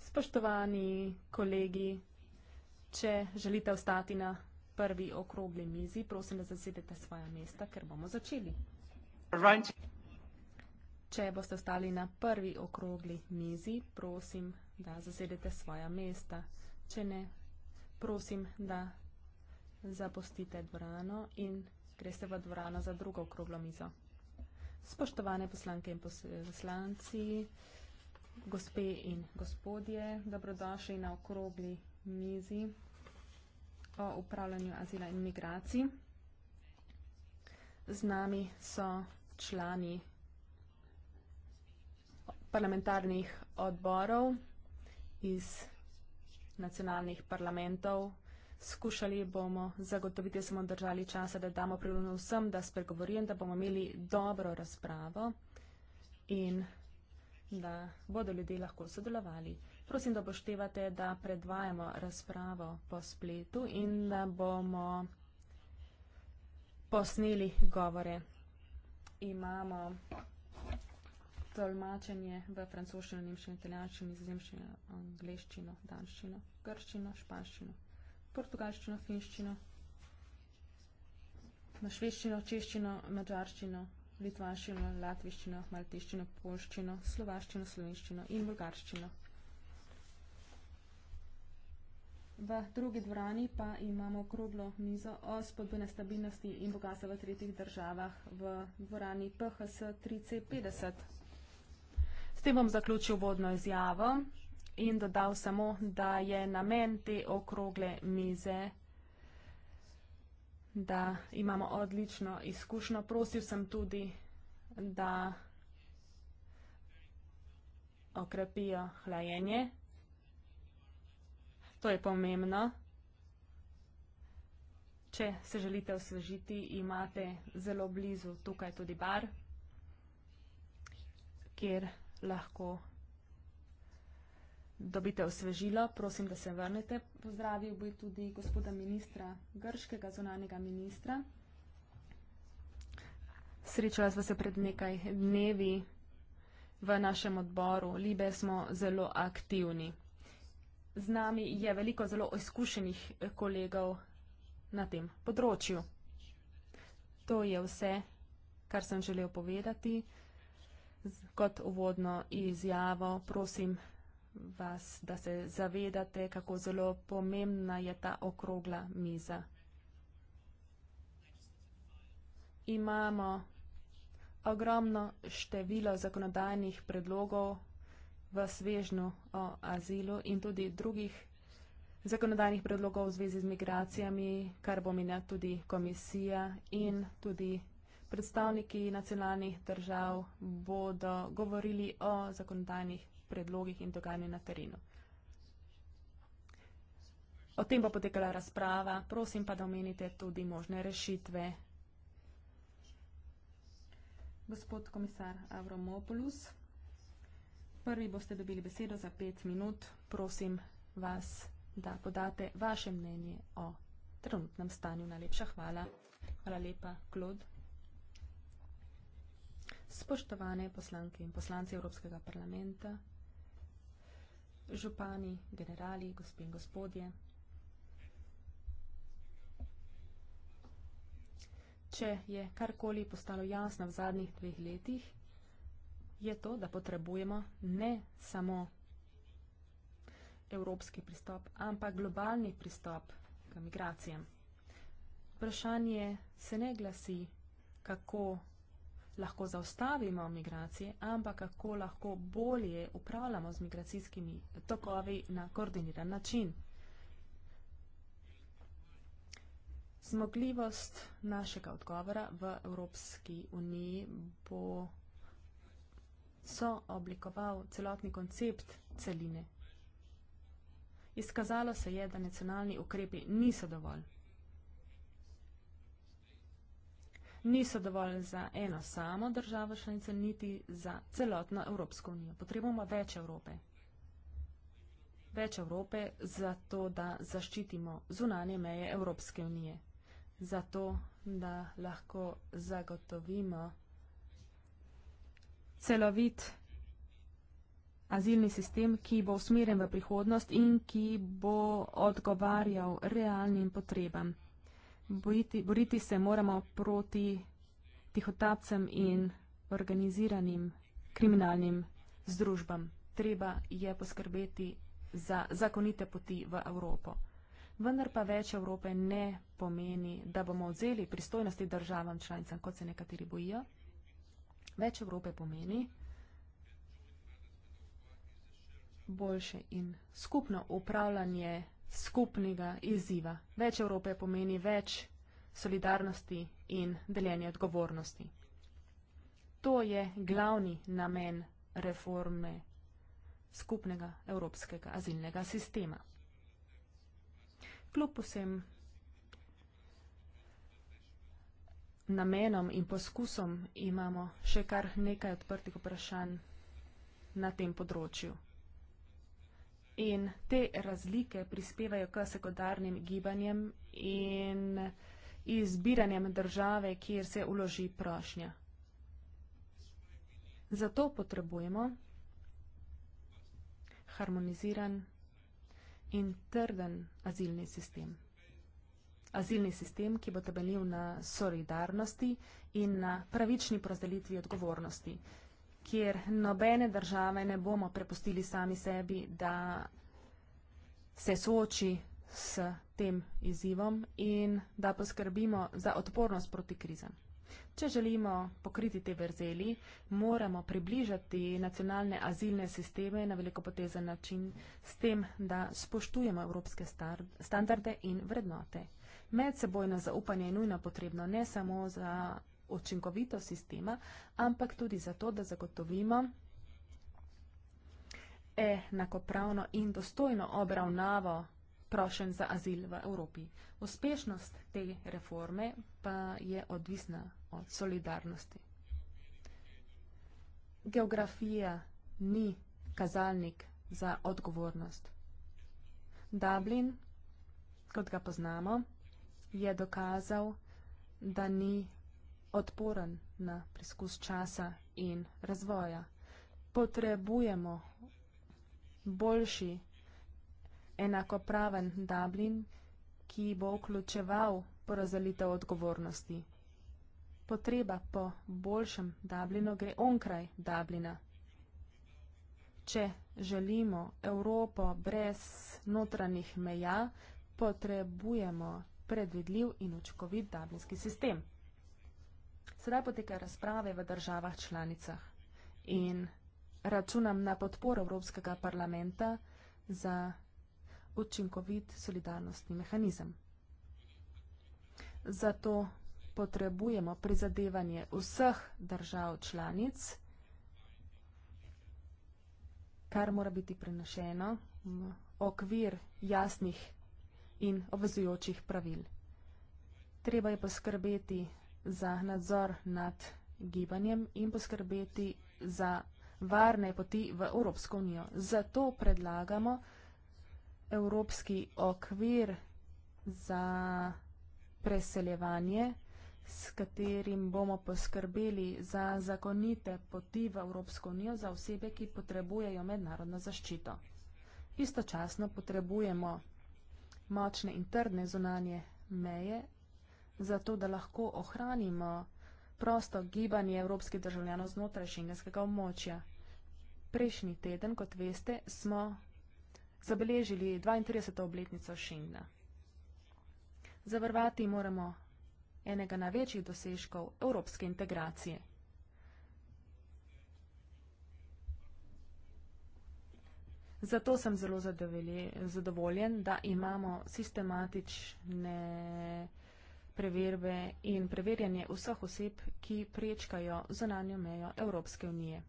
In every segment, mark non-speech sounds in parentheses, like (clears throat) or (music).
Spoštovani kolegi, če želite ostati na prvi okrogli mizi, prosim, da zasedete svoja mesta, ker bomo začeli. Če boste ostali na prvi okrogli mizi, prosim, da zasedete svoja mesta. Če ne, prosim, da zapustite dvorano in greste v dvorano za drugo okroglo mizo. Spoštovane poslanke in poslanci, Gospe in gospodje, dobrodošli na okrogli mizi o upravljanju azila in migracij. Z nami so člani parlamentarnih odborov iz nacionalnih parlamentov. Skušali bomo zagotoviti, da smo držali časa, da damo priložnost vsem, da spregovorim, da bomo imeli dobro razpravo in da bodo ljudje lahko sodelovali. Prosim, da poštevate, da predvajamo razpravo po spletu in da bomo posneli govore. Imamo tolmačenje v francoščino, nemščino, italijančino, nizozemščino, angliščino, danščino, grščino, španščino, portugalščino, finščino, na švedščino, češčino, mađarščino, litvanščino, latviščino, maltiščino, polščino, slovaščino, slovenščino in bolgarščino. V drugi dvorani pa imamo okroglo mizo o spodbojne stabilnosti in bogatstva v tretjih državah v dvorani PHS 3C50. S tem bom zaključil vodno izjavo in dodal samo, da je namen te okrogle mize da imamo odlično izkušnjo. Prosil sem tudi, da okrepijo hlajenje. To je pomembno. Če se želite osvežiti, imate zelo blizu tukaj tudi bar, kjer lahko dobite osvežilo, prosim, da se vrnete. Pozdravil bi tudi gospoda ministra, grškega zunanjega ministra. Srečala sva se pred nekaj dnevi v našem odboru. Libe smo zelo aktivni. Z nami je veliko zelo izkušenih kolegov na tem področju. To je vse, kar sem želel povedati. Kot uvodno izjavo, prosim, vas, da se zavedate, kako zelo pomembna je ta okrogla miza. Imamo ogromno število zakonodajnih predlogov v svežnu o azilu in tudi drugih zakonodajnih predlogov v zvezi z migracijami, kar bo menja tudi komisija in tudi predstavniki nacionalnih držav bodo govorili o zakonodajnih predlogih in dogajanju na terenu. O tem bo potekala razprava, prosim pa, da omenite tudi možne rešitve. Gospod komisar Avromopoulos, prvi boste dobili besedo za pet minut. Prosim vas, da podate vaše mnenje o trenutnem stanju. Najlepša hvala. Hvala lepa, Klod. Spoštovane poslanke in poslanci Evropskega parlamenta župani, generali, gospe in gospodje. Če je karkoli postalo jasno v zadnjih dveh letih, je to, da potrebujemo ne samo evropski pristop, ampak globalni pristop k migracijam. Vprašanje se ne glasi, kako lahko zaustavimo migracije, ampak kako lahko bolje upravljamo z migracijskimi tokovi na koordiniran način. Zmogljivost našega odgovora v Evropski uniji bo so oblikoval celotni koncept celine. Izkazalo se je, da nacionalni ukrepi niso dovolj. niso dovolj za eno samo državo članice, niti za celotno Evropsko unijo. Potrebujemo več Evrope. Več Evrope zato, da zaščitimo zunanje meje Evropske unije. Zato, da lahko zagotovimo celovit azilni sistem, ki bo usmerjen v prihodnost in ki bo odgovarjal realnim potrebam. Bojiti, boriti se moramo proti tihotapcem in organiziranim kriminalnim združbam. Treba je poskrbeti za zakonite poti v Evropo. Vendar pa več Evrope ne pomeni, da bomo odzeli pristojnosti državam članicam, kot se nekateri bojijo. Več Evrope pomeni boljše in skupno upravljanje skupnega izziva. Več Evrope pomeni več solidarnosti in deljenja odgovornosti. To je glavni namen reforme skupnega evropskega azilnega sistema. Kljub vsem namenom in poskusom imamo še kar nekaj odprtih vprašanj na tem področju in te razlike prispevajo k sekundarnim gibanjem in izbiranjem države, kjer se uloži prošnja. Zato potrebujemo harmoniziran in trden azilni sistem. Azilni sistem, ki bo temeljil na solidarnosti in na pravični prozdelitvi odgovornosti kjer nobene države ne bomo prepustili sami sebi, da se sooči s tem izzivom in da poskrbimo za odpornost proti krizam. Če želimo pokriti te verzeli, moramo približati nacionalne azilne sisteme na velikopotezen način s tem, da spoštujemo evropske standarde in vrednote. Medsebojno zaupanje je nujno potrebno ne samo za učinkovitost sistema, ampak tudi zato, da zagotovimo enakopravno in dostojno obravnavo prošen za azil v Evropi. Uspešnost te reforme pa je odvisna od solidarnosti. Geografija ni kazalnik za odgovornost. Dublin, kot ga poznamo, je dokazal, da ni odporen na preskus časa in razvoja. Potrebujemo boljši, enakopraven Dublin, ki bo vključeval porazdelitev odgovornosti. Potreba po boljšem Dublinu gre onkraj Dublina. Če želimo Evropo brez notranjih meja, potrebujemo predvidljiv in učinkovit dublinski sistem. Sedaj potekajo razprave v državah članicah in računam na podporo Evropskega parlamenta za učinkovit solidarnostni mehanizem. Zato potrebujemo prizadevanje vseh držav članic, kar mora biti prenešeno v okvir jasnih in obvezujočih pravil. Treba je poskrbeti za nadzor nad gibanjem in poskrbeti za varne poti v Evropsko unijo. Zato predlagamo Evropski okvir za preseljevanje, s katerim bomo poskrbeli za zakonite poti v Evropsko unijo za osebe, ki potrebujejo mednarodno zaščito. Istočasno potrebujemo močne in trdne zunanje meje zato da lahko ohranimo prosto gibanje evropskih državljanov znotraj šengenskega območja. Prejšnji teden, kot veste, smo zabeležili 32. obletnico Šengna. Zavrvati moramo enega na večjih dosežkov evropske integracije. Zato sem zelo zadovoljen, da imamo sistematične preverbe in preverjanje vseh oseb, ki prečkajo zonanjo mejo Evropske unije.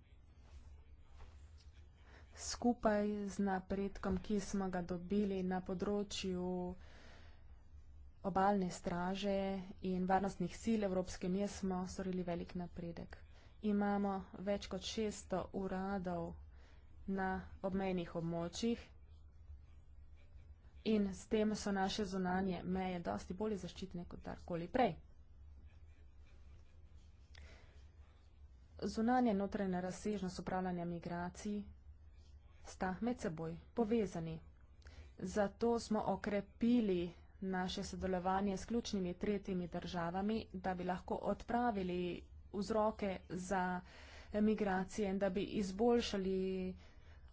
Skupaj z napredkom, ki smo ga dobili na področju obalne straže in varnostnih sil Evropske unije, smo storili velik napredek. Imamo več kot 600 uradov na obmejnih območjih, in s tem so naše zunanje meje dosti bolje zaščitne kot karkoli prej. Zunanje notranje razsežnost upravljanja migracij sta med seboj povezani. Zato smo okrepili naše sodelovanje s ključnimi tretjimi državami, da bi lahko odpravili vzroke za migracije in da bi izboljšali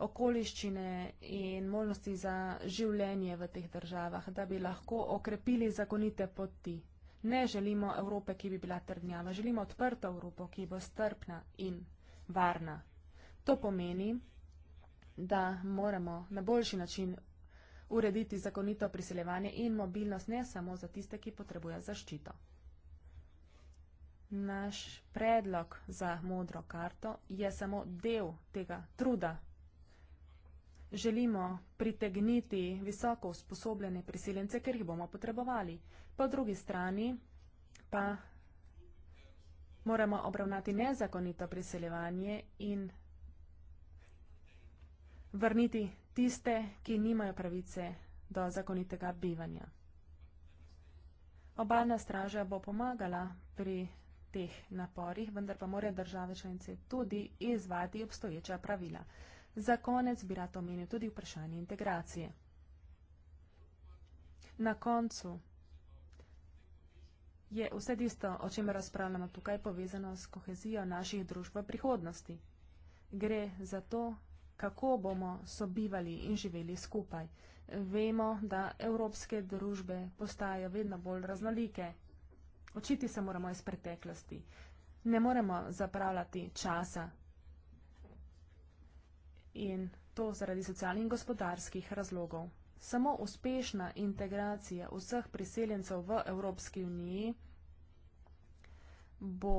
okoliščine in možnosti za življenje v teh državah, da bi lahko okrepili zakonite poti. Ne želimo Evrope, ki bi bila trdnjava, želimo odprto Evropo, ki bo strpna in varna. To pomeni, da moramo na boljši način urediti zakonito priseljevanje in mobilnost ne samo za tiste, ki potrebujejo zaščito. Naš predlog za modro karto je samo del tega truda želimo pritegniti visoko usposobljene prisiljence, ker jih bomo potrebovali. Po drugi strani pa moramo obravnati nezakonito priseljevanje in vrniti tiste, ki nimajo pravice do zakonitega bivanja. Obalna straža bo pomagala pri teh naporih, vendar pa morajo države članice tudi izvati obstoječa pravila. Za konec bi rad omenil tudi vprašanje integracije. Na koncu je vse tisto, o čem razpravljamo tukaj, povezano s kohezijo naših družb v prihodnosti. Gre za to, kako bomo sobivali in živeli skupaj. Vemo, da evropske družbe postajajo vedno bolj raznolike. Očiti se moramo iz preteklosti. Ne moremo zapravljati časa, in to zaradi socialnih in gospodarskih razlogov. Samo uspešna integracija vseh priseljencev v Evropski uniji bo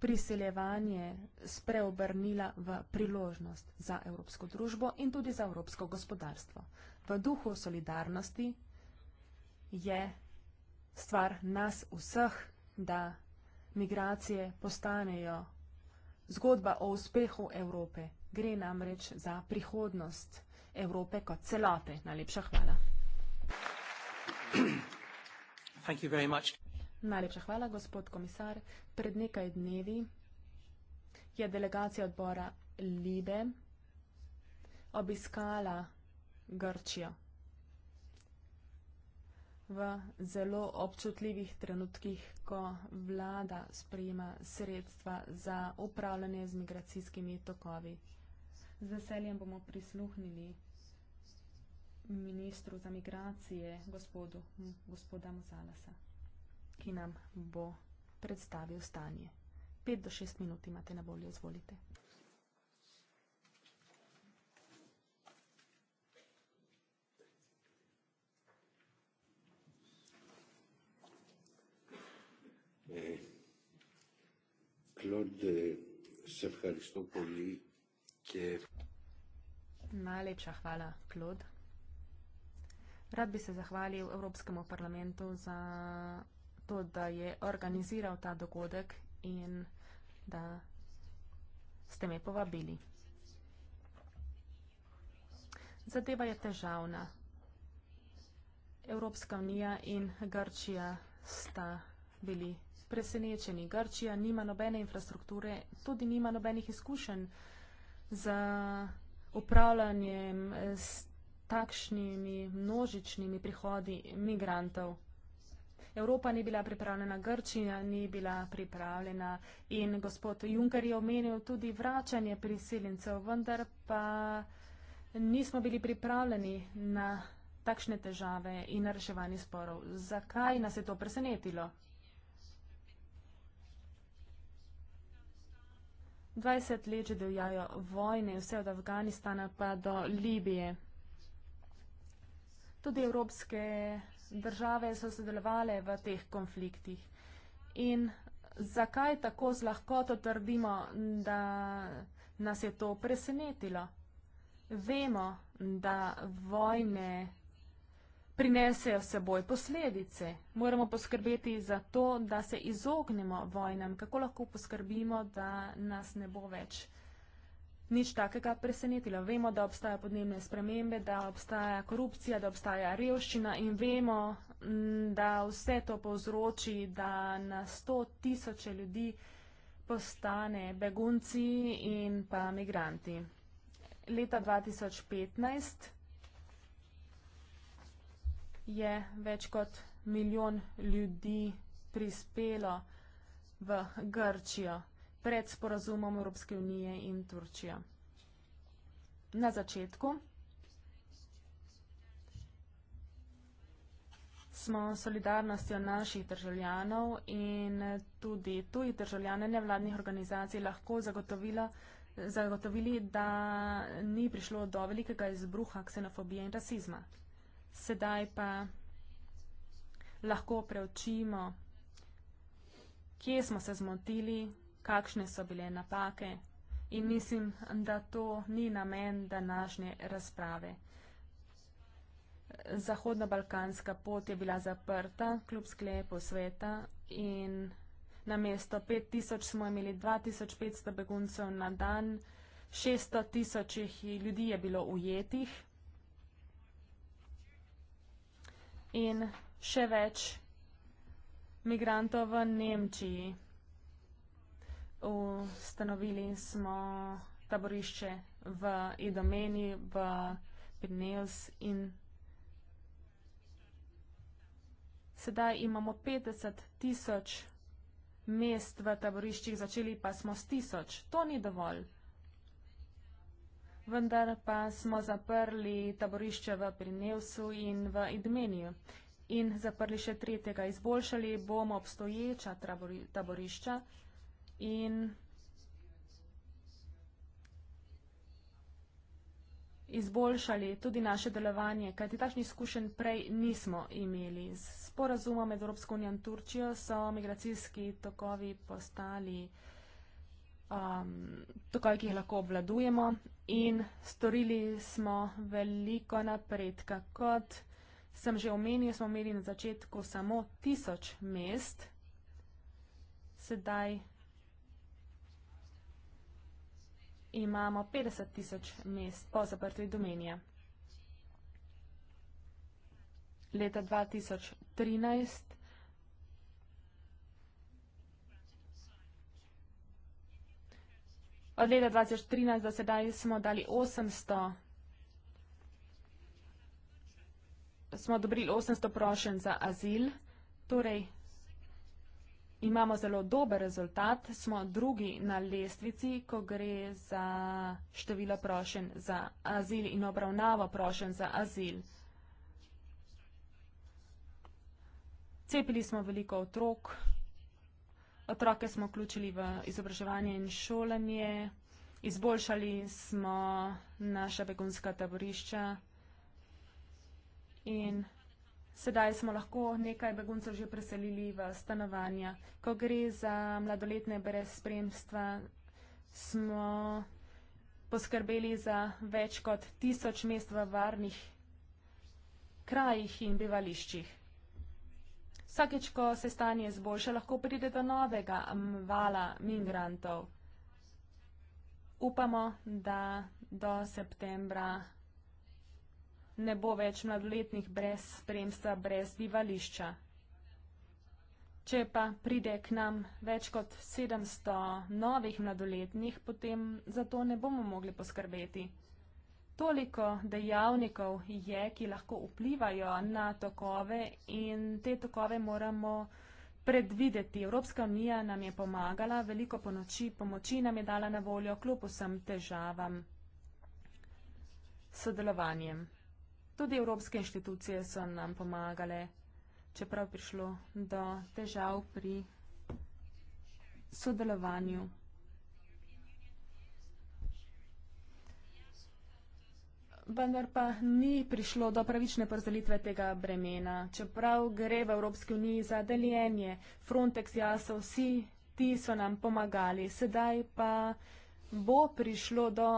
priseljevanje spreobrnila v priložnost za evropsko družbo in tudi za evropsko gospodarstvo. V duhu solidarnosti je stvar nas vseh, da migracije postanejo zgodba o uspehu Evrope gre namreč za prihodnost Evrope kot celote. Najlepša hvala. (clears throat) Thank you very much. Najlepša hvala, gospod komisar. Pred nekaj dnevi je delegacija odbora Libe obiskala Grčijo v zelo občutljivih trenutkih, ko vlada sprejema sredstva za upravljanje z migracijskimi tokovi. Z veseljem bomo prisluhnili ministru za migracije, gospodu, gospoda Mozalasa, ki nam bo predstavil stanje. Pet do šest minut imate na voljo, izvolite. Eh, Claude, eh, se vkaristo poli. Kje? Najlepša hvala, Klod. Rad bi se zahvalil Evropskemu parlamentu za to, da je organiziral ta dogodek in da ste me povabili. Zadeva je težavna. Evropska unija in Grčija sta bili presenečeni. Grčija nima nobene infrastrukture, tudi nima nobenih izkušenj za upravljanjem eh, s takšnimi množičnimi prihodi migrantov. Evropa ni bila pripravljena, Grčija ni bila pripravljena in gospod Juncker je omenil tudi vračanje prisiljencev, vendar pa nismo bili pripravljeni na takšne težave in reševanje sporov. Zakaj nas je to presenetilo? 20 let že divjajo vojne, vse od Afganistana pa do Libije. Tudi evropske države so sodelovale v teh konfliktih. In zakaj tako z lahkoto trdimo, da nas je to presenetilo? Vemo, da vojne prinesejo seboj posledice. Moramo poskrbeti za to, da se izognemo vojnam. Kako lahko poskrbimo, da nas ne bo več nič takega presenetilo? Vemo, da obstajajo podnebne spremembe, da obstaja korupcija, da obstaja revščina in vemo, mm, da vse to povzroči, da na sto tisoče ljudi postane begunci in pa migranti. Leta 2015 je več kot milijon ljudi prispelo v Grčijo pred sporazumom Evropske unije in Turčijo. Na začetku smo solidarnostjo naših državljanov in tudi tujih državljane nevladnih organizacij lahko zagotovila zagotovili, da ni prišlo do velikega izbruha ksenofobije in rasizma sedaj pa lahko preučimo, kje smo se zmotili, kakšne so bile napake. In mislim, da to ni namen današnje razprave. Zahodno-balkanska pot je bila zaprta, kljub sklepu sveta in na mesto 5000 smo imeli 2500 beguncev na dan, 600 tisočih ljudi je bilo ujetih in še več migrantov v Nemčiji. Ustanovili smo taborišče v Idomeni, v Pirneus in sedaj imamo 50 tisoč mest v taboriščih, začeli pa smo s tisoč. To ni dovolj vendar pa smo zaprli taborišče v Prinevsu in v Idmeniju. In zaprli še tretjega. Izboljšali bomo obstoječa taborišča in izboljšali tudi naše delovanje, kajti takšni izkušen prej nismo imeli. Z sporazumom med Evropsko unijo in Turčijo so migracijski tokovi postali um, tokovi, ki jih lahko obvladujemo in storili smo veliko napredka. Kot sem že omenil, smo imeli na začetku samo tisoč mest, sedaj imamo 50 tisoč mest po zaprtvi domenija. Leta 2013 Od leta 2013 do sedaj smo dali 800. Smo dobili 800 prošen za azil, torej imamo zelo dober rezultat, smo drugi na lestvici, ko gre za število prošen za azil in obravnavo prošen za azil. Cepili smo veliko otrok. Otroke smo vključili v izobraževanje in šolanje, izboljšali smo naša begunska taborišča in sedaj smo lahko nekaj beguncev že preselili v stanovanja. Ko gre za mladoletne brez spremstva, smo poskrbeli za več kot tisoč mest v varnih krajih in bivališčih. Vsakeč, ko se stanje zboljša, lahko pride do novega vala migrantov. Upamo, da do septembra ne bo več mladoletnih brez spremstva, brez bivališča. Če pa pride k nam več kot 700 novih mladoletnih, potem za to ne bomo mogli poskrbeti toliko dejavnikov je, ki lahko vplivajo na tokove in te tokove moramo predvideti. Evropska unija nam je pomagala, veliko pomoči, pomoči nam je dala na voljo, kljub vsem težavam sodelovanjem. Tudi evropske inštitucije so nam pomagale, čeprav prišlo do težav pri sodelovanju. vendar pa ni prišlo do pravične porazdelitve tega bremena. Čeprav gre v Evropski uniji za deljenje, Frontex, jasno, vsi ti so nam pomagali, sedaj pa bo prišlo do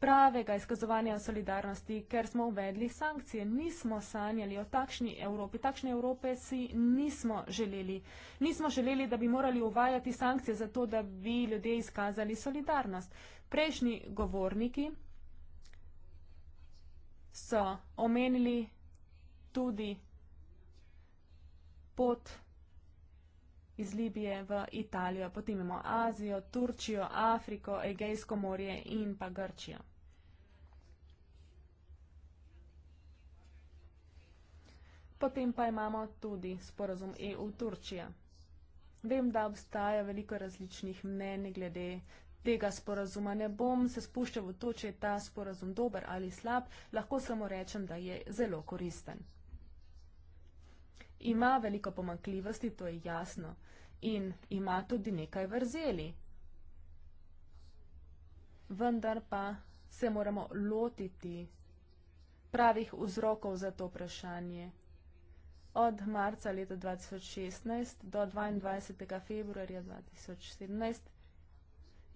pravega izkazovanja solidarnosti, ker smo uvedli sankcije. Nismo sanjali o takšni Evropi, takšne Evrope si nismo želeli. Nismo želeli, da bi morali uvajati sankcije za to, da bi ljudje izkazali solidarnost. Prejšnji govorniki so omenili tudi pot iz Libije v Italijo, potem imamo Azijo, Turčijo, Afriko, Egejsko morje in pa Grčijo. Potem pa imamo tudi sporozum EU-Turčija. Vem, da obstaja veliko različnih mnen glede tega sporazuma ne bom se spuščal v to, če je ta sporazum dober ali slab, lahko samo rečem, da je zelo koristen. Ima veliko pomankljivosti, to je jasno, in ima tudi nekaj vrzeli. Vendar pa se moramo lotiti pravih vzrokov za to vprašanje. Od marca leta 2016 do 22. februarja 2017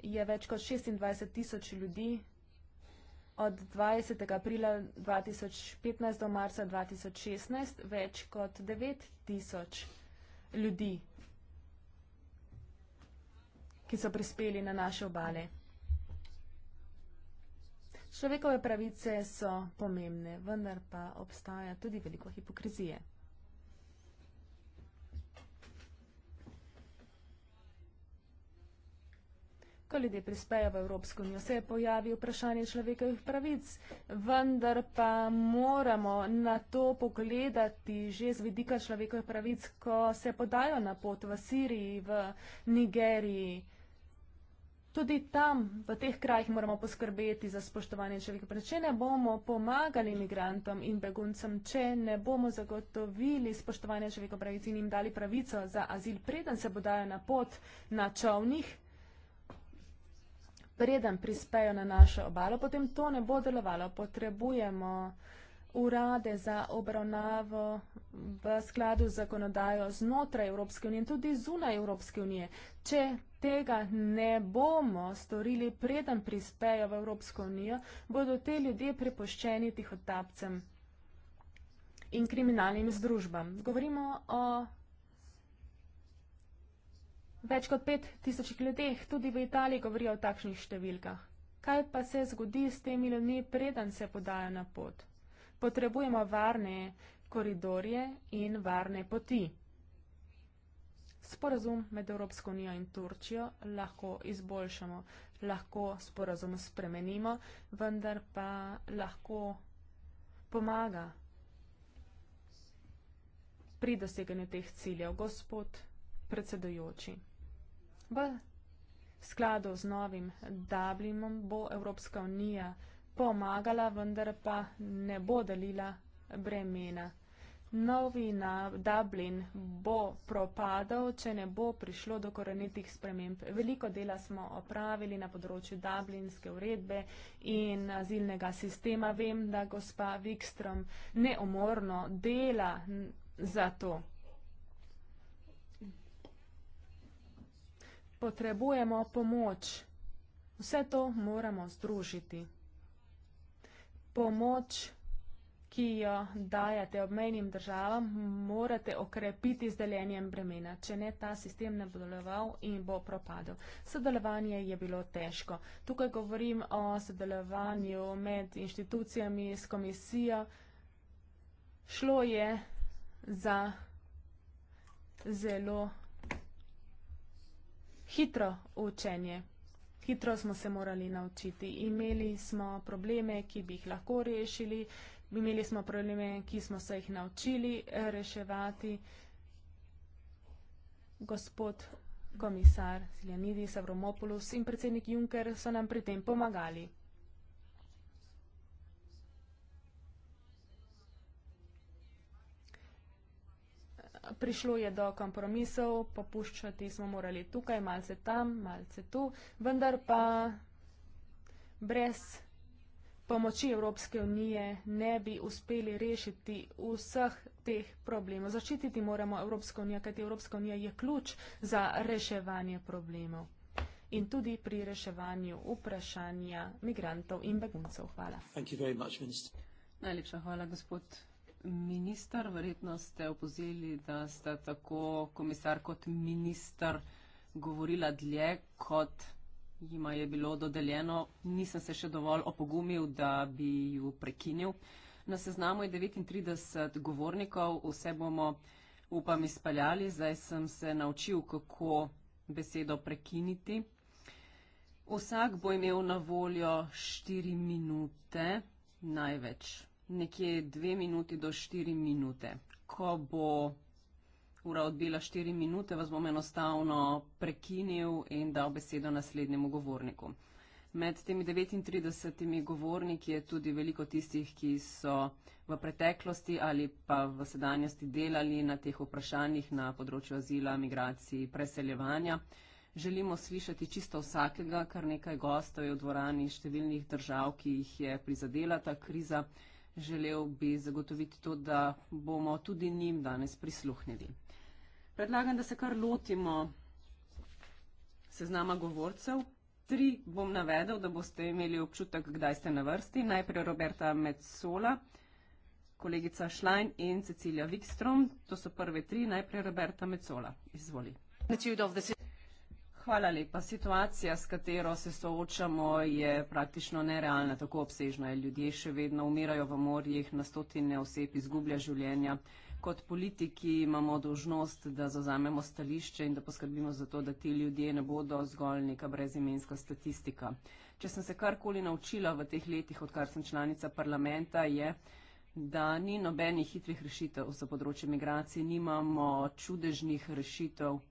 je več kot 26 tisoč ljudi od 20. aprila 2015 do marca 2016 več kot 9 tisoč ljudi, ki so prispeli na naše obale. Človekove pravice so pomembne, vendar pa obstaja tudi veliko hipokrizije. ko ljudje prispejo v Evropsko unijo, se pojavi vprašanje človekovih pravic, vendar pa moramo na to pogledati že z vidika človekovih pravic, ko se podajo na pot v Siriji, v Nigeriji. Tudi tam, v teh krajih, moramo poskrbeti za spoštovanje človekovih pravic. Če ne bomo pomagali imigrantom in beguncem, če ne bomo zagotovili spoštovanje človekovih pravic in jim dali pravico za azil, preden se podajo na pot na čovnih, preden prispejo na našo obalo, potem to ne bo delovalo. Potrebujemo urade za obravnavo v skladu z zakonodajo znotraj Evropske unije in tudi zunaj Evropske unije. Če tega ne bomo storili, preden prispejo v Evropsko unijo, bodo te ljudje prepoščeni tihotapcem in kriminalnim združbam. Govorimo o Več kot pet tisoč ljudeh tudi v Italiji govorijo o takšnih številkah. Kaj pa se zgodi s temi ljudmi, preden se podajo na pot? Potrebujemo varne koridorje in varne poti. Sporazum med Evropsko unijo in Turčijo lahko izboljšamo, lahko sporazum spremenimo, vendar pa lahko pomaga pri doseganju teh ciljev, gospod predsedujoči. V skladu z novim Dublinom bo Evropska unija pomagala, vendar pa ne bo delila bremena. Novi na Dublin bo propadal, če ne bo prišlo do korenitih sprememb. Veliko dela smo opravili na področju dublinske uredbe in azilnega sistema. Vem, da gospa Vikstrom neumorno dela za to. potrebujemo pomoč. Vse to moramo združiti. Pomoč, ki jo dajate obmejnim državam, morate okrepiti z deljenjem bremena. Če ne, ta sistem ne bo deloval in bo propadel. Sodelovanje je bilo težko. Tukaj govorim o sodelovanju med inštitucijami, s komisijo. Šlo je za zelo hitro učenje. Hitro smo se morali naučiti. Imeli smo probleme, ki bi jih lahko rešili, imeli smo probleme, ki smo se jih naučili reševati. Gospod komisar Siljanidis Avromopoulos in predsednik Juncker so nam pri tem pomagali. prišlo je do kompromisov, popuščati smo morali tukaj, malce tam, malce tu, vendar pa brez pomoči Evropske unije ne bi uspeli rešiti vseh teh problemov. Začititi moramo Evropsko unijo, kajti Evropska unija je ključ za reševanje problemov in tudi pri reševanju vprašanja migrantov in beguncev. Hvala. Najlepša hvala, gospod Ministr, verjetno ste opozorili, da sta tako komisar kot ministr govorila dlje, kot jima je bilo dodeljeno. Nisem se še dovolj opogumil, da bi ju prekinil. Na seznamu je 39 govornikov, vse bomo, upam, izpeljali. Zdaj sem se naučil, kako besedo prekiniti. Vsak bo imel na voljo 4 minute, največ nekje dve minuti do štiri minute. Ko bo ura odbila štiri minute, vas bom enostavno prekinil in dal besedo naslednjemu govorniku. Med temi 39 govorniki je tudi veliko tistih, ki so v preteklosti ali pa v sedanjosti delali na teh vprašanjih na področju azila, migracij, preseljevanja. Želimo slišati čisto vsakega, kar nekaj gostov je v dvorani številnih držav, ki jih je prizadela ta kriza. Želel bi zagotoviti to, da bomo tudi njim danes prisluhnili. Predlagam, da se kar lotimo seznama govorcev. Tri bom navedel, da boste imeli občutek, kdaj ste na vrsti. Najprej Roberta Metzola, kolegica Schlein in Cecilija Wikstrom. To so prve tri. Najprej Roberta Metzola. Izvoli. Hvala lepa. Situacija, s katero se soočamo, je praktično nerealna, tako obsežna je. Ljudje še vedno umirajo v morjih, na stotine oseb izgublja življenja. Kot politiki imamo dožnost, da zazamemo stališče in da poskrbimo za to, da ti ljudje ne bodo zgolj neka brezimenska statistika. Če sem se karkoli naučila v teh letih, odkar sem članica parlamenta, je da ni nobenih hitrih rešitev za področje migracije, nimamo čudežnih rešitev.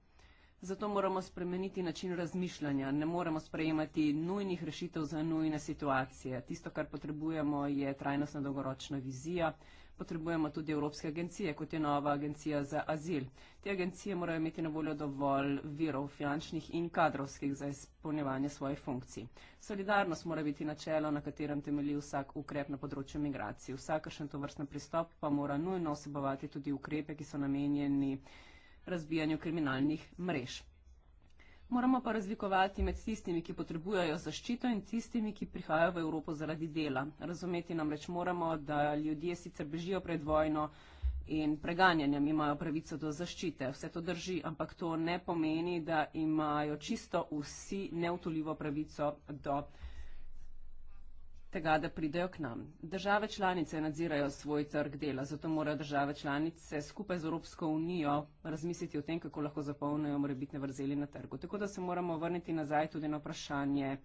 Zato moramo spremeniti način razmišljanja. Ne moremo sprejemati nujnih rešitev za nujne situacije. Tisto, kar potrebujemo, je trajnostna dolgoročna vizija. Potrebujemo tudi evropske agencije, kot je nova agencija za azil. Te agencije morajo imeti na voljo dovolj virov finančnih in kadrovskih za izpolnjevanje svojih funkcij. Solidarnost mora biti načelo, na katerem temelji vsak ukrep na področju migracij. Vsakršen to vrstna pristop pa mora nujno osebovati tudi ukrepe, ki so namenjeni razbijanju kriminalnih mrež. Moramo pa razlikovati med tistimi, ki potrebujejo zaščito in tistimi, ki prihajajo v Evropo zaradi dela. Razumeti namreč moramo, da ljudje sicer bežijo pred vojno in preganjanjem imajo pravico do zaščite. Vse to drži, ampak to ne pomeni, da imajo čisto vsi neutoljivo pravico do zaščite tega, da pridejo k nam. Države članice nadzirajo svoj trg dela, zato morajo države članice skupaj z Evropsko unijo razmisliti o tem, kako lahko zapolnijo morebitne vrzeli na trgu. Tako da se moramo vrniti nazaj tudi na vprašanje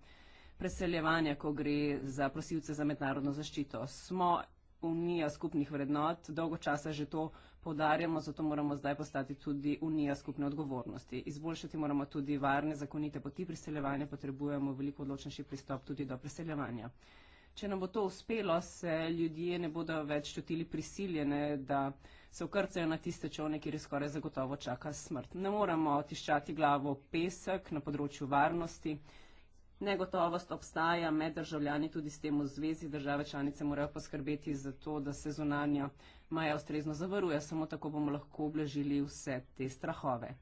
preseljevanja, ko gre za prosilce za mednarodno zaščito. Smo Unija skupnih vrednot, dolgo časa že to podarjamo, zato moramo zdaj postati tudi Unija skupne odgovornosti. Izboljšati moramo tudi varne, zakonite poti priseljevanja, potrebujemo veliko odločnejši pristop tudi do priseljevanja če nam bo to uspelo, se ljudje ne bodo več čutili prisiljene, da se ukrcajo na tiste čovne, kjer skoraj zagotovo čaka smrt. Ne moramo tiščati glavo v pesek na področju varnosti. Negotovost obstaja med državljani tudi s tem v zvezi. Države članice morajo poskrbeti za to, da se zunanja maja ustrezno zavaruje. Samo tako bomo lahko oblažili vse te strahove.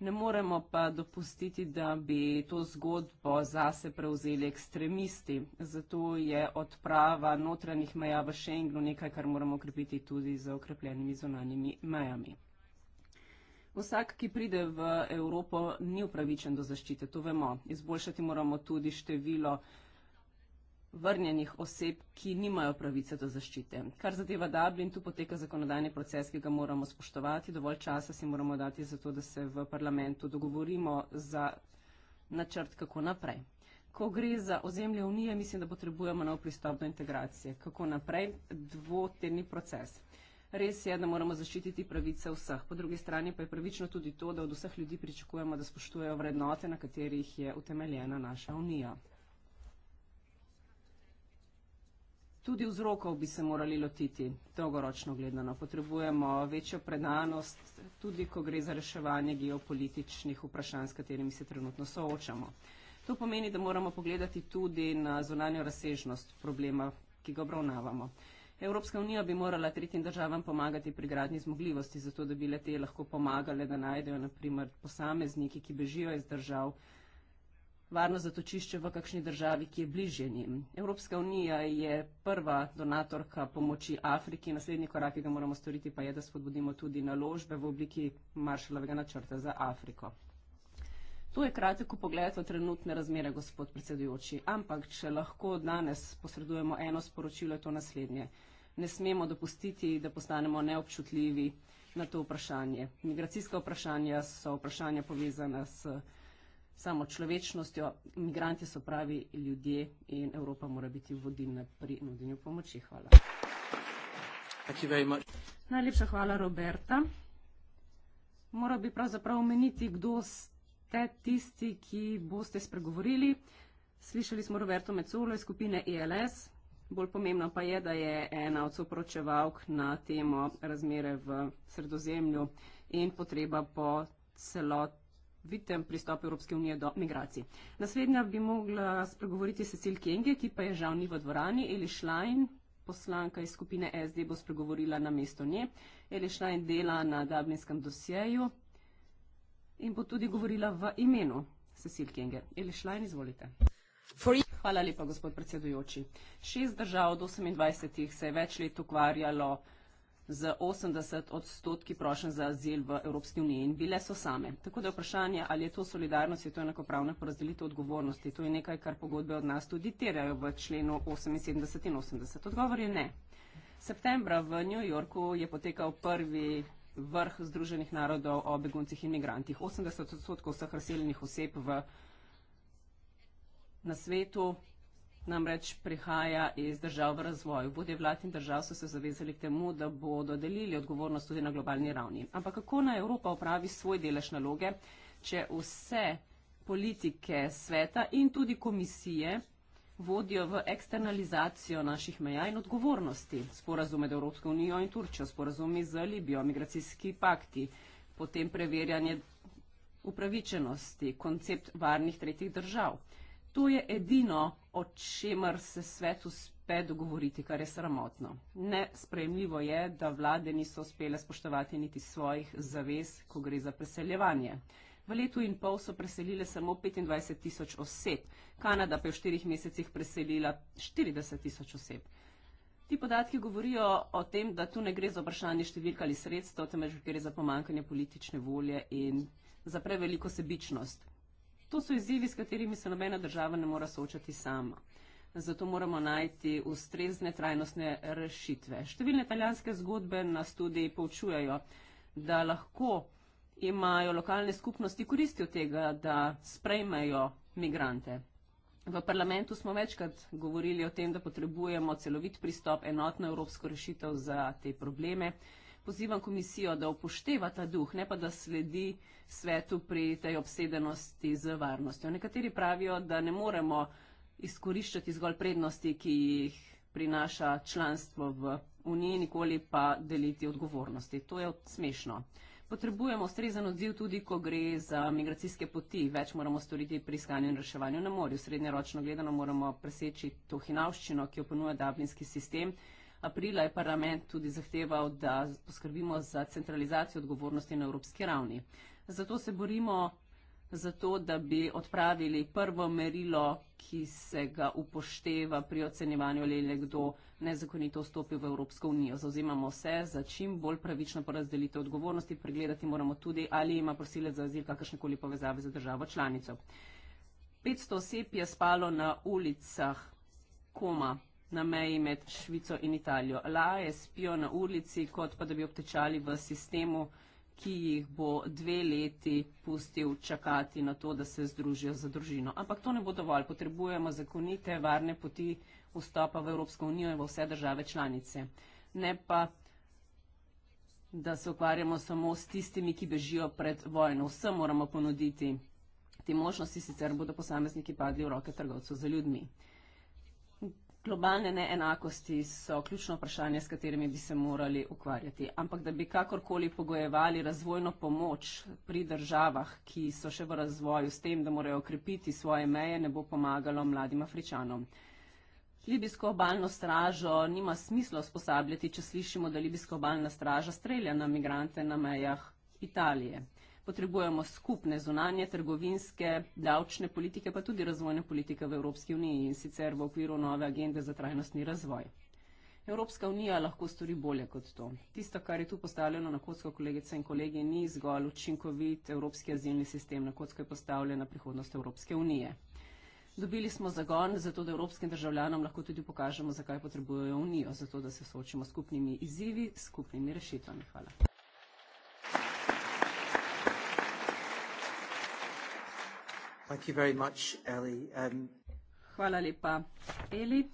Ne moremo pa dopustiti, da bi to zgodbo zase prevzeli ekstremisti. Zato je odprava notranjih meja v Schengenu nekaj, kar moramo okrepiti tudi z okrepljenimi zunanjimi mejami. Vsak, ki pride v Evropo, ni upravičen do zaščite, to vemo. Izboljšati moramo tudi število vrnjenih oseb, ki nimajo pravice do zaščite. Kar zadeva Dublin, tu poteka zakonodajni proces, ki ga moramo spoštovati. Dovolj časa si moramo dati za to, da se v parlamentu dogovorimo za načrt, kako naprej. Ko gre za ozemlje unije, mislim, da potrebujemo nov pristop do integracije. Kako naprej? Dvotedni proces. Res je, da moramo zaščititi pravice vseh. Po drugi strani pa je pravično tudi to, da od vseh ljudi pričakujemo, da spoštujejo vrednote, na katerih je utemeljena naša unija. Tudi vzrokov bi se morali lotiti dolgoročno gledano. Potrebujemo večjo predanost, tudi ko gre za reševanje geopolitičnih vprašanj, s katerimi se trenutno soočamo. To pomeni, da moramo pogledati tudi na zunanjo razsežnost problema, ki ga obravnavamo. Evropska unija bi morala tretjim državam pomagati pri gradni zmogljivosti, zato da bi le te lahko pomagale, da najdejo naprimer posamezniki, ki bežijo iz držav varno zatočišče v kakšni državi, ki je bližje njim. Evropska unija je prva donatorka pomoči Afriki, naslednji korak, ki ga moramo storiti, pa je, da spodbudimo tudi naložbe v obliki Marshallovega načrta za Afriko. To je kratek pogled v trenutne razmere, gospod predsedujoči, ampak če lahko danes posredujemo eno sporočilo, je to naslednje. Ne smemo dopustiti, da postanemo neobčutljivi na to vprašanje. Migracijska vprašanja so vprašanja povezana s samo človečnostjo. Migranti so pravi ljudje in Evropa mora biti vodilna pri nudenju pomoči. Hvala. Najlepša hvala, Roberta. Moral bi pravzaprav omeniti, kdo ste tisti, ki boste spregovorili. Slišali smo Roberto Mecolo iz skupine ELS. Bolj pomembno pa je, da je ena od soporočevalk na temo razmere v sredozemlju in potreba po celotnem viden pristop Evropske unije do migracij. Naslednja bi mogla spregovoriti Cecil Kenge, ki pa je žal ni v dvorani, Eli Schlein, poslanka iz skupine SD, bo spregovorila na mesto nje. Eli Schlein dela na dublinskem dosjeju in bo tudi govorila v imenu Cecil Kenge. Eli Schlein, izvolite. Hvala lepa, gospod predsedujoči. Šest držav od 28 se je več let ukvarjalo z 80 odstotki prošen za azil v Evropski uniji in bile so same. Tako da je vprašanje, ali je to solidarnost, je to enakopravna porazdelitev odgovornosti. To je nekaj, kar pogodbe od nas tudi terjajo v členu 78 in 80. Odgovor je ne. Septembra v New Yorku je potekal prvi vrh Združenih narodov o beguncih in migrantih. 80 odstotkov vseh razseljenih oseb v, na svetu namreč prihaja iz držav v razvoju. Vodje vlad in držav so se zavezali k temu, da bodo delili odgovornost tudi na globalni ravni. Ampak kako naj Evropa opravi svoj delež naloge, če vse politike sveta in tudi komisije vodijo v eksternalizacijo naših meja in odgovornosti. Sporazum med Evropsko unijo in Turčjo, sporazumi z Libijo, migracijski pakti, potem preverjanje upravičenosti, koncept varnih tretjih držav. To je edino, o čemer se svet uspe dogovoriti, kar je sramotno. Nesprejemljivo je, da vlade niso uspele spoštovati niti svojih zavez, ko gre za preseljevanje. V letu in pol so preselile samo 25 tisoč oseb, Kanada pa je v štirih mesecih preselila 40 tisoč oseb. Ti podatki govorijo o tem, da tu ne gre za vprašanje številka ali sredstva, temveč gre za pomankanje politične volje in za preveliko sebičnost. To so izzivi, s katerimi se nobena država ne mora soočati sama. Zato moramo najti ustrezne trajnostne rešitve. Številne italijanske zgodbe nas tudi poučujejo, da lahko imajo lokalne skupnosti koristi od tega, da sprejmejo migrante. V parlamentu smo večkrat govorili o tem, da potrebujemo celovit pristop, enotno evropsko rešitev za te probleme pozivam komisijo, da upošteva ta duh, ne pa da sledi svetu pri tej obsedenosti z varnostjo. Nekateri pravijo, da ne moremo izkoriščati zgolj prednosti, ki jih prinaša članstvo v Uniji, nikoli pa deliti odgovornosti. To je smešno. Potrebujemo ustrezen odziv tudi, ko gre za migracijske poti. Več moramo storiti pri iskanju in reševanju na morju. Srednjeročno gledano moramo preseči to hinavščino, ki jo ponuja dablinski sistem. Aprila je parlament tudi zahteval, da poskrbimo za centralizacijo odgovornosti na evropski ravni. Zato se borimo za to, da bi odpravili prvo merilo, ki se ga upošteva pri ocenjevanju, ali je kdo nezakonito vstopil v Evropsko unijo. Zauzemamo se za čim bolj pravično porazdelitev odgovornosti, pregledati moramo tudi, ali ima prosilec za azil kakršnekoli povezave z državo članico. 500 oseb je spalo na ulicah koma na meji med Švico in Italijo. Laje spijo na ulici, kot pa da bi obtečali v sistemu, ki jih bo dve leti pustil čakati na to, da se združijo za družino. Ampak to ne bo dovolj. Potrebujemo zakonite, varne poti vstopa v Evropsko unijo in v vse države članice. Ne pa da se ukvarjamo samo s tistimi, ki bežijo pred vojno. Vse moramo ponuditi. Te možnosti sicer bodo posamezniki padli v roke trgovcev za ljudmi. Globalne neenakosti so ključno vprašanje, s katerimi bi se morali ukvarjati. Ampak da bi kakorkoli pogojevali razvojno pomoč pri državah, ki so še v razvoju s tem, da morajo okrepiti svoje meje, ne bo pomagalo mladim Afričanom. Libijsko obaljno stražo nima smisla usposabljati, če slišimo, da Libijsko obaljna straža strelja na migrante na mejah Italije potrebujemo skupne zunanje, trgovinske, davčne politike, pa tudi razvojne politike v Evropski uniji in sicer v okviru nove agende za trajnostni razvoj. Evropska unija lahko stori bolje kot to. Tisto, kar je tu postavljeno na kocko, kolegice in kolege, ni zgolj učinkovit evropski azilni sistem, na kocko je postavljena prihodnost Evropske unije. Dobili smo zagon za to, da evropskim državljanom lahko tudi pokažemo, zakaj potrebujejo unijo, zato da se soočimo s skupnimi izzivi, s skupnimi rešitvami. Hvala. Thank you very much, Eli. Um... Hvala lepa, Eli.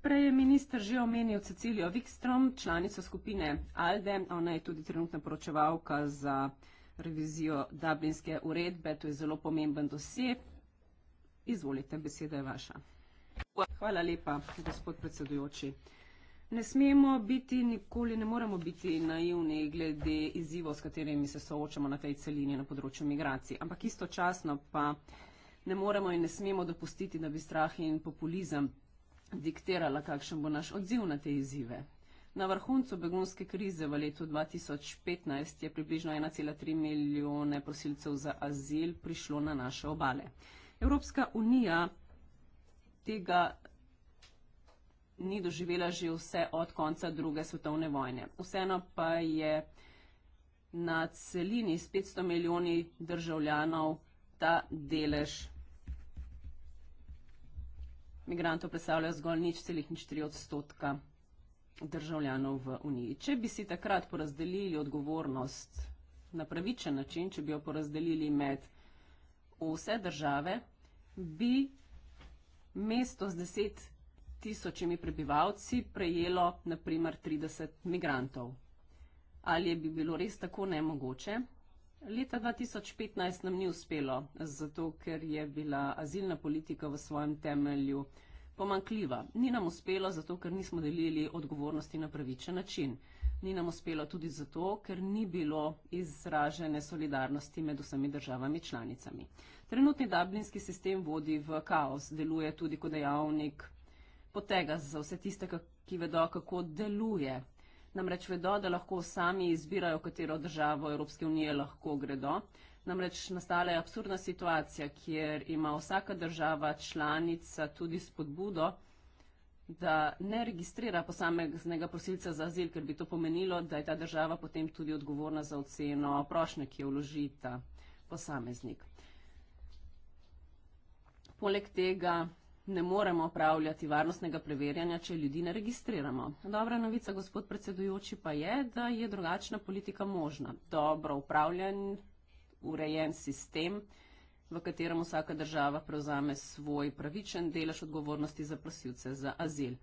Prej je minister že omenil Cecilijo Wikstrom, članico skupine ALDE. Ona je tudi trenutna poročevalka za revizijo Dublinske uredbe. To je zelo pomemben dosje. Izvolite, beseda je vaša. Hvala lepa, gospod predsedujoči. Ne smemo biti, nikoli ne moremo biti naivni glede izzivov, s katerimi se soočamo na tej celini na področju migracij. Ampak istočasno pa ne moremo in ne smemo dopustiti, da bi strah in populizem diktirala, kakšen bo naš odziv na te izzive. Na vrhuncu begunske krize v letu 2015 je približno 1,3 milijone prosilcev za azil prišlo na naše obale. Evropska unija tega ni doživela že vse od konca druge svetovne vojne. Vseeno pa je na celini s 500 milijoni državljanov ta delež migrantov predstavlja zgolj nič celih nič tri odstotka državljanov v Uniji. Če bi si takrat porazdelili odgovornost na pravičen način, če bi jo porazdelili med vse države, bi mesto z deset tisočimi prebivalci prejelo naprimer 30 migrantov. Ali je bi bilo res tako nemogoče? Leta 2015 nam ni uspelo, zato ker je bila azilna politika v svojem temelju pomankljiva. Ni nam uspelo, zato ker nismo delili odgovornosti na pravičen način. Ni nam uspelo tudi zato, ker ni bilo izražene solidarnosti med vsemi državami članicami. Trenutni dublinski sistem vodi v kaos, deluje tudi kot dejavnik potega za vse tiste, ki vedo, kako deluje. Namreč vedo, da lahko sami izbirajo, katero državo Evropske unije lahko gredo. Namreč nastala je absurdna situacija, kjer ima vsaka država članica tudi spodbudo, da ne registrira posameznega prosilca za azil, ker bi to pomenilo, da je ta država potem tudi odgovorna za oceno prošnje, ki jo vloži ta posameznik. Poleg tega ne moremo opravljati varnostnega preverjanja, če ljudi ne registriramo. Dobra novica, gospod predsedujoči, pa je, da je drugačna politika možna. Dobro upravljan, urejen sistem, v katerem vsaka država prevzame svoj pravičen delež odgovornosti za prosilce za azil.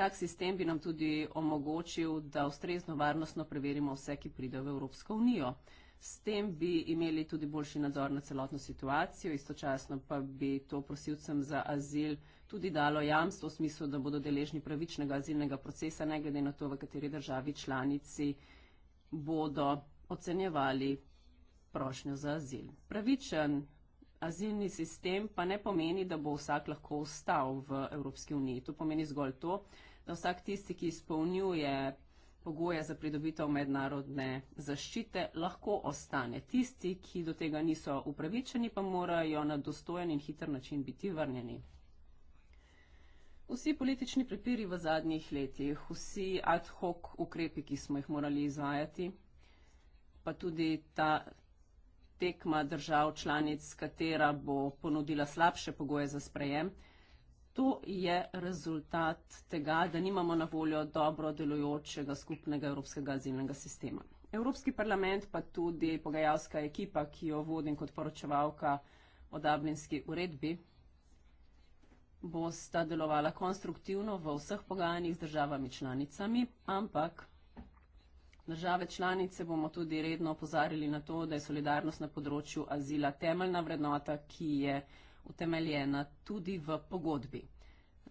Tak sistem bi nam tudi omogočil, da ustrezno varnostno preverimo vse, ki pridejo v Evropsko unijo. S tem bi imeli tudi boljši nadzor na celotno situacijo, istočasno pa bi to prosilcem za azil tudi dalo jamstvo v smislu, da bodo deležni pravičnega azilnega procesa, ne glede na to, v kateri državi članici bodo ocenjevali prošnjo za azil. Pravičen azilni sistem pa ne pomeni, da bo vsak lahko ostal v Evropski uniji. To pomeni zgolj to, da vsak tisti, ki izpolnjuje pogoje za pridobitev mednarodne zaščite, lahko ostane. Tisti, ki do tega niso upravičeni, pa morajo na dostojen in hiter način biti vrnjeni. Vsi politični prepiri v zadnjih letih, vsi ad hoc ukrepi, ki smo jih morali izvajati, pa tudi ta tekma držav članic, katera bo ponudila slabše pogoje za sprejem, to je rezultat tega, da nimamo na voljo dobro delujočega skupnega evropskega azilnega sistema. Evropski parlament pa tudi pogajalska ekipa, ki jo vodim kot poročevalka o dablinski uredbi, bo sta delovala konstruktivno v vseh pogajanjih z državami članicami, ampak države članice bomo tudi redno opozarjali na to, da je solidarnost na področju azila temeljna vrednota, ki je utemeljena tudi v pogodbi.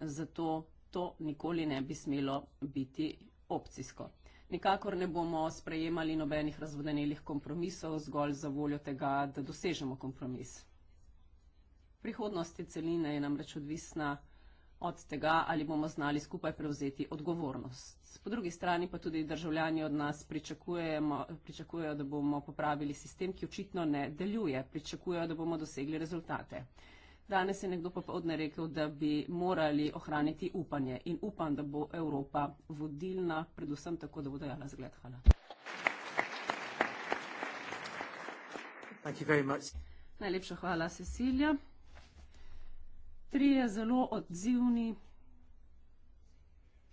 Zato to nikoli ne bi smelo biti opcijsko. Nikakor ne bomo sprejemali nobenih razvodenelih kompromisov zgolj za voljo tega, da dosežemo kompromis. Prihodnost te celine je namreč odvisna od tega, ali bomo znali skupaj prevzeti odgovornost. Po drugi strani pa tudi državljani od nas pričakujejo, da bomo popravili sistem, ki očitno ne deluje, pričakujejo, da bomo dosegli rezultate. Danes je nekdo popovdne rekel, da bi morali ohraniti upanje in upam, da bo Evropa vodilna, predvsem tako, da bo dajala zgled. Hvala. Najlepša hvala, Cecilia. Trije zelo odzivni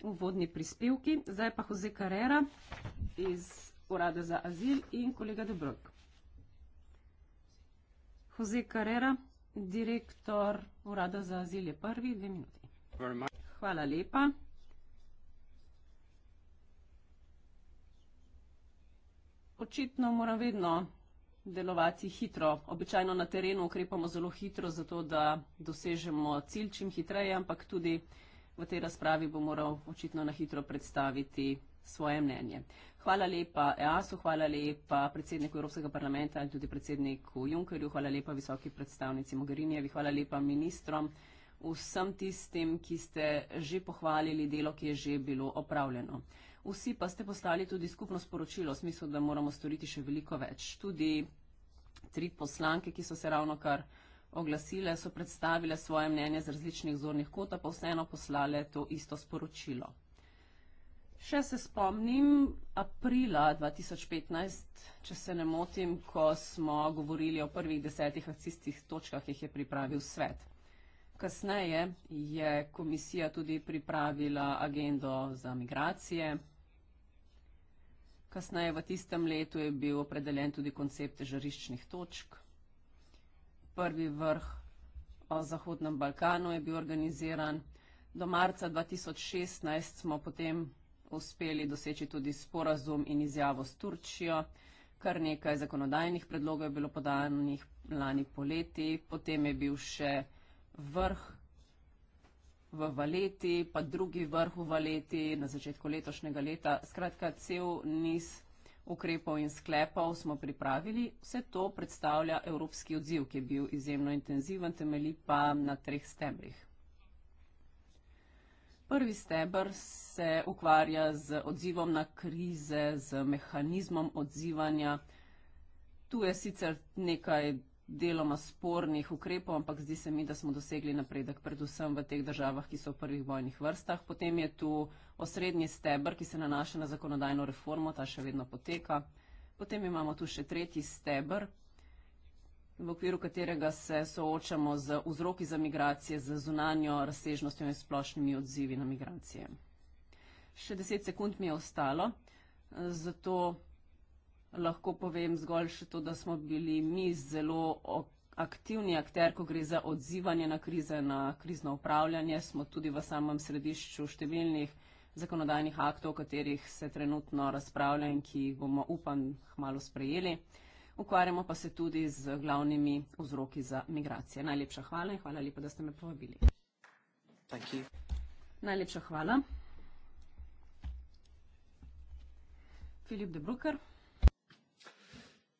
uvodni prispevki. Zdaj pa Jose Carrera iz Urada za azil in kolega Debrok. Jose Carrera direktor Urada za azil je prvi, dve minuti. Hvala lepa. Očitno moram vedno delovati hitro. Običajno na terenu ukrepamo zelo hitro, zato da dosežemo cilj čim hitreje, ampak tudi v tej razpravi bo moral očitno na hitro predstaviti svoje mnenje. Hvala lepa EASU, hvala lepa predsedniku Evropskega parlamenta in tudi predsedniku Junckerju, hvala lepa visoki predstavnici Mogherinijevi, hvala lepa ministrom, vsem tistim, ki ste že pohvalili delo, ki je že bilo opravljeno. Vsi pa ste poslali tudi skupno sporočilo, v smislu, da moramo storiti še veliko več. Tudi tri poslanke, ki so se ravno kar oglasile, so predstavile svoje mnenje z različnih zornih kota, pa vseeno poslale to isto sporočilo. Še se spomnim aprila 2015, če se ne motim, ko smo govorili o prvih desetih akcijskih točkah, ki jih je pripravil svet. Kasneje je komisija tudi pripravila agendo za migracije. Kasneje v tistem letu je bil opredeljen tudi koncept žariščnih točk. Prvi vrh o Zahodnem Balkanu je bil organiziran. Do marca 2016 smo potem uspeli doseči tudi sporazum in izjavo s Turčijo. Kar nekaj zakonodajnih predlogov je bilo podanih lani poleti, potem je bil še vrh v Valeti, pa drugi vrh v Valeti na začetku letošnjega leta. Skratka, cel niz ukrepov in sklepov smo pripravili. Vse to predstavlja evropski odziv, ki je bil izjemno intenziven, temeli pa na treh stebrih. Prvi stebr se ukvarja z odzivom na krize, z mehanizmom odzivanja. Tu je sicer nekaj deloma spornih ukrepov, ampak zdi se mi, da smo dosegli napredek, predvsem v teh državah, ki so v prvih vojnih vrstah. Potem je tu osrednji stebr, ki se nanaša na zakonodajno reformo, ta še vedno poteka. Potem imamo tu še tretji stebr, v okviru katerega se soočamo z vzroki za migracije, z zunanjo razsežnostjo in splošnimi odzivi na migracije. Še deset sekund mi je ostalo, zato lahko povem zgolj še to, da smo bili mi zelo aktivni akter, ko gre za odzivanje na krize, na krizno upravljanje. Smo tudi v samem središču številnih zakonodajnih aktov, o katerih se trenutno razpravlja in ki jih bomo, upam, hmalo sprejeli ukvarjamo pa se tudi z glavnimi vzroki za migracije. Najlepša hvala in hvala lepa, da ste me povabili. Najlepša hvala. Filip De Brucker.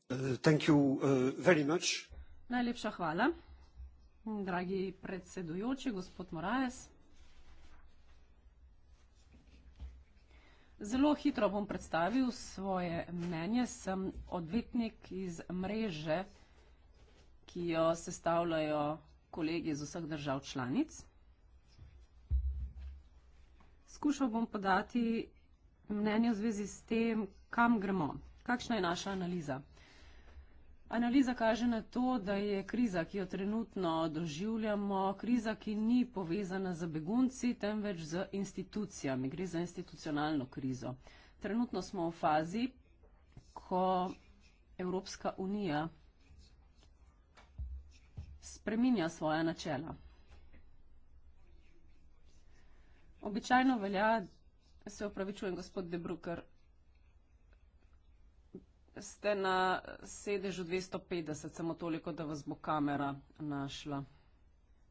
Uh, uh, Najlepša hvala. Dragi predsedujoči, gospod Moraes. Zelo hitro bom predstavil svoje mnenje. Sem odvetnik iz mreže, ki jo sestavljajo kolegi iz vseh držav članic. Skušal bom podati mnenje v zvezi s tem, kam gremo, kakšna je naša analiza. Analiza kaže na to, da je kriza, ki jo trenutno doživljamo, kriza, ki ni povezana z begunci, temveč z institucijami. Gre za institucionalno krizo. Trenutno smo v fazi, ko Evropska unija spreminja svoja načela. Običajno velja, se opravičujem, gospod Debruker, ste na sedežu 250, samo toliko, da vas bo kamera našla.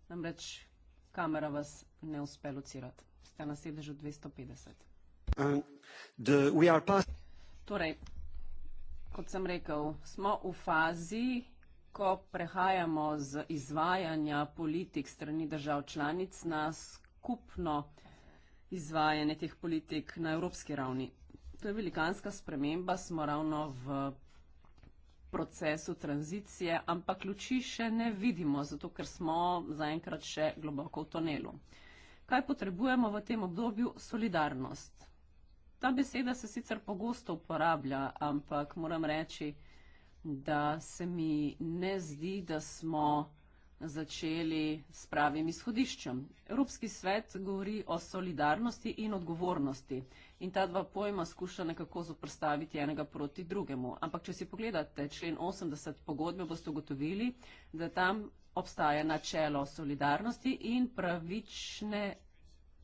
Namreč kamera vas ne uspe locirati. Ste na sedežu 250. Um, torej, kot sem rekel, smo v fazi, ko prehajamo z izvajanja politik strani držav članic na skupno izvajanje teh politik na evropski ravni to je velikanska sprememba, smo ravno v procesu tranzicije, ampak luči še ne vidimo, zato ker smo zaenkrat še globoko v tunelu. Kaj potrebujemo v tem obdobju? Solidarnost. Ta beseda se sicer pogosto uporablja, ampak moram reči, da se mi ne zdi, da smo začeli s pravim izhodiščem. Evropski svet govori o solidarnosti in odgovornosti in ta dva pojma skuša nekako zoprstaviti enega proti drugemu. Ampak, če si pogledate člen 80 pogodbe, boste ugotovili, da tam obstaja načelo solidarnosti in pravične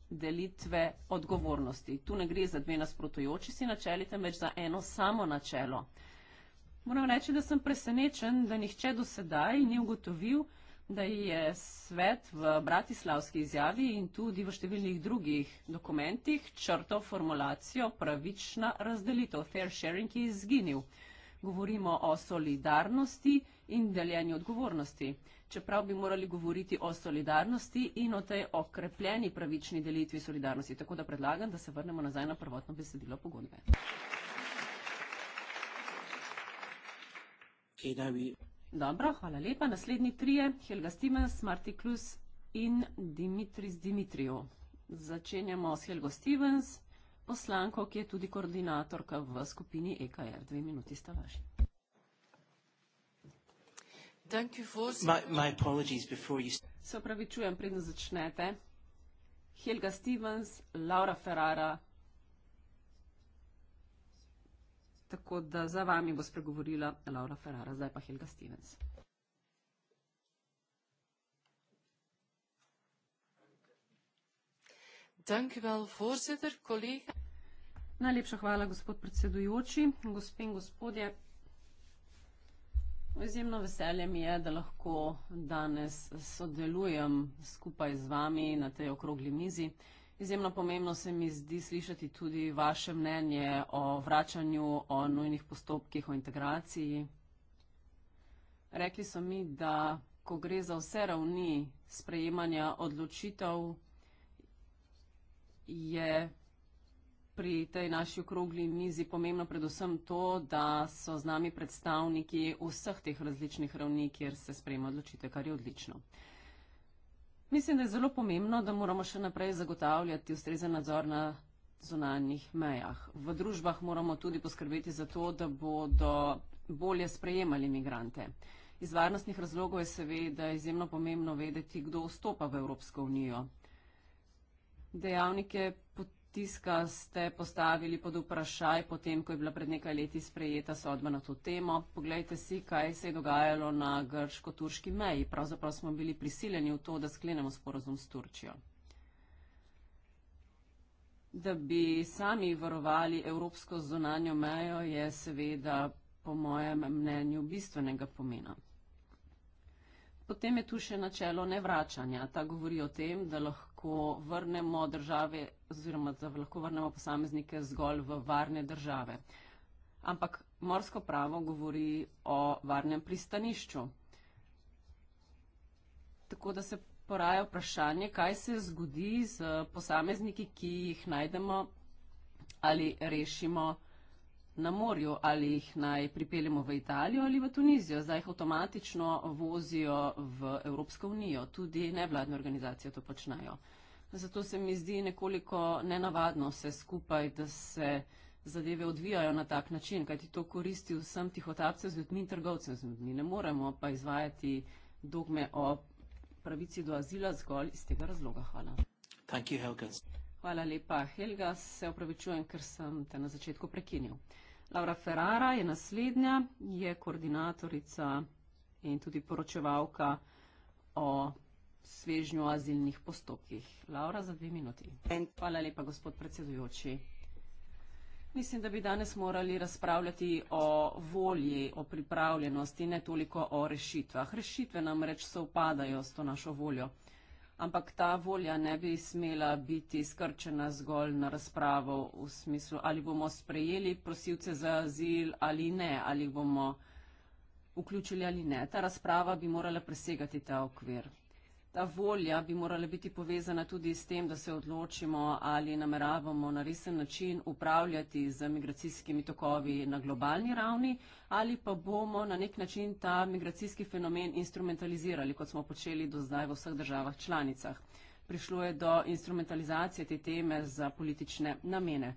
delitve odgovornosti. Tu ne gre za dve nasprotujoči si načeli, temveč za eno samo načelo. Moram reči, da sem presenečen, da nihče do sedaj ni ugotovil, da je svet v bratislavski izjavi in tudi v številnih drugih dokumentih črtal formulacijo pravična razdelitev, fair sharing, ki je izginil. Govorimo o solidarnosti in deljenju odgovornosti. Čeprav bi morali govoriti o solidarnosti in o tej okrepljeni pravični delitvi solidarnosti. Tako da predlagam, da se vrnemo nazaj na prvotno besedilo pogodbe. Dobro, hvala lepa. Naslednji trije, Helga Stevens, Marti Klus in Dimitris Dimitrijo. Začenjamo s Helgo Stevens, poslanko, ki je tudi koordinatorka v skupini EKR. Dve minuti sta vaši. Thank you for... my, my apologies before you... Se opravičujem, preden začnete. Helga Stevens, Laura Ferrara, tako da za vami bo spregovorila Laura Ferrara, zdaj pa Helga Stevens. Najlepša hvala, gospod predsedujoči, gospe in gospodje. Izjemno veselje mi je, da lahko danes sodelujem skupaj z vami na tej okrogli mizi. Uh, Izjemno pomembno se mi zdi slišati tudi vaše mnenje o vračanju, o nujnih postopkih, o integraciji. Rekli so mi, da ko gre za vse ravni sprejemanja odločitev, je pri tej naši okrogli mizi pomembno predvsem to, da so z nami predstavniki vseh teh različnih ravni, kjer se sprejema odločitev, kar je odlično. Mislim, da je zelo pomembno, da moramo še naprej zagotavljati ustrezen nadzor na zunanjih mejah. V družbah moramo tudi poskrbeti za to, da bodo bolje sprejemali imigrante. Iz varnostnih razlogov je seveda izjemno pomembno vedeti, kdo vstopa v Evropsko unijo. Dejavnike potrebujemo tiska ste postavili pod vprašaj, potem ko je bila pred nekaj leti sprejeta sodba na to temo. Poglejte si, kaj se je dogajalo na grško-turški meji. Pravzaprav smo bili prisiljeni v to, da sklenemo sporozum s Turčijo. Da bi sami varovali evropsko zunanjo mejo, je seveda po mojem mnenju bistvenega pomena. Potem je tu še načelo nevračanja. Ta govori o tem, da lahko lahko vrnemo države oziroma da lahko vrnemo posameznike zgolj v varne države. Ampak morsko pravo govori o varnem pristanišču. Tako da se poraja vprašanje, kaj se zgodi z posamezniki, ki jih najdemo ali rešimo na morju, ali jih naj pripeljemo v Italijo ali v Tunizijo. Zdaj jih avtomatično vozijo v Evropsko unijo. Tudi nevladne organizacije to počnejo. Zato se mi zdi nekoliko nenavadno vse skupaj, da se zadeve odvijajo na tak način, kajti to koristi vsem tihotapcem z ljudmi in trgovcem z ljudmi. Ne moremo pa izvajati dogme o pravici do azila zgolj iz tega razloga. Hvala. Hvala lepa, Helga. Se opravičujem, ker sem te na začetku prekinil. Laura Ferrara je naslednja, je koordinatorica in tudi poročevalka o svežnju azilnih postopkih. Laura, za dve minuti. Hvala lepa, gospod predsedujoči. Mislim, da bi danes morali razpravljati o volji, o pripravljenosti, ne toliko o rešitvah. Rešitve namreč se upadajo s to našo voljo ampak ta volja ne bi smela biti skrčena zgolj na razpravo v smislu, ali bomo sprejeli prosilce za azil ali ne, ali bomo vključili ali ne. Ta razprava bi morala presegati ta okvir. Ta volja bi morala biti povezana tudi s tem, da se odločimo ali nameravamo na resen način upravljati z migracijskimi tokovi na globalni ravni ali pa bomo na nek način ta migracijski fenomen instrumentalizirali, kot smo počeli do zdaj v vseh državah članicah. Prišlo je do instrumentalizacije te teme za politične namene.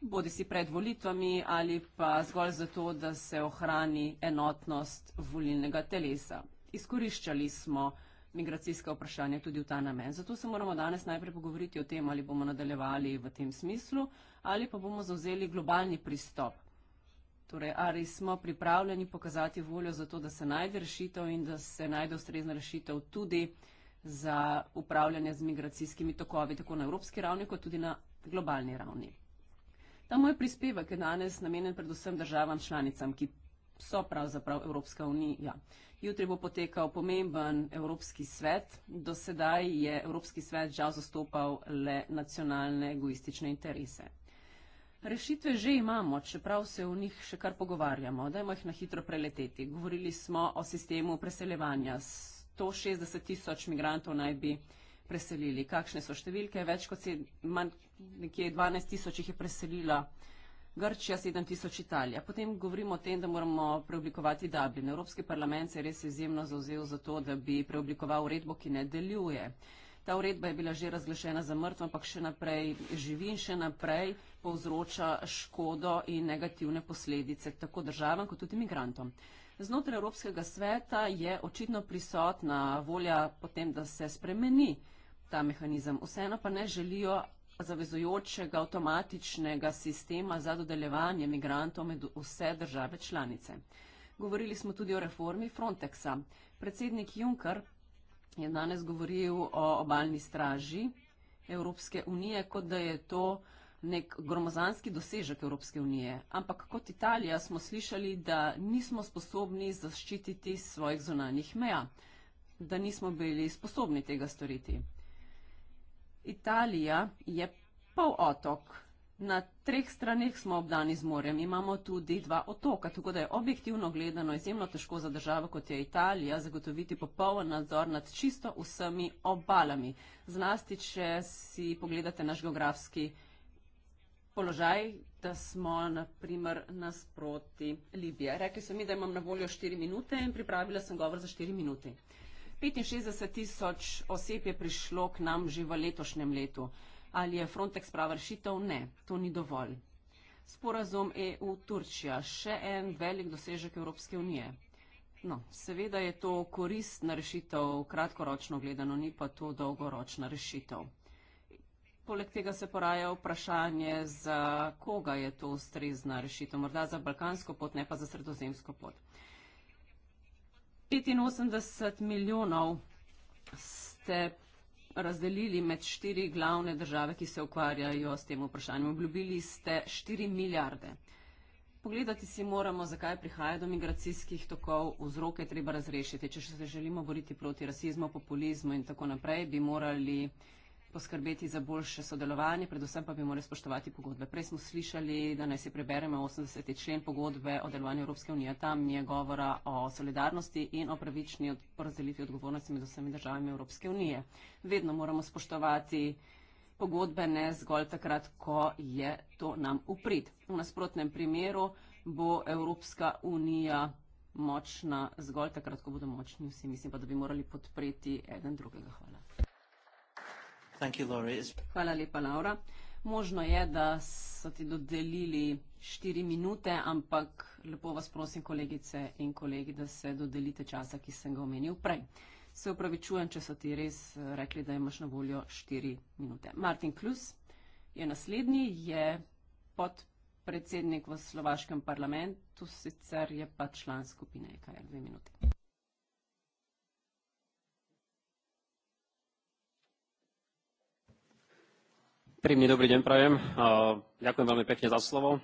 Bodi si pred volitvami ali pa zgolj zato, da se ohrani enotnost volilnega telesa. Izkoriščali smo migracijska vprašanja tudi v ta namen. Zato se moramo danes najprej pogovoriti o tem, ali bomo nadaljevali v tem smislu ali pa bomo zauzeli globalni pristop. Torej, ali smo pripravljeni pokazati voljo za to, da se najde rešitev in da se najde ustrezna rešitev tudi za upravljanje z migracijskimi tokovi, tako na evropski ravni, kot tudi na globalni ravni. Ta moj prispevek je danes namenjen predvsem državam članicam, ki so pravzaprav Evropska unija. Jutri bo potekal pomemben Evropski svet. Do sedaj je Evropski svet žal zastopal le nacionalne egoistične interese. Rešitve že imamo, čeprav se o njih še kar pogovarjamo. Dajmo jih na hitro preleteti. Govorili smo o sistemu preseljevanja. 160 tisoč migrantov naj bi preselili. Kakšne so številke? Več kot se, manj, nekje 12 tisoč jih je preselila. Grčija, 7000 Italija. Potem govorimo o tem, da moramo preoblikovati Dublin. Evropski parlament se je res izjemno zauzel za to, da bi preoblikoval uredbo, ki ne deluje. Ta uredba je bila že razglašena za mrtvo, ampak še naprej živi in še naprej povzroča škodo in negativne posledice tako državam kot tudi migrantom. Znotraj Evropskega sveta je očitno prisotna volja potem, da se spremeni ta mehanizem. Vseeno pa ne želijo zavezujočega avtomatičnega sistema za dodeljevanje migrantov med vse države članice. Govorili smo tudi o reformi Frontexa. Predsednik Juncker je danes govoril o obaljni straži Evropske unije, kot da je to nek gromozanski dosežek Evropske unije. Ampak kot Italija smo slišali, da nismo sposobni zaščititi svojih zunanjih meja, da nismo bili sposobni tega storiti. Italija je polotok. Na treh straneh smo obdani z morjem, imamo tudi dva otoka, tako da je objektivno gledano izjemno težko za državo, kot je Italija, zagotoviti popoln nadzor nad čisto vsemi obalami. Zlasti, če si pogledate naš geografski položaj, da smo naprimer nasproti Libije. Rekli so mi, da imam na voljo štiri minute in pripravila sem govor za štiri minute. 65 tisoč oseb je prišlo k nam že v letošnjem letu. Ali je Frontex prava rešitev? Ne, to ni dovolj. Sporazum EU-Turčija, še en velik dosežek Evropske unije. No, seveda je to koristna rešitev, kratkoročno gledano, ni pa to dolgoročna rešitev. Poleg tega se poraja vprašanje, za koga je to ustrezna rešitev, morda za balkansko pot, ne pa za sredozemsko pot. 85 milijonov ste razdelili med štiri glavne države, ki se ukvarjajo s tem vprašanjem. Obljubili ste 4 milijarde. Pogledati si moramo, zakaj prihaja do migracijskih tokov, vzroke treba razrešiti. Če se želimo boriti proti rasizmu, populizmu in tako naprej, bi morali poskrbeti za boljše sodelovanje, predvsem pa bi morali spoštovati pogodbe. Prej smo slišali, da naj si preberemo 80. člen pogodbe o delovanju Evropske unije. Tam je govora o solidarnosti in o pravični porazdelitvi odgovornosti med vsemi državami Evropske unije. Vedno moramo spoštovati pogodbe, ne zgolj takrat, ko je to nam uprit. V nasprotnem primeru bo Evropska unija močna zgolj takrat, ko bodo močni vsi. Mislim pa, da bi morali podpreti eden drugega. Hvala. Hvala lepa, Laura. Možno je, da so ti dodelili štiri minute, ampak lepo vas prosim, kolegice in kolegi, da se dodelite časa, ki sem ga omenil prej. Se upravičujem, če so ti res eh, rekli, da imaš na voljo štiri minute. Martin Klus je naslednji, je pod predsednik v slovaškem parlamentu, sicer je pa član skupine EKR dve minute. Príjemný dobrý deň prajem. Ďakujem veľmi pekne za slovo.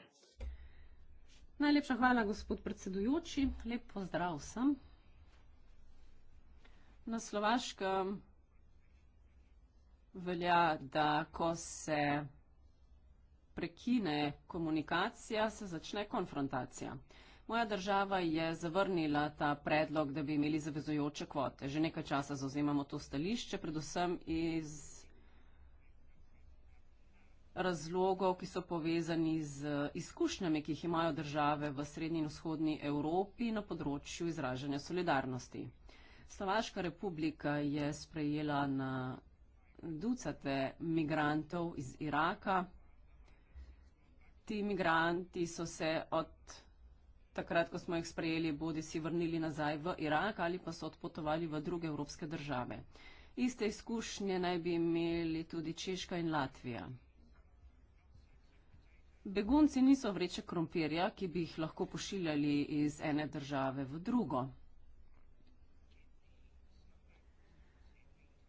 Najlepšia hvala, gospod predsedujúči. Lep pozdrav sem. Na Slovaškem velja, da ko se prekine komunikacija, se začne konfrontacija. Moja država je zavrnila ta predlog, da bi imeli zavezujoče kvote. Že nekaj časa zauzemamo to stališče, predvsem iz razlogov, ki so povezani z eh, izkušnjami, ki jih imajo države v srednji in vzhodni Evropi na področju izražanja solidarnosti. Slovaška republika je sprejela na ducate migrantov iz Iraka. Ti migranti so se od takrat, ko smo jih sprejeli, bodi si vrnili nazaj v Irak ali pa so odpotovali v druge evropske države. Iste izkušnje naj bi imeli tudi Češka in Latvija. Begunci niso vreče krompirja, ki bi jih lahko pošiljali iz ene države v drugo.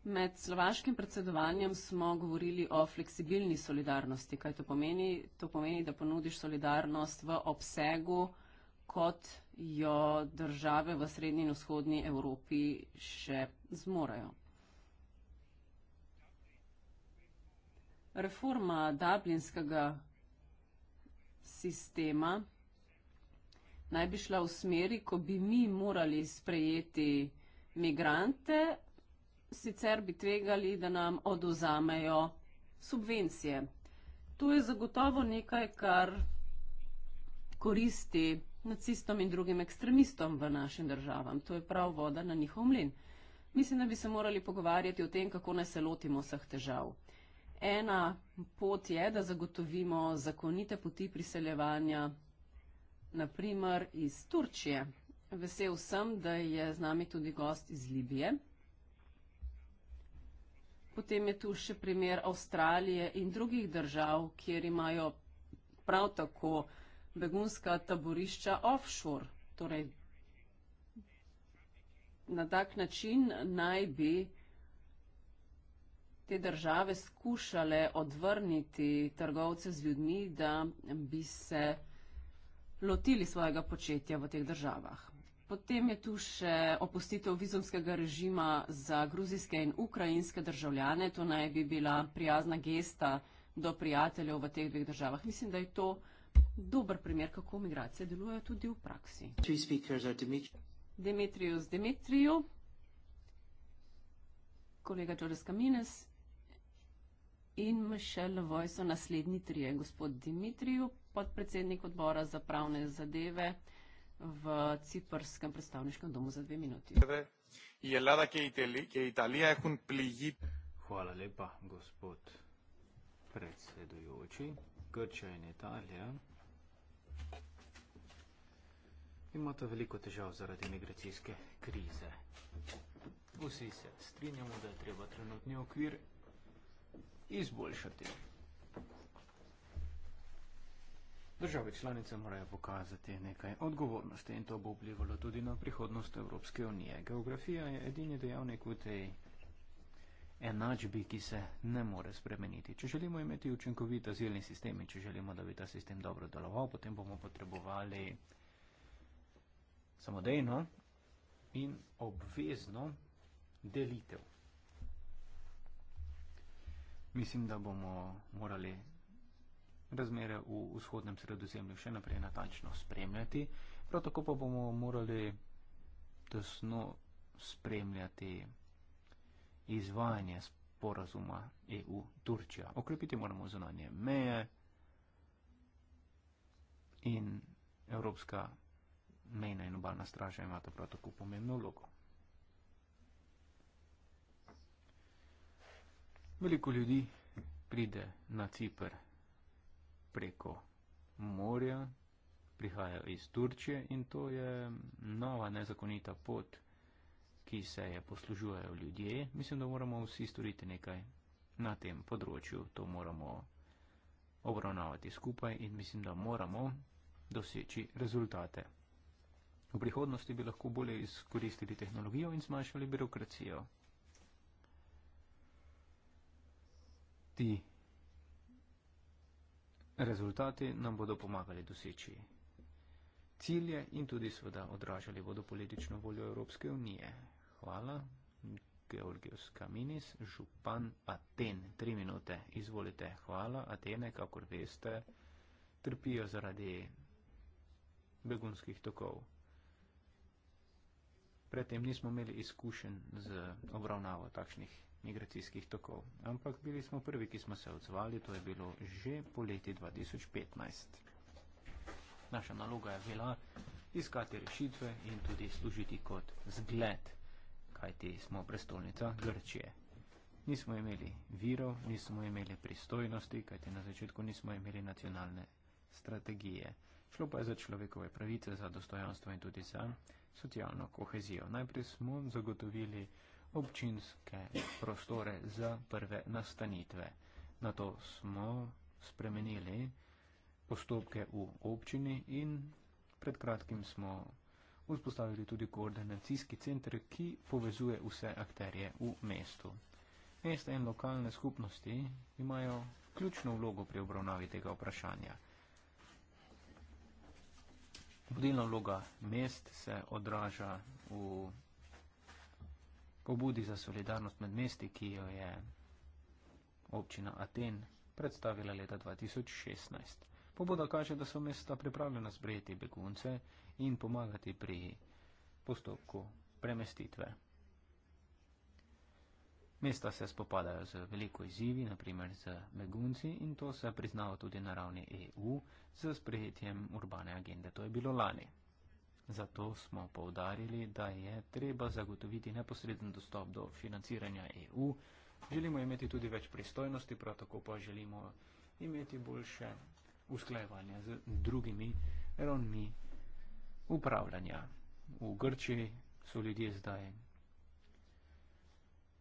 Med slovaškim predsedovanjem smo govorili o fleksibilni solidarnosti. Kaj to pomeni? To pomeni, da ponudiš solidarnost v obsegu, kot jo države v srednji in vzhodni Evropi še zmorajo. Reforma Dublinskega sistema naj bi šla v smeri, ko bi mi morali sprejeti migrante, sicer bi tvegali, da nam oduzamejo subvencije. To je zagotovo nekaj, kar koristi nacistom in drugim ekstremistom v našim državam. To je prav voda na njihov mlin. Mislim, da bi se morali pogovarjati o tem, kako naj se lotimo vseh težav ena pot je, da zagotovimo zakonite poti priseljevanja, naprimer iz Turčije. Vesel sem, da je z nami tudi gost iz Libije. Potem je tu še primer Avstralije in drugih držav, kjer imajo prav tako begunska taborišča offshore. Torej, na tak način naj bi te države skušale odvrniti trgovce z ljudmi, da bi se lotili svojega početja v teh državah. Potem je tu še opustitev vizumskega režima za gruzijske in ukrajinske državljane. To naj bi bila prijazna gesta do prijateljev v teh dveh državah. Mislim, da je to dober primer, kako migracije delujejo tudi v praksi. Dimitrijus Dimitriju, kolega Džores Kamines in Mišel Voj so naslednji trije. Gospod Dimitriju, podpredsednik odbora za pravne zadeve v ciprskem predstavniškem domu za dve minuti. Hvala lepa, gospod predsedujoči. Grčija in Italija imata veliko težav zaradi migracijske krize. Vsi se strinjamo, da je treba trenutni okvir izboljšati. Države članice morajo pokazati nekaj odgovornosti in to bo vplivalo tudi na prihodnost Evropske unije. Geografija je edini dejavnik v tej enačbi, ki se ne more spremeniti. Če želimo imeti učinkovit azilni sistem in če želimo, da bi ta sistem dobro deloval, potem bomo potrebovali samodejno in obvezno delitev mislim, da bomo morali razmere v vzhodnem sredozemlju še naprej natančno spremljati. Prav tako pa bomo morali tesno spremljati izvajanje sporazuma EU-Turčija. Okrepiti moramo zunanje meje in Evropska mejna in obalna straža imata prav tako pomembno vlogo. Veliko ljudi pride na Cipr preko morja, prihajajo iz Turčije in to je nova nezakonita pot, ki se je poslužujejo ljudje. Mislim, da moramo vsi storiti nekaj na tem področju, to moramo obravnavati skupaj in mislim, da moramo doseči rezultate. V prihodnosti bi lahko bolje izkoristili tehnologijo in zmanjšali birokracijo. ti rezultati nam bodo pomagali doseči cilje in tudi seveda odražali bodo politično voljo Evropske unije. Hvala. Georgios Kaminis, župan Aten. Tri minute, izvolite. Hvala. Atene, kakor veste, trpijo zaradi begunskih tokov. Predtem nismo imeli izkušenj z obravnavo takšnih migracijskih tokov. Ampak bili smo prvi, ki smo se odzvali, to je bilo že po leti 2015. Naša naloga je bila iskati rešitve in tudi služiti kot zgled, kajti smo prestolnica Grčije. Nismo imeli virov, nismo imeli pristojnosti, kajti na začetku nismo imeli nacionalne strategije. Šlo pa je za človekove pravice, za dostojanstvo in tudi za socialno kohezijo. Najprej smo zagotovili občinske prostore za prve nastanitve. Na to smo spremenili postopke v občini in pred kratkim smo vzpostavili tudi koordinacijski center, ki povezuje vse akterje v mestu. Mesta in lokalne skupnosti imajo ključno vlogo pri obravnavi tega vprašanja. Vodilna vloga mest se odraža v pobudi za solidarnost med mesti, ki jo je občina Aten predstavila leta 2016. Pobuda kaže, da so mesta pripravljena sprejeti begunce in pomagati pri postopku premestitve. Mesta se spopadajo z veliko izzivi, naprimer z begunci, in to se priznava tudi na ravni EU z sprejetjem urbane agende. To je bilo lani. Zato smo povdarjali, da je treba zagotoviti neposreden dostop do financiranja EU. Želimo imeti tudi več pristojnosti, prav tako pa želimo imeti boljše usklajevanje z drugimi ravnmi upravljanja. V Grči so ljudje zdaj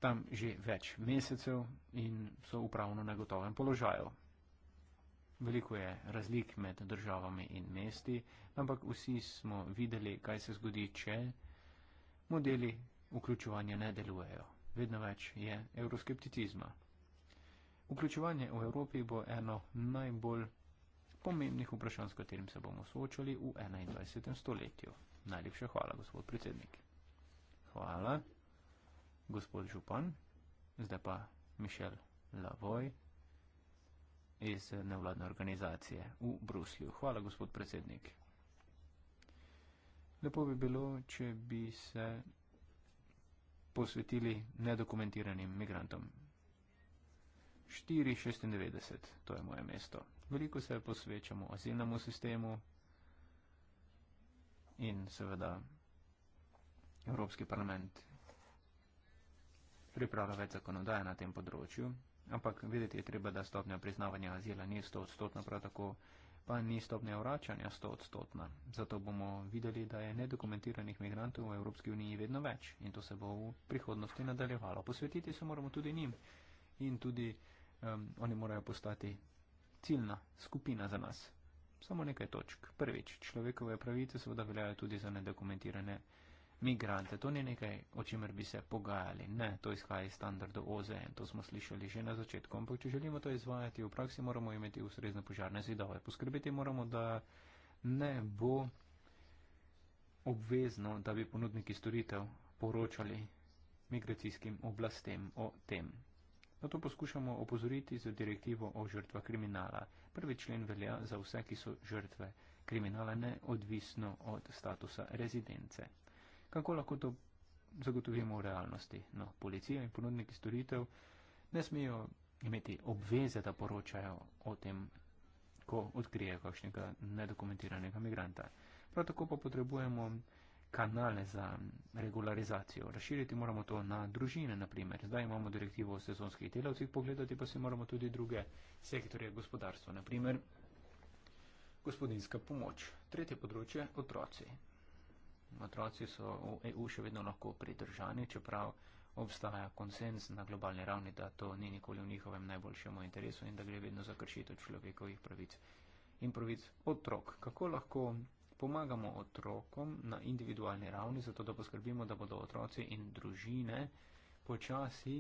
tam že več mesecev in so upravno negotovem položaju. Veliko je razlik med državami in mesti, ampak vsi smo videli, kaj se zgodi, če modeli vključevanja ne delujejo. Vedno več je euroskepticizma. Vključevanje v Evropi bo eno najbolj pomembnih vprašanj, s katerim se bomo soočali v 21. stoletju. Najlepša hvala, gospod predsednik. Hvala, gospod župan. Zdaj pa Mišel Lavoj iz eh, nevladne organizacije v Bruslju. Hvala, gospod predsednik. Lepo bi bilo, če bi se posvetili nedokumentiranim migrantom. 496, to je moje mesto. Veliko se posvečamo azilnemu sistemu in seveda Evropski parlament pripravlja več zakonodaje na tem področju. Ampak vedeti je treba, da stopnja priznavanja azila ni 100 odstotna, prav tako pa ni stopnja vračanja 100 odstotna. Zato bomo videli, da je nedokumentiranih migrantov v Evropski uniji vedno več in to se bo v prihodnosti nadaljevalo. Posvetiti se moramo tudi njim in tudi um, oni morajo postati ciljna skupina za nas. Samo nekaj točk. Prvič, človekove pravice seveda veljajo tudi za nedokumentirane migrante migrante. To ni nekaj, o čemer bi se pogajali. Ne, to izhaja iz standardov OZN. To smo slišali že na začetku. Ampak, če želimo to izvajati v praksi, moramo imeti ustrezne požarne zidove. Poskrbeti moramo, da ne bo obvezno, da bi ponudniki storitev poročali migracijskim oblastem o tem. Na to poskušamo opozoriti z direktivo o žrtvah kriminala. Prvi člen velja za vse, ki so žrtve kriminala, neodvisno od statusa rezidence. Kako lahko to zagotovimo v realnosti? No, policija in ponudniki storitev ne smejo imeti obveze, da poročajo o tem, ko odkrijejo kakšnega nedokumentiranega migranta. Prav tako pa potrebujemo kanale za regularizacijo. Razširiti moramo to na družine, naprimer. Zdaj imamo direktivo o sezonskih delavcih, pogledati pa si moramo tudi druge sektorje gospodarstva, naprimer gospodinska pomoč. Tretje področje, otroci. Otroci so v EU še vedno lahko pridržani, čeprav obstaja konsens na globalni ravni, da to ni nikoli v njihovem najboljšem interesu in da gre vedno za kršitev človekovih pravic in pravic otrok. Kako lahko pomagamo otrokom na individualni ravni, zato da poskrbimo, da bodo otroci in družine počasi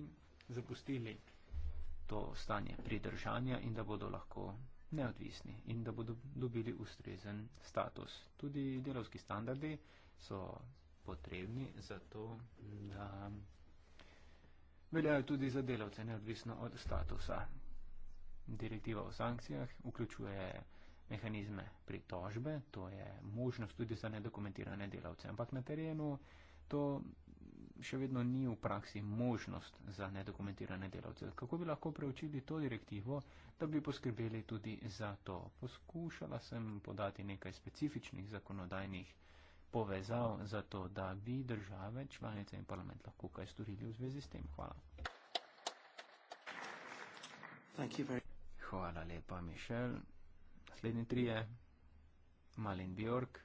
zapustili to stanje pridržanja in da bodo lahko neodvisni in da bodo dobili ustrezen status. Tudi delovski standardi so potrebni za to, da veljajo tudi za delavce, neodvisno od statusa. Direktiva o sankcijah vključuje mehanizme pritožbe, to je možnost tudi za nedokumentirane delavce, ampak na terenu to še vedno ni v praksi možnost za nedokumentirane delavce. Kako bi lahko preučili to direktivo, da bi poskrbeli tudi za to? Poskušala sem podati nekaj specifičnih zakonodajnih povezav za to, da bi države, članice in parlament lahko kaj storili v zvezi s tem. Hvala. Hvala lepa, Mišel. Naslednji tri je Malin Bjork,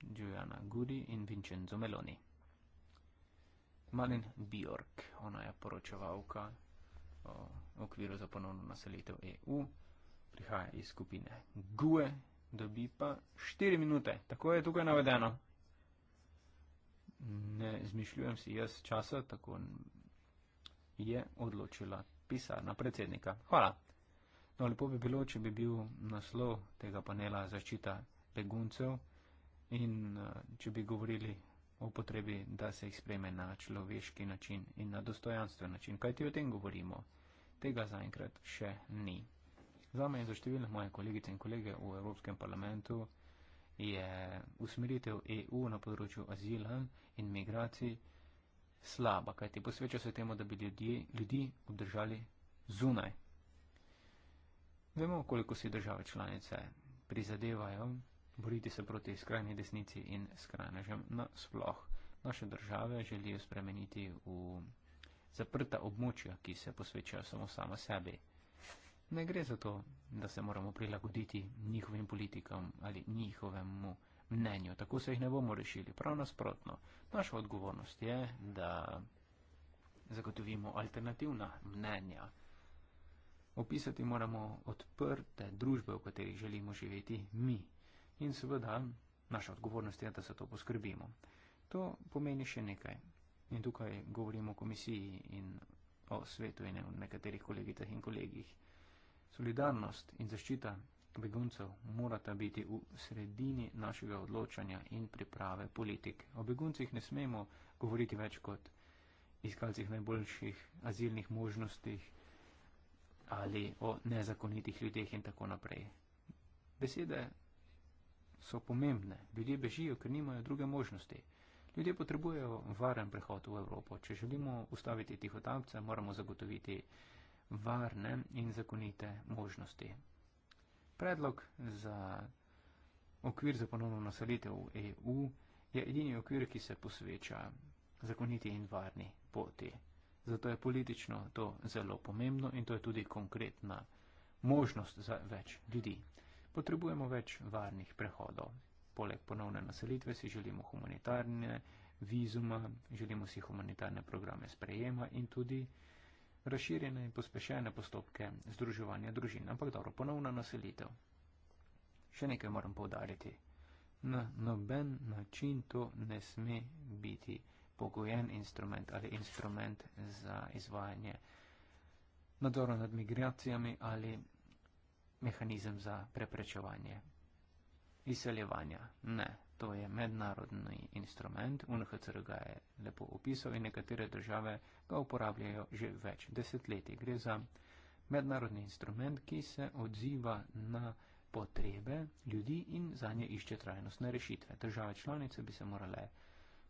Giuliana Gudi in Vincenzo Meloni. Malin Bjork, ona je poročevalka v okviru za ponovno naselitev EU, prihaja iz skupine GUE, dobi pa 4 minute. Tako je tukaj navedeno. Ne zmišljujem si jaz časa, tako je odločila pisarna predsednika. Hvala. No, lepo bi bilo, če bi bil naslov tega panela zaščita beguncev in eh, če bi govorili o potrebi, da se jih spreme na človeški način in na dostojanstven način. Kaj ti o tem govorimo? Tega zaenkrat še ni. Za me in za številne moje kolegice in kolege v Evropskem parlamentu je usmeritev EU na področju azila in migracij slaba, kajti posveča se temu, da bi ljudje, ljudi obdržali zunaj. Vemo, koliko si države članice prizadevajo boriti se proti skrajni desnici in skrajnežem nasploh. Naše države želijo spremeniti v zaprta območja, ki se posvečajo samo sama sebi. Ne gre za to, da se moramo prilagoditi njihovim politikam ali njihovemu mnenju. Tako se jih ne bomo rešili. Prav nasprotno. Naša odgovornost je, da zagotovimo alternativna mnenja. Opisati moramo odprte družbe, v katerih želimo živeti mi. In seveda, naša odgovornost je, da se to poskrbimo. To pomeni še nekaj. In tukaj govorimo o komisiji in o svetu in o nekaterih kolegitah in kolegih. Solidarnost in zaščita beguncev morata biti v sredini našega odločanja in priprave politik. O beguncih ne smemo govoriti več kot iskalcih najboljših azilnih možnostih ali o nezakonitih ljudeh in tako naprej. Besede so pomembne. Ljudje bežijo, ker nimajo druge možnosti. Ljudje potrebujejo varen prehod v Evropo. Če želimo ustaviti tihotapce, moramo zagotoviti varne in zakonite možnosti. Predlog za okvir za ponovno naselitev EU je edini okvir, ki se posveča zakoniti in varni poti. Zato je politično to zelo pomembno in to je tudi konkretna možnost za več ljudi. Potrebujemo več varnih prehodov. Poleg ponovne naselitve si želimo humanitarne vizuma, želimo si humanitarne programe sprejema in tudi razširjene in pospešene postopke združevanja družin, ampak dobro, ponovna naselitev. Še nekaj moram povdariti. Na noben način to ne sme biti pogojen instrument ali instrument za izvajanje nadzora nad migracijami ali mehanizem za preprečevanje izseljevanja. Ne, To je mednarodni instrument, UNHCR ga je lepo opisal in nekatere države ga uporabljajo že več desetletij. Gre za mednarodni instrument, ki se odziva na potrebe ljudi in za nje išče trajnostne rešitve. Države članice bi se morale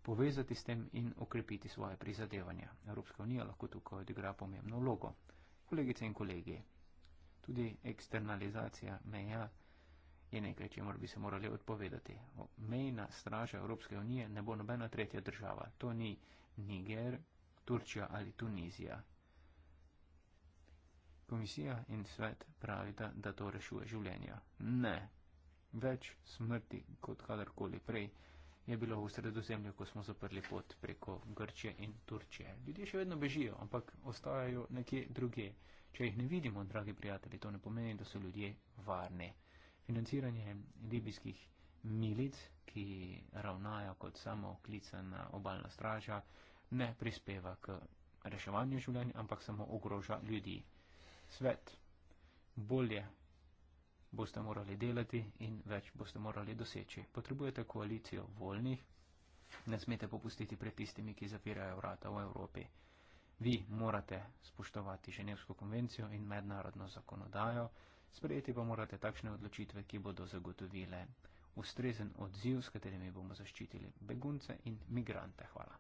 povezati s tem in okrepiti svoje prizadevanja. Evropska unija lahko tukaj odigra pomembno vlogo. Kolegice in kolegi, tudi eksternalizacija meja je nekaj, če mora bi se morali odpovedati. Mejna straža Evropske unije ne bo nobena tretja država. To ni Niger, Turčija ali Tunizija. Komisija in svet pravita, da to rešuje življenja. Ne. Več smrti kot kadarkoli prej je bilo v sredozemlju, ko smo zaprli pot preko Grče in Turčije. Ljudje še vedno bežijo, ampak ostajajo nekje druge. Če jih ne vidimo, dragi prijatelji, to ne pomeni, da so ljudje varni financiranje libijskih milic, ki ravnajo kot samo klicana obalna straža, ne prispeva k reševanju življenja, ampak samo ogroža ljudi. Svet bolje boste morali delati in več boste morali doseči. Potrebujete koalicijo voljnih, ne smete popustiti pred tistimi, ki zapirajo vrata v Evropi. Vi morate spoštovati Ženevsko konvencijo in mednarodno zakonodajo. Sprejeti pa morate takšne odločitve, ki bodo zagotovile ustrezen odziv, s katerimi bomo zaščitili begunce in migrante. Hvala.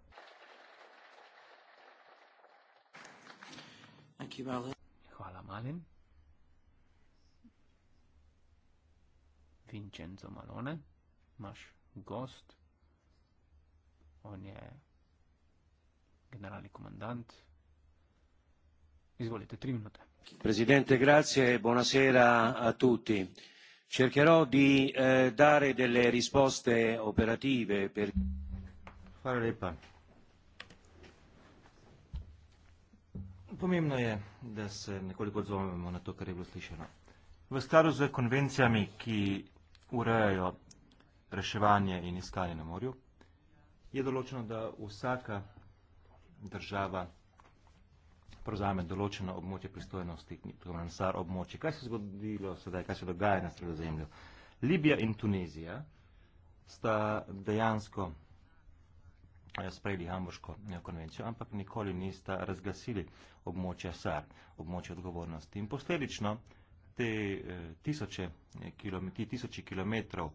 Hvala, Malin. Vincenzo Malone, naš gost, on je generalni komandant. Izvolite, tri minute presidente e buonasera a tutti cercherò di eh, dare delle risposte operative per hvala lepa pomembno je da se nekoliko odzovemo na to kar je bilo slišano v skladu z konvencijami ki urejajo reševanje in iskanje na morju je določeno da vsaka država prevzame določeno območje pristojnosti, tako imenovano sar območje. Kaj se je zgodilo sedaj, kaj se dogaja na sredozemlju? Libija in Tunizija sta dejansko eh, sprejeli Hamburško eh, konvencijo, ampak nikoli nista razglasili območja SAR, območja odgovornosti. In posledično te eh, tisoče kilometri, tisoči kilometrov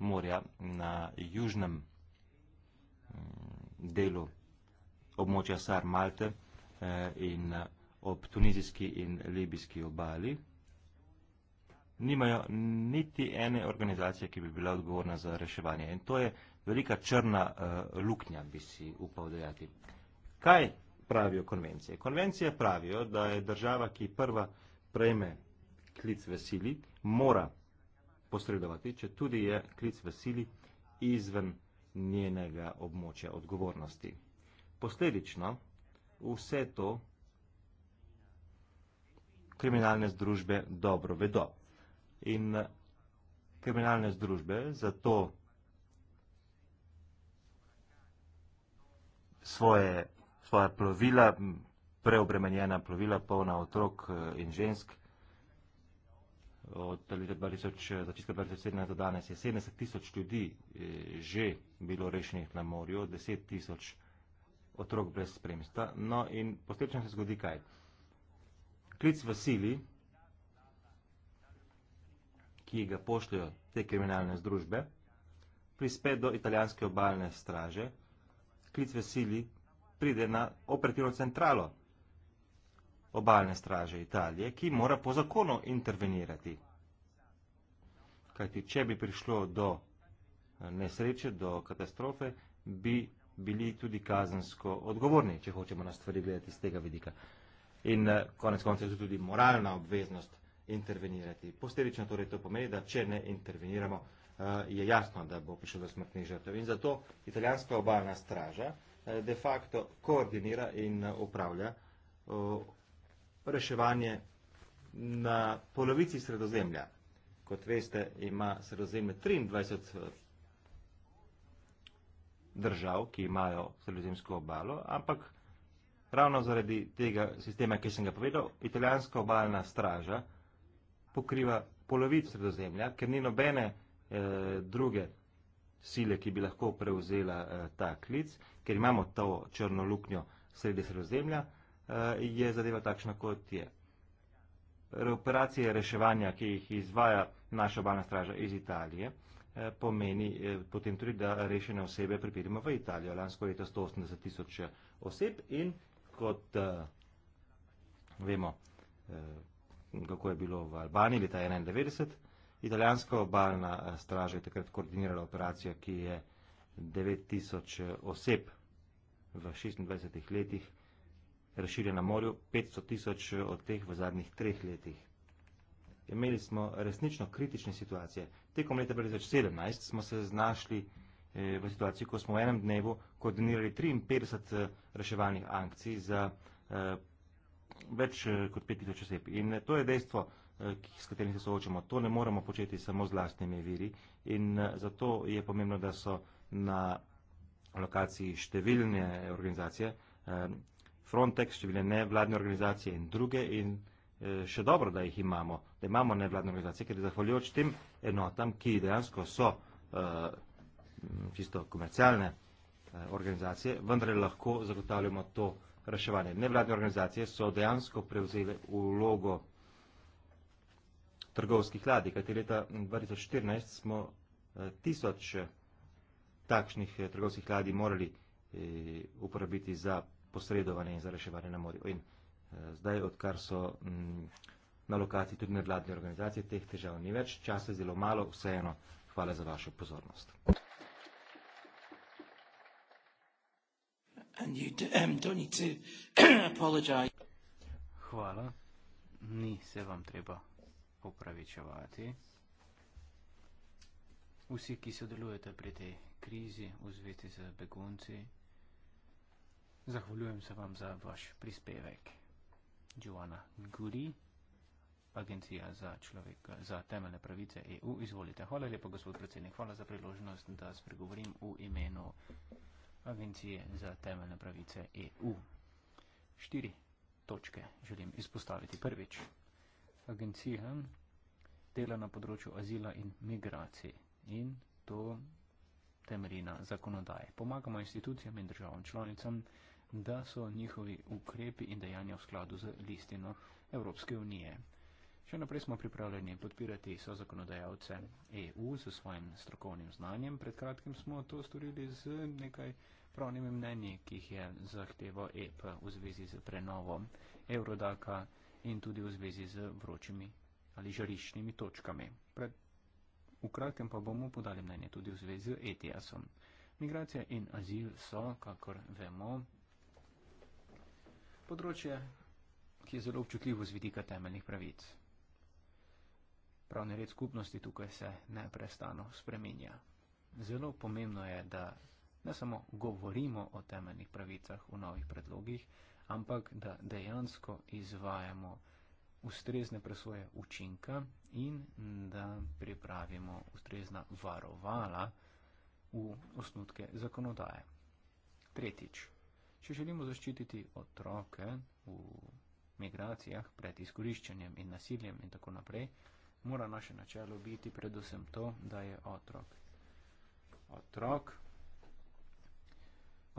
morja na južnem mm, delu območja SAR Malte, Eh, in eh, ob tunizijski in libijski obali. Nimajo niti ene organizacije, ki bi bila odgovorna za reševanje. In to je velika črna uh, luknja, bi si upal dejati. Kaj pravijo konvencije? Konvencije pravijo, da je država, ki prva prejme klic v sili, mora posredovati, če tudi je klic v sili izven njenega območja odgovornosti. Posledično, vse to kriminalne združbe dobro vedo. In eh, kriminalne združbe zato svoje, svoje plovila, preobremenjena plovila, polna otrok eh, in žensk, od leta 2000, začetka 2017 do danes je 70 tisoč ljudi eh, že bilo rešenih na morju, 10 tisoč otrok brez spremstva. No in posledično se zgodi kaj? Klic v sili, ki ga pošljajo te kriminalne združbe, prispe do italijanske obalne straže, klic v sili pride na operativno centralo obalne straže Italije, ki mora po zakonu intervenirati. Kajti, če bi prišlo do eh, nesreče, do katastrofe, bi bili tudi kazensko odgovorni, če hočemo na stvari gledati z tega vidika. In eh, konec konca je tudi moralna obveznost intervenirati. Posledično torej to pomeni, da če ne interveniramo, eh, je jasno, da bo prišlo do smrtnih žrtev. In zato italijanska obalna straža eh, de facto koordinira in upravlja reševanje na polovici sredozemlja. Kot veste, ima sredozemlje 23 držav, ki imajo sredozemsko obalo, ampak ravno zaradi tega sistema, ki sem ga povedal, italijanska obalna straža pokriva polovic sredozemlja, ker ni nobene eh, druge sile, ki bi lahko prevzela eh, ta klic, ker imamo to črno luknjo sredi sredozemlja, eh, je zadeva takšna, kot je. Operacije reševanja, ki jih izvaja naša obalna straža iz Italije, eh, Eh, pomeni eh, potem tudi, da rešene osebe pripetimo v Italijo. Lansko leto 180 tisoč eh, oseb in kot uh, vemo, uh, kako je bilo v Albaniji leta 1991, italijanska obalna straža je takrat koordinirala operacijo, ki je 9 tisoč oseb v 26 letih razširjena na morju, 500 tisoč od teh v zadnjih treh letih imeli smo resnično kritične situacije. Tekom leta 2017 smo se znašli eh, v situaciji, ko smo v enem dnevu koordinirali 53 eh, reševalnih akcij za eh, več kot 5000 oseb. In to je dejstvo, s katerim se soočamo. To ne moramo početi samo z lastnimi viri in zato je pomembno, da so na lokaciji številne organizacije, Frontex, številne nevladne organizacije in druge in druge, Eh, še dobro, da jih imamo, da imamo nevladne organizacije, ker je zahvaljujoč tem enotam, ki dejansko so uh, čisto komercialne uh, organizacije, vendar lahko zagotavljamo to reševanje. Nevladne organizacije so dejansko prevzele vlogo trgovskih ladij, kajti leta 2014 smo uh, tisoč takšnih uh, trgovskih ladij morali uh, uporabiti za posredovanje in za reševanje na morju. In, uh, Eh, zdaj, odkar so mm, na lokaciji tudi medvladne organizacije, teh težav ni več, čas je zelo malo, vseeno, hvala za vašo pozornost. Um, (clears throat) hvala, ni se vam treba opravičevati. Vsi, ki sodelujete pri tej krizi v zvezi z begunci, zahvaljujem se vam za vaš prispevek. Joana Guri, Agencija za, človek, za temeljne pravice EU. Izvolite. Hvala lepa, gospod predsednik. Hvala za priložnost, da spregovorim v imenu Agencije za temeljne pravice EU. Štiri točke želim izpostaviti. Prvič. Agencija dela na področju azila in migracij in to temeljina zakonodaje. Pomagamo institucijam in državam članicam, da so njihovi ukrepi in dejanja v skladu z listino Evropske unije. Še naprej smo pripravljeni podpirati so zakonodajalce EU s svojim strokovnim znanjem. Pred kratkim smo to storili z nekaj pravnimi mnenji, ki jih je zahteval EP v zvezi z prenovo Eurodaka in tudi v zvezi z vročimi ali žariščnimi točkami. Pred v kratkem pa bomo podali mnenje tudi v zvezi z ETS-om. Migracija in azil so, kakor vemo, področje, ki je zelo občutljivo z vidika temeljnih pravic. Pravni red skupnosti tukaj se neprestano spremenja. Zelo pomembno je, da ne samo govorimo o temeljnih pravicah v novih predlogih, ampak da dejansko izvajamo ustrezne presoje učinka in da pripravimo ustrezna varovala v osnutke zakonodaje. Tretjič. Če želimo zaščititi otroke v migracijah pred izkoriščanjem in nasiljem in tako naprej, mora naše načelo biti predvsem to, da je otrok. Otrok.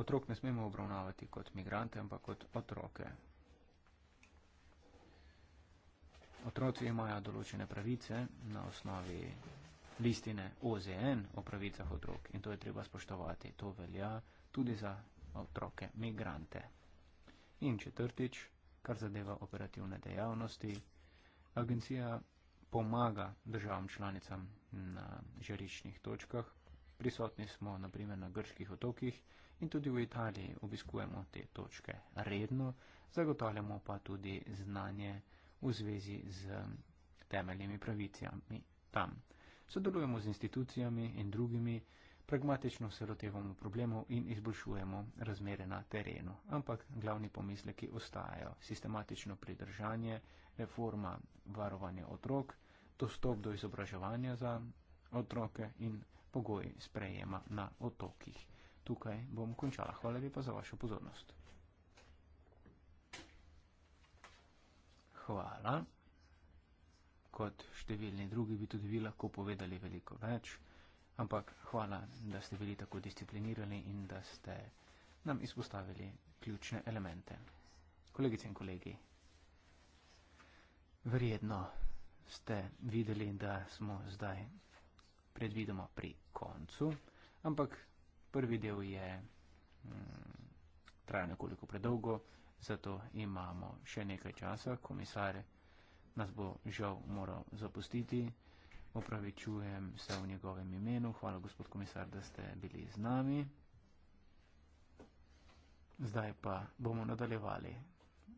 Otrok ne smemo obravnavati kot migrante, ampak kot otroke. Otroci imajo določene pravice na osnovi listine OZN o pravicah otrok in to je treba spoštovati. To velja tudi za otroke migrante. In četrtič, kar zadeva operativne dejavnosti, agencija pomaga državam članicam na žariščnih točkah. Prisotni smo naprimer na grških otokih in tudi v Italiji obiskujemo te točke redno, zagotavljamo pa tudi znanje v zvezi z temeljnimi pravicami tam. Sodelujemo z institucijami in drugimi, pragmatično se lotevamo problemov in izboljšujemo razmere na terenu. Ampak glavni pomisleki ostajajo sistematično pridržanje, reforma varovanja otrok, dostop do izobraževanja za otroke in pogoji sprejema na otokih. Tukaj bom končala. Hvala lepa za vašo pozornost. Hvala. Kot številni drugi bi tudi vi lahko povedali veliko več. Ampak hvala, da ste bili tako disciplinirani in da ste nam izpostavili ključne elemente. Kolegice in kolegi, verjetno ste videli, da smo zdaj predvidoma pri koncu, ampak prvi del je mm, trajal nekoliko predolgo, zato imamo še nekaj časa, komisar nas bo žal moral zapustiti. Opravičujem se v njegovem imenu. Hvala, gospod komisar, da ste bili z nami. Zdaj pa bomo nadaljevali.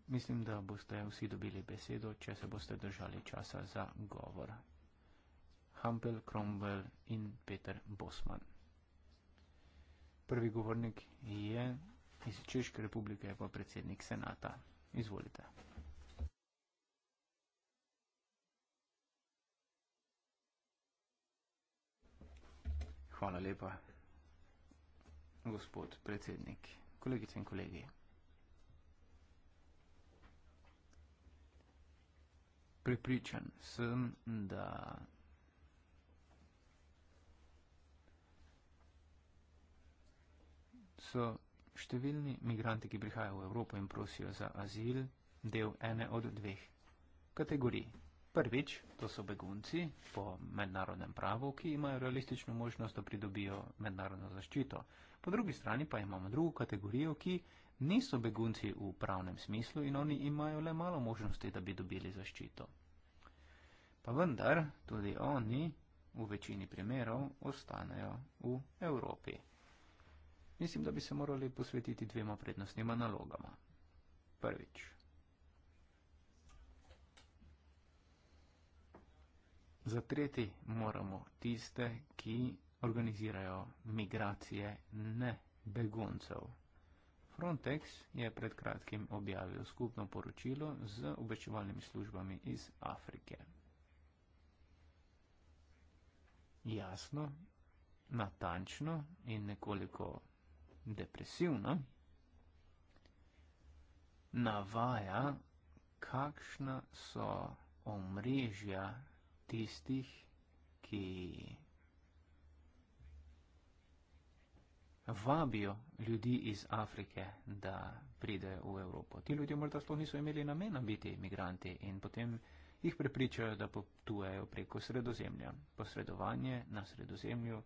Mislim, da boste vsi dobili besedo, če se boste držali časa za govor. Hampel, Cromwell in Peter Bosman. Prvi govornik je iz Češke republike, pa predsednik senata. Izvolite. Hvala lepa, gospod predsednik, kolegice in kolegi. Pripričan sem, da so številni migranti, ki prihajajo v Evropo in prosijo za azil, del ene od dveh kategorij. Prvič, to so begunci po mednarodnem pravu, ki imajo realistično možnost, da pridobijo mednarodno zaščito. Po drugi strani pa imamo drugo kategorijo, ki niso begunci v pravnem smislu in oni imajo le malo možnosti, da bi dobili zaščito. Pa vendar, tudi oni v večini primerov ostanejo v Evropi. Mislim, da bi se morali posvetiti dvema prednostnima nalogama. Prvič. Zatreti moramo tiste, ki organizirajo migracije ne beguncev. Frontex je pred kratkim objavil skupno poročilo z obveščevalnimi službami iz Afrike. Jasno, natančno in nekoliko depresivno navaja, kakšna so omrežja tistih, ki vabijo ljudi iz Afrike, da pridejo v Evropo. Ti ljudje morda sploh niso imeli namena biti imigranti in potem jih prepričajo, da potujejo preko sredozemlja. Posredovanje na sredozemlju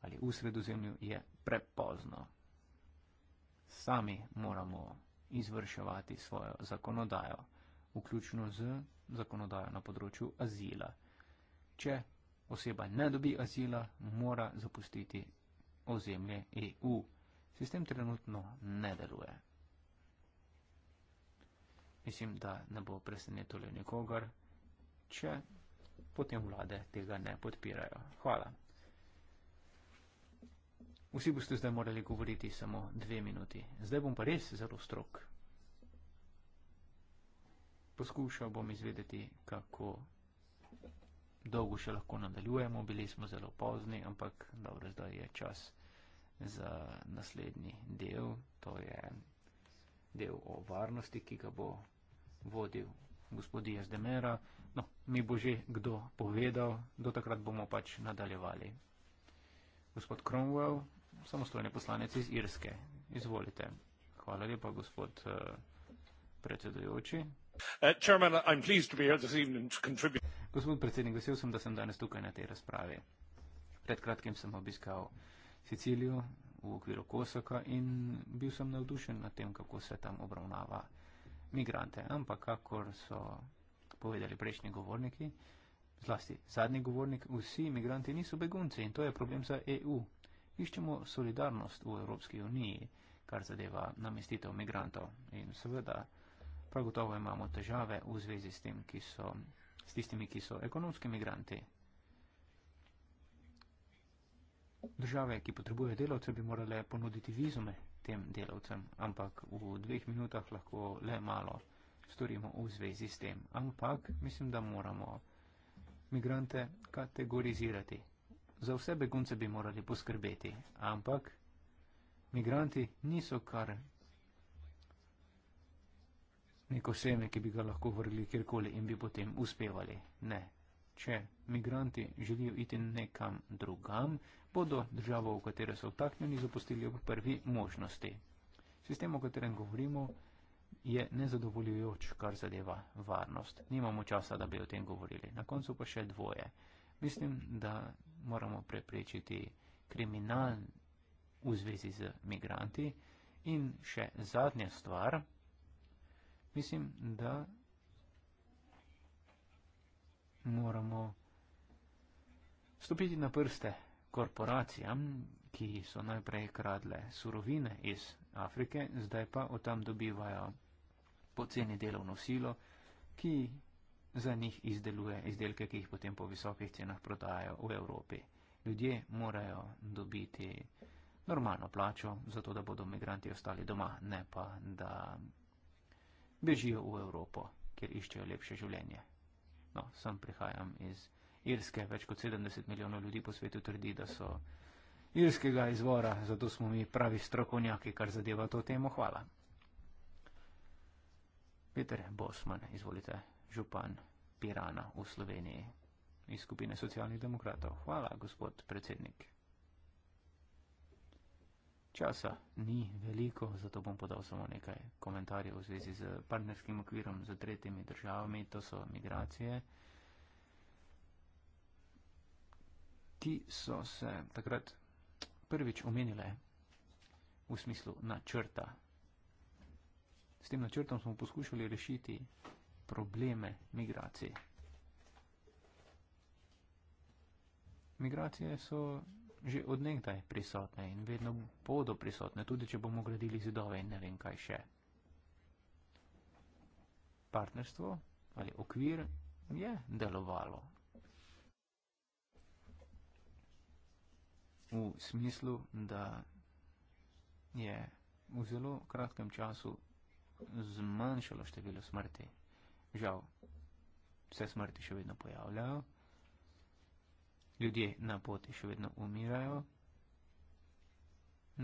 ali v sredozemlju je prepozno. Sami moramo izvrševati svojo zakonodajo vključno z zakonodajo na področju azila. Če oseba ne dobi azila, mora zapustiti ozemlje EU. Sistem trenutno ne deluje. Mislim, da ne bo presenetilo nikogar, če potem vlade tega ne podpirajo. Hvala. Vsi boste zdaj morali govoriti samo dve minuti. Zdaj bom pa res zelo strok poskušal bom izvedeti, kako dolgo še lahko nadaljujemo. Bili smo zelo pozni, ampak dobro, zdaj je čas za naslednji del. To je del o varnosti, ki ga bo vodil gospod Jezdemera. No, mi bo že kdo povedal, do takrat bomo pač nadaljevali. Gospod Cromwell, samostojni poslanec iz Irske. Izvolite. Hvala lepa, gospod uh, predsedujoči. Uh, Gospod predsednik, vesel sem, da sem danes tukaj na tej razpravi. Pred kratkim sem obiskal Sicilijo v okviru Kosaka in bil sem navdušen nad tem, kako se tam obravnava migrante. Ampak, kakor so povedali prejšnji govorniki, zlasti zadnji govornik, vsi migranti niso begunci in to je problem za EU. Iščemo solidarnost v Evropski uniji, kar zadeva namestitev migrantov in seveda. Prav gotovo imamo težave v zvezi s, tem, so, s tistimi, ki so ekonomski migranti. Države, ki potrebujejo delavce, bi morale ponuditi vizume tem delavcem, ampak v dveh minutah lahko le malo storimo v zvezi s tem. Ampak mislim, da moramo migrante kategorizirati. Za vse begunce bi morali poskrbeti, ampak migranti niso kar neko seme, ki bi ga lahko vrgli kjerkoli in bi potem uspevali. Ne. Če migranti želijo iti nekam drugam, bodo državo, v katero so vtaknjeni, zapustili ob prvi možnosti. Sistem, o katerem govorimo, je nezadovoljujoč, kar zadeva varnost. Nimamo časa, da bi o tem govorili. Na koncu pa še dvoje. Mislim, da moramo preprečiti kriminal v zvezi z migranti. In še zadnja stvar mislim, da moramo stopiti na prste korporacijam, ki so najprej kradle surovine iz Afrike, zdaj pa od tam dobivajo poceni delovno silo, ki za njih izdeluje izdelke, ki jih potem po visokih cenah prodajajo v Evropi. Ljudje morajo dobiti normalno plačo, zato da bodo migranti ostali doma, ne pa da bežijo v Evropo, kjer iščejo lepše življenje. No, sem prihajam iz Irske, več kot 70 milijonov ljudi po svetu trdi, da so irskega izvora, zato smo mi pravi strokovnjaki, kar zadeva to temo. Hvala. Peter Bosman, izvolite, župan Pirana v Sloveniji iz skupine socialnih demokratov. Hvala, gospod predsednik. Časa ni veliko, zato bom podal samo nekaj komentarjev v zvezi z partnerskim okvirom z tretjimi državami, to so migracije. Ti so se takrat prvič omenile v smislu načrta. S tem načrtom smo poskušali rešiti probleme migracije. Migracije so že odnegdaj prisotne in vedno bodo prisotne, tudi če bomo gradili zidove in ne vem kaj še. Partnerstvo ali okvir je delovalo. V smislu, da je v zelo kratkem času zmanjšalo število smrti. Žal, vse smrti še vedno pojavljajo ljudje na poti še vedno umirajo,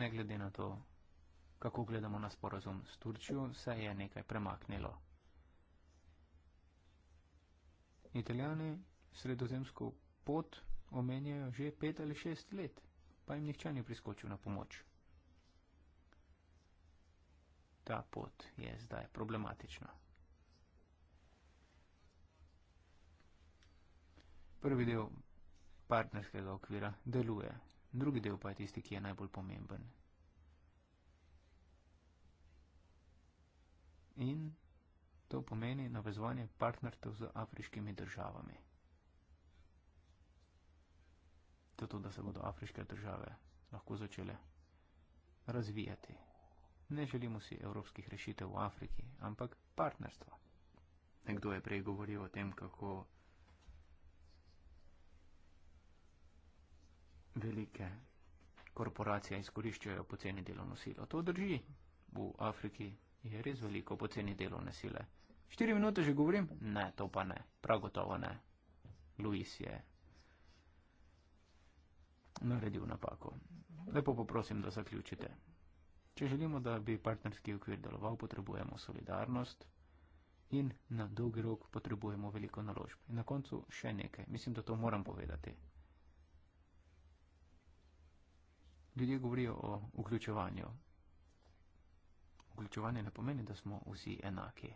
ne glede na to, kako gledamo na sporozum s Turčijo, se je nekaj premaknilo. Italijani sredozemsko pot omenjajo že pet ali šest let, pa jim nihče ni priskočil na pomoč. Ta pot je zdaj problematična. Prvi del partnerskega okvira deluje. Drugi del pa je tisti, ki je najbolj pomemben. In to pomeni navezovanje partnerstev z afriškimi državami. Zato, da se bodo afriške države lahko začele razvijati. Ne želimo si evropskih rešitev v Afriki, ampak partnerstva. Nekdo je prej govoril o tem, kako. velike korporacije izkoriščajo poceni delovno silo. To drži. V Afriki je res veliko poceni delovne sile. Štiri minute že govorim? Ne, to pa ne. Prav gotovo ne. Luis je naredil napako. Lepo poprosim, da zaključite. Če želimo, da bi partnerski okvir deloval, potrebujemo solidarnost in na dolgi rok potrebujemo veliko naložb. In na koncu še nekaj. Mislim, da to moram povedati. Ljudje govorijo o vključevanju. Vključevanje ne pomeni, da smo vsi enaki.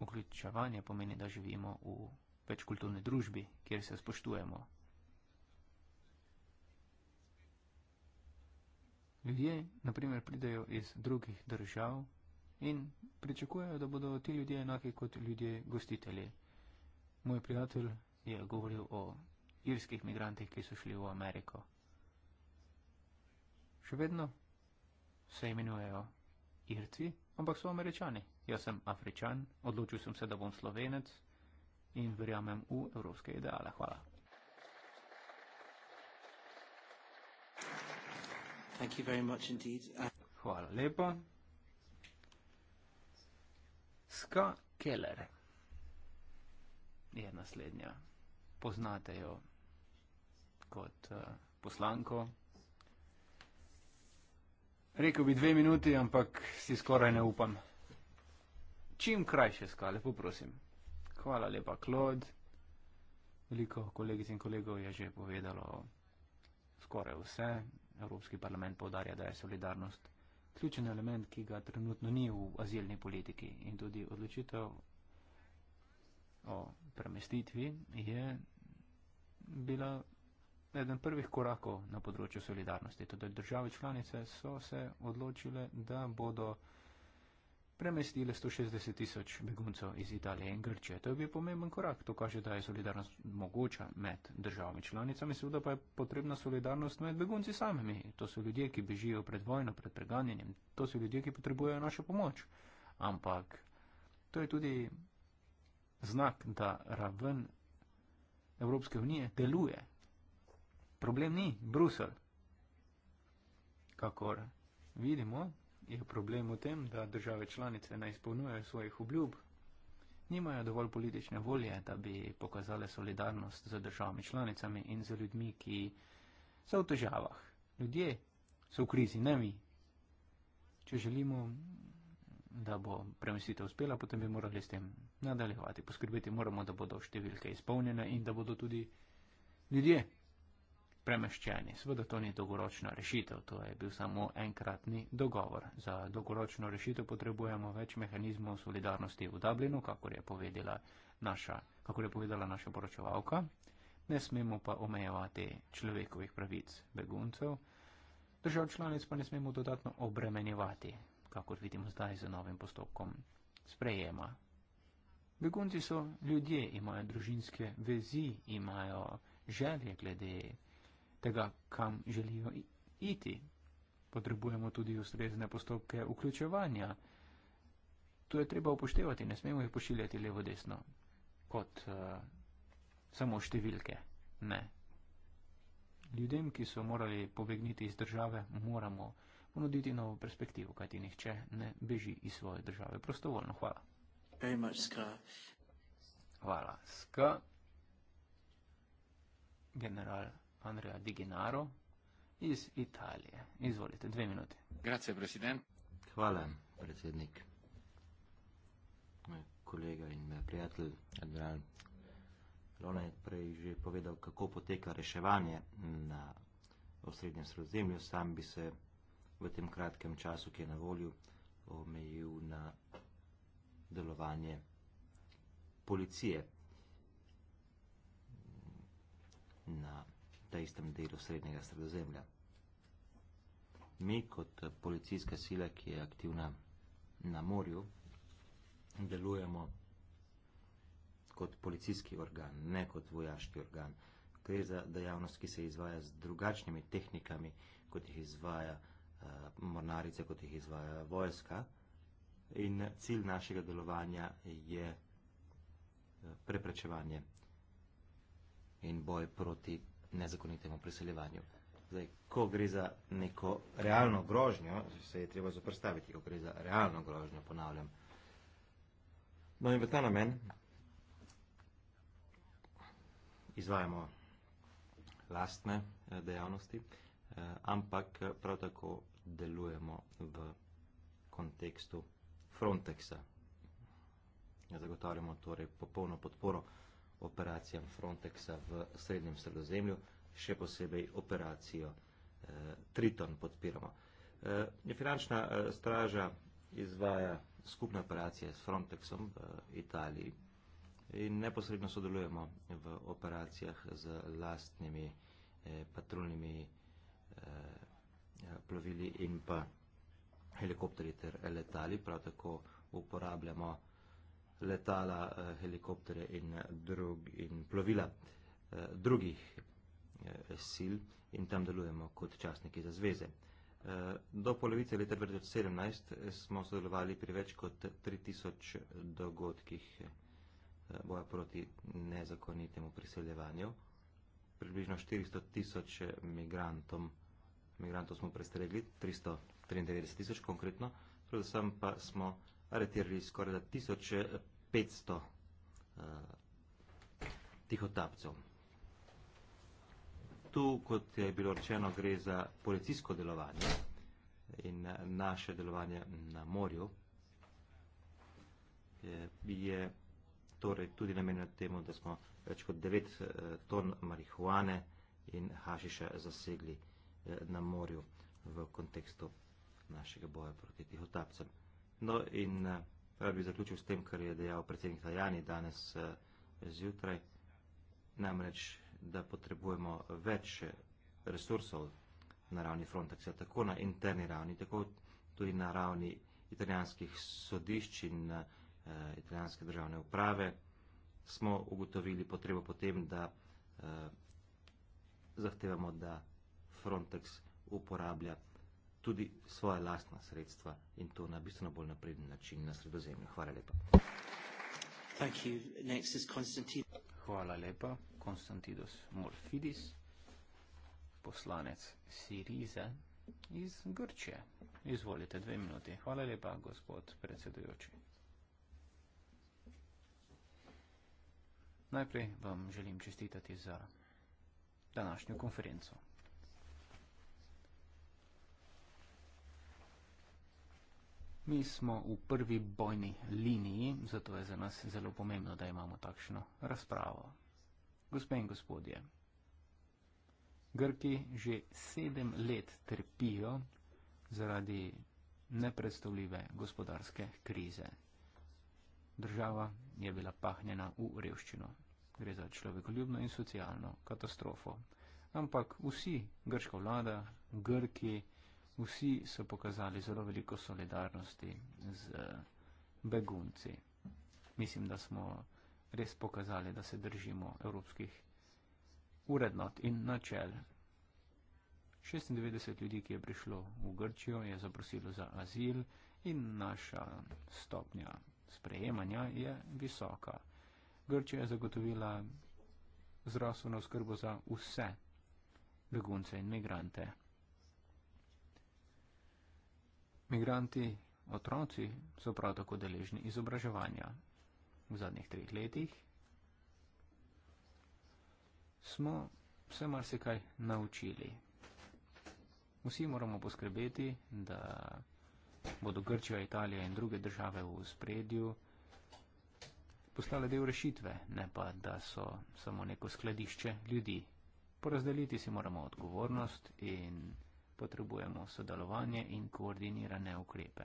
Vključevanje pomeni, da živimo v večkulturni družbi, kjer se spoštujemo. Ljudje, naprimer, pridejo iz drugih držav in pričakujejo, da bodo ti ljudje enaki kot ljudje gostitelji. Moj prijatelj je govoril o irskih migrantih, ki so šli v Ameriko. Še vedno se imenujejo Irci, ampak so američani. Jaz sem afričan, odločil sem se, da bom slovenec in verjamem v evropske ideale. Hvala. Hvala lepa. Ska Keller je naslednja. Poznate jo kot uh, poslanko Rekel bi dve minuti, ampak si skoraj ne upam. Čim krajše skale, poprosim. Hvala lepa, Klod. Veliko kolegic in kolegov je že povedalo skoraj vse. Evropski parlament povdarja, da je solidarnost ključen element, ki ga trenutno ni v azilni politiki. In tudi odločitev o premestitvi je bila eden prvih korakov na področju solidarnosti. Tudi države članice so se odločile, da bodo premestile 160 tisoč beguncev iz Italije in Grčije. To je bil pomemben korak. To kaže, da je solidarnost mogoča med državami članicami, seveda pa je potrebna solidarnost med begunci samimi. To so ljudje, ki bežijo pred vojno, pred preganjenjem. To so ljudje, ki potrebujejo našo pomoč. Ampak to je tudi znak, da raven Evropske unije deluje Problem ni Brusel. Kakor vidimo, je problem v tem, da države članice ne izpolnjujejo svojih obljub, nimajo dovolj politične volje, da bi pokazale solidarnost z državami članicami in z ljudmi, ki so v težavah. Ljudje so v krizi, ne mi. Če želimo, da bo premestitev uspela, potem bi morali s tem nadaljevati. Poskrbeti moramo, da bodo številke izpolnjene in da bodo tudi ljudje premeščeni. Sveda to ni dolgoročna rešitev, to je bil samo enkratni dogovor. Za dolgoročno rešitev potrebujemo več mehanizmov solidarnosti v Dublinu, kakor je povedala naša, kakor je povedala naša poročevalka. Ne smemo pa omejevati človekovih pravic beguncev, držav članic pa ne smemo dodatno obremenjevati, kakor vidimo zdaj z novim postopkom sprejema. Begunci so ljudje, imajo družinske vezi, imajo želje glede tega, kam želijo iti. Potrebujemo tudi ustrezne postopke vključevanja. To je treba upoštevati, ne smemo jih pošiljati levo-desno kot uh, samo številke. Ne. Ljudem, ki so morali pobegniti iz države, moramo ponuditi novo perspektivo, kajti nihče ne beži iz svoje države prostovoljno. Hvala. Hvala. Ska. General. Andrea Di Gennaro iz Italije. Izvolite, dve minuti. Grazie, president. Hvala, predsednik. Moj kolega in moj prijatelj, admiral Lona je prej že povedal, kako poteka reševanje na osrednjem sredozemlju. Sam bi se v tem kratkem času, ki je na volju, omejil na delovanje policije na tajstem delu srednjega sredozemlja. Mi kot eh, policijska sila, ki je aktivna na morju, delujemo kot policijski organ, ne kot vojaški organ. Gre za dejavnost, ki se izvaja z drugačnimi tehnikami, kot jih izvaja uh, mornarice, kot jih izvaja vojska. In eh, cilj našega delovanja je preprečevanje in boj proti nezakonitemu preseljevanju. Zdaj, ko gre za neko realno grožnjo, se je treba zoprstaviti, ko gre za realno grožnjo, ponavljam. No in v ta namen izvajamo lastne eh, dejavnosti, eh, ampak eh, prav tako delujemo v kontekstu Frontexa. Zagotovimo torej popolno podporo operacijam Frontexa v srednjem sredozemlju, še posebej operacijo eh, Triton podpiramo. Eh, finančna eh, straža izvaja skupne operacije s Frontexom v eh, Italiji in neposredno sodelujemo v operacijah z lastnimi eh, patrulnimi eh, plovili in pa helikopteri ter letali, prav tako uporabljamo eh, letala, eh, helikoptere in, eh, drug, in plovila eh, drugih sil in tam delujemo kot častniki za zveze. Do polovice leta 2017 smo sodelovali pri več kot 3000 dogodkih boja proti nezakonitemu priseljevanju. Približno 400 tisoč migrantom, migrantov smo prestregli, 393 tisoč konkretno, predvsem pa smo aretirali skoraj 1500 uh, eh, tihotapcev. Tu, kot je bilo rečeno, gre za policijsko delovanje in eh, naše delovanje na morju je, eh, je torej tudi namenjeno temu, da smo več kot 9 ton marihuane in hašiša zasegli na morju v kontekstu našega boja proti tihotapcem. No in prav eh, bi zaključil s tem, kar je dejal predsednik Tajani danes eh, zjutraj, namreč, da potrebujemo več resursov na ravni Frontexa, tako na interni ravni, tako tudi na ravni italijanskih sodišč in eh, italijanske državne uprave, smo ugotovili potrebo potem, da zahtevamo, da Frontex uporablja tudi svoje lastna sredstva in to na bistveno bolj napreden način na sredozemlju. Hvala lepa. Thank you. Next is Konstantin. Hvala lepa. Konstantidos Morfidis, poslanec Siriza iz Grče. Izvolite dve minuti. Hvala lepa, gospod predsedujoči. Najprej vam želim čestitati za današnjo konferenco. Mi smo v prvi bojni liniji, zato je za nas zelo pomembno, da imamo takšno razpravo. Gospe in gospodje, Grki že sedem let trpijo zaradi nepredstavljive gospodarske krize. Država je bila pahnjena v revščino. Gre za človekoljubno in socialno katastrofo. Ampak vsi, grška vlada, grki, Vsi so pokazali zelo veliko solidarnosti z begunci. Mislim, da smo res pokazali, da se držimo evropskih urednot in načel. 96 ljudi, ki je prišlo v Grčijo, je zaprosilo za azil in naša stopnja sprejemanja je visoka. Grčija je zagotovila zdravstveno skrbo za vse begunce in migrante. Migranti, otroci so prav tako deležni izobraževanja. V zadnjih treh letih smo se marsikaj naučili. Vsi moramo poskrbeti, da bodo Grčija, Italija in druge države v spredju postale del rešitve, ne pa, da so samo neko skladišče ljudi. Porazdeliti si moramo odgovornost in potrebujemo sodelovanje in koordinirane ukrepe.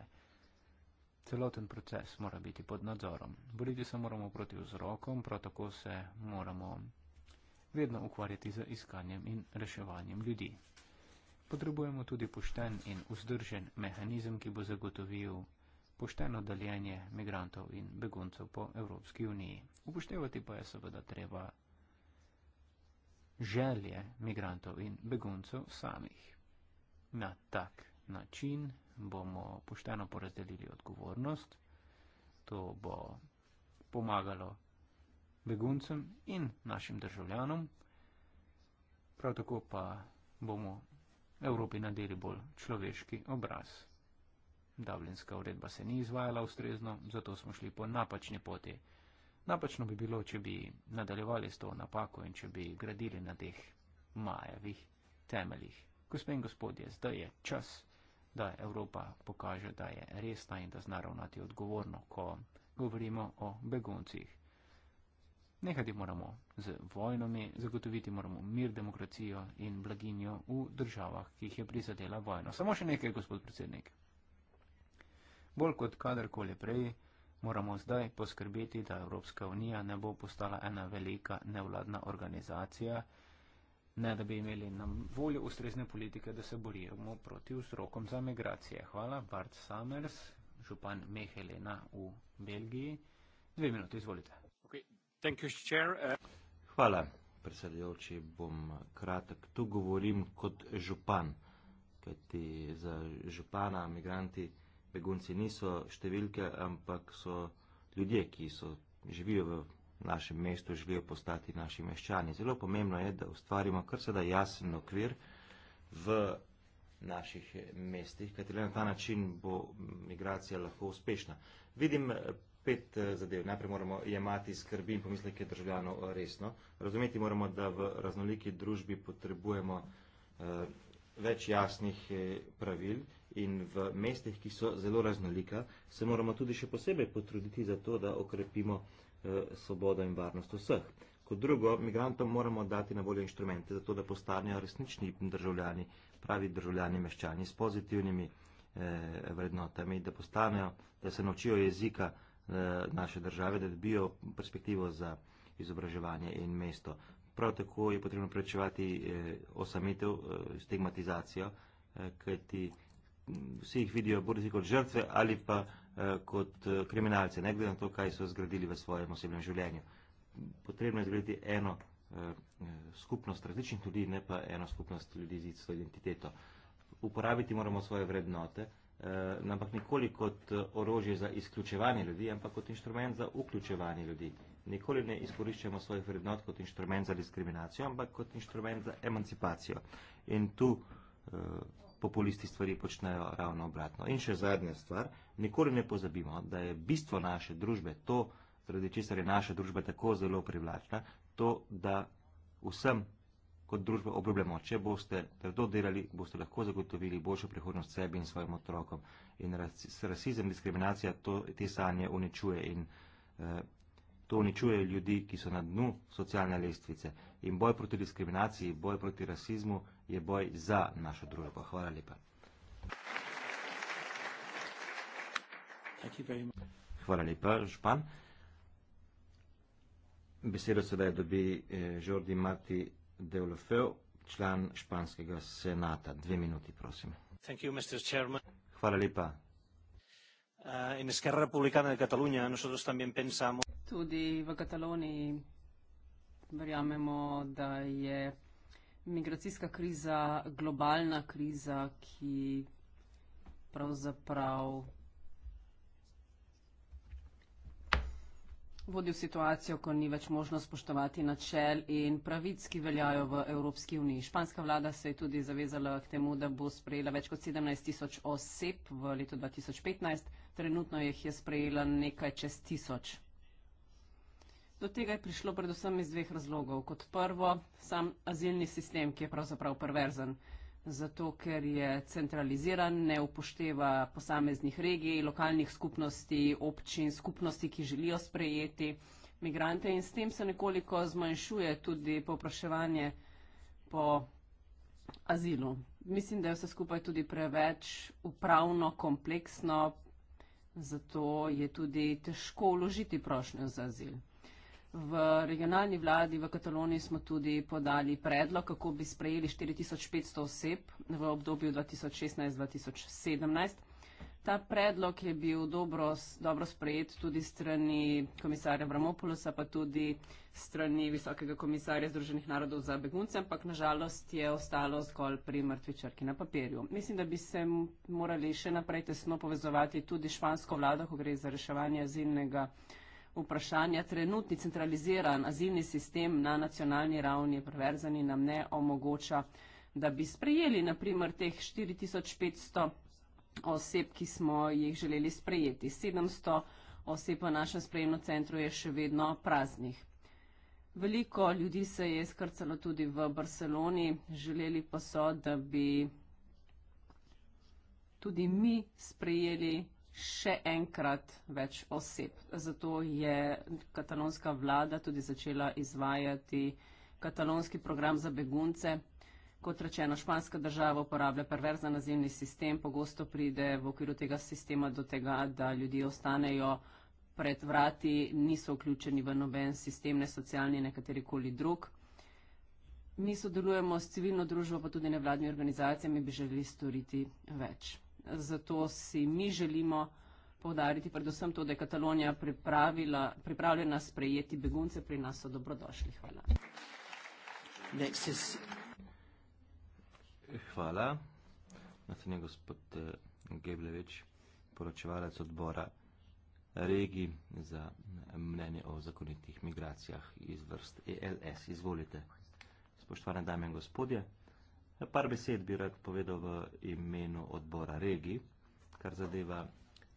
Celoten proces mora biti pod nadzorom. Boriti se moramo proti vzrokom, prav tako se moramo vedno ukvarjati z iskanjem in reševanjem ljudi. Potrebujemo tudi pošten in vzdržen mehanizem, ki bo zagotovil pošteno deljenje migrantov in beguncev po Evropski uniji. Upoštevati pa je seveda treba želje migrantov in beguncev samih. Na tak način bomo pošteno porazdelili odgovornost. To bo pomagalo beguncem in našim državljanom. Prav tako pa bomo Evropi nadeli bolj človeški obraz. Dublinska uredba se ni izvajala ustrezno, zato smo šli po napačni poti. Napačno bi bilo, če bi nadaljevali s to napako in če bi gradili na teh majevih temeljih. Gospe in gospodje, zdaj je čas, da Evropa pokaže, da je resna in da zna ravnati odgovorno, ko govorimo o beguncih. Nehati moramo z vojnami, zagotoviti moramo mir, demokracijo in blaginjo v državah, ki jih je prizadela vojna. Samo še nekaj, gospod predsednik. Bolj kot kadarkoli prej moramo zdaj poskrbeti, da Evropska unija ne bo postala ena velika nevladna organizacija, ne da bi imeli na voljo ustrezne politike, da se borijo proti vzrokom za migracije. Hvala, Bart Summers, župan Mehelena v Belgiji. Dve minuti, izvolite. Okay. You, chair, uh... Hvala, predsedujoči, bom kratek. Tu govorim kot župan, kajti za župana migranti, begunci niso številke, ampak so ljudje, ki so, živijo v v našem mestu želijo postati naši meščani. Zelo pomembno je, da ustvarimo kar se da jasen okvir v naših mestih, kajti le na ta način bo migracija lahko uspešna. Vidim eh, pet eh, zadev. Najprej moramo jemati skrbi in pomisleke državljanov eh, resno. Razumeti moramo, da v raznoliki družbi potrebujemo več jasnih pravil in v mestih, ki so zelo raznolika, se moramo tudi še posebej potruditi za to, da okrepimo Eh, svobodo in varnost vseh. Kot drugo, migrantom moramo dati na voljo inštrumente, zato da postanejo resnični državljani, pravi državljani meščani s pozitivnimi eh, vrednotami, da postanejo, da se naučijo jezika eh, naše države, da dobijo perspektivo za izobraževanje in mesto. Prav tako je potrebno prečevati eh, osamitev, eh, stigmatizacijo, eh, kajti mm, vsi jih vidijo bodi kot žrtve ali pa Eh, kot eh, kriminalce, ne glede na to, kaj so zgradili v svojem osebnem življenju. Potrebno je zgraditi eno eh, skupnost različnih ljudi, ne pa eno skupnost ljudi z isto identiteto. Uporabiti moramo svoje vrednote, ampak nikoli kot orožje za izključevanje ljudi, ampak kot inštrument za vključevanje ljudi. Nikoli ne izkoriščamo svojih vrednot kot inštrument za diskriminacijo, ampak kot inštrument za emancipacijo. In tu populisti stvari počnejo ravno obratno. In še zadnja stvar, nikoli ne pozabimo, da je bistvo naše družbe to, zaradi česar je naša družba tako zelo privlačna, to, da vsem kot družba obljubljamo, če boste trdo delali, boste lahko zagotovili boljšo prihodnost sebi in svojim otrokom. In rasizem, diskriminacija to, te sanje uničuje in eh, to uničuje ljudi, ki so na dnu socialne lestvice. In boj proti diskriminaciji, boj proti rasizmu je boj za našo družbo. Hvala lepa. Hvala lepa, Župan. Besedo sedaj dobi Žordi eh, Marti Deulofeu, član Španskega senata. Dve minuti, prosim. Hvala lepa. In eh, Eskerra Republikana de Catalunya, nosotros también pensamos. Tudi v Kataloniji verjamemo, da je Migracijska kriza, globalna kriza, ki pravzaprav vodi v situacijo, ko ni več možno spoštovati načel in pravic, ki veljajo v Evropski uniji. Španska vlada se je tudi zavezala k temu, da bo sprejela več kot 17 tisoč oseb v letu 2015. Trenutno jih je sprejela nekaj čez tisoč. Do tega je prišlo predvsem iz dveh razlogov. Kot prvo, sam azilni sistem, ki je pravzaprav perverzen, zato ker je centraliziran, ne upošteva posameznih regij, lokalnih skupnosti, občin, skupnosti, ki želijo sprejeti migrante in s tem se nekoliko zmanjšuje tudi povpraševanje po azilu. Mislim, da je vse skupaj tudi preveč upravno, kompleksno, zato je tudi težko vložiti prošnjo za azil. V regionalni vladi v Kataloniji smo tudi podali predlog, kako bi sprejeli 4500 oseb v obdobju 2016-2017. Ta predlog je bil dobro, dobro sprejet tudi strani komisarja Bramopolosa, pa tudi strani visokega komisarja Združenih narodov za begunce, ampak nažalost je ostalo zgolj pri mrtvi črki na papirju. Mislim, da bi se morali še naprej tesno povezovati tudi špansko vlado, ko gre za reševanje azilnega vprašanja. Trenutni centraliziran azilni sistem na nacionalni ravni perverzani nam ne omogoča, da bi sprejeli naprimer teh 4500 oseb, ki smo jih želeli sprejeti. 700 oseb v našem sprejemno centru je še vedno praznih. Veliko ljudi se je skrcalo tudi v Barceloni, želeli pa so, da bi tudi mi sprejeli še enkrat več oseb. Zato je katalonska vlada tudi začela izvajati katalonski program za begunce. Kot rečeno, španska država uporablja perverzan nazivni sistem, pogosto pride v okviru tega sistema do tega, da ljudje ostanejo pred vrati, niso vključeni v noben sistem, ne socialni, ne katerikoli drug. Mi sodelujemo s civilno družbo, pa tudi nevladnimi organizacijami, bi želeli storiti več. Zato si mi želimo povdariti predvsem to, da je Katalonija pripravljena sprejeti begunce, pri nas so dobrodošli. Hvala. Hvala. Naslednji gospod eh, Geblevič, poročevalec odbora regi za mnenje o zakonitih migracijah iz vrst ELS. Izvolite. Spoštovane dame in gospodje. Ja, par besed bi rad povedal v imenu odbora regi, kar zadeva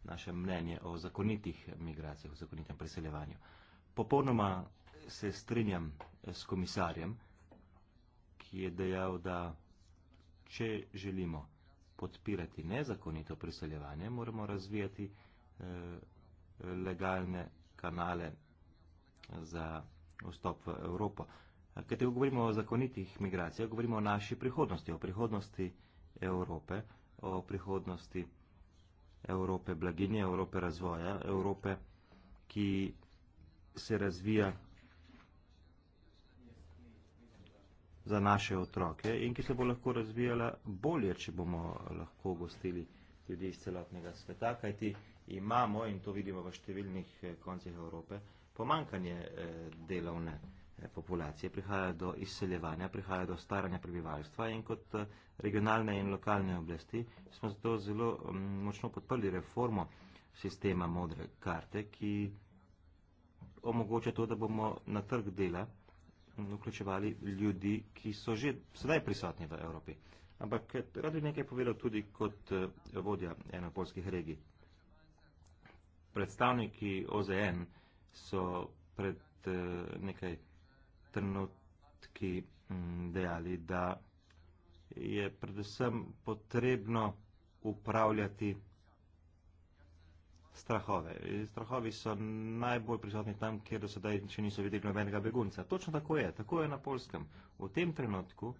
naše mnenje o zakonitih migracijah, o zakonitem preseljevanju. Popolnoma se strinjam s komisarjem, ki je dejal, da če želimo podpirati nezakonito priseljevanje, moramo razvijati eh, legalne kanale za vstop v Evropo. Eh, kajte govorimo o zakonitih migracijah, govorimo o naši prihodnosti, o prihodnosti Evrope, o prihodnosti Evrope blaginje, Evrope razvoja, Evrope, ki se razvija za naše otroke in ki se bo lahko razvijala bolje, če bomo lahko gostili ljudi iz celotnega sveta, kajti imamo, in to vidimo v številnih koncih Evrope, pomankanje eh, delovne Eh, populacije, prihaja do izseljevanja, prihaja do staranja prebivalstva in kot eh, regionalne in lokalne oblasti smo zato zelo mm, močno podprli reformo sistema modre karte, ki omogoča to, da bomo na trg dela mm, vključevali ljudi, ki so že sedaj prisotni v Evropi. Ampak eh, rad bi nekaj povedal tudi kot vodja enopolskih regij. Predstavniki OZN so pred nekaj trenutki mm, dejali, da je predvsem potrebno upravljati strahove. Strahovi so najbolj prisotni tam, kjer do sedaj še niso videli nobenega begunca. Točno tako je, tako je na Polskem. V tem trenutku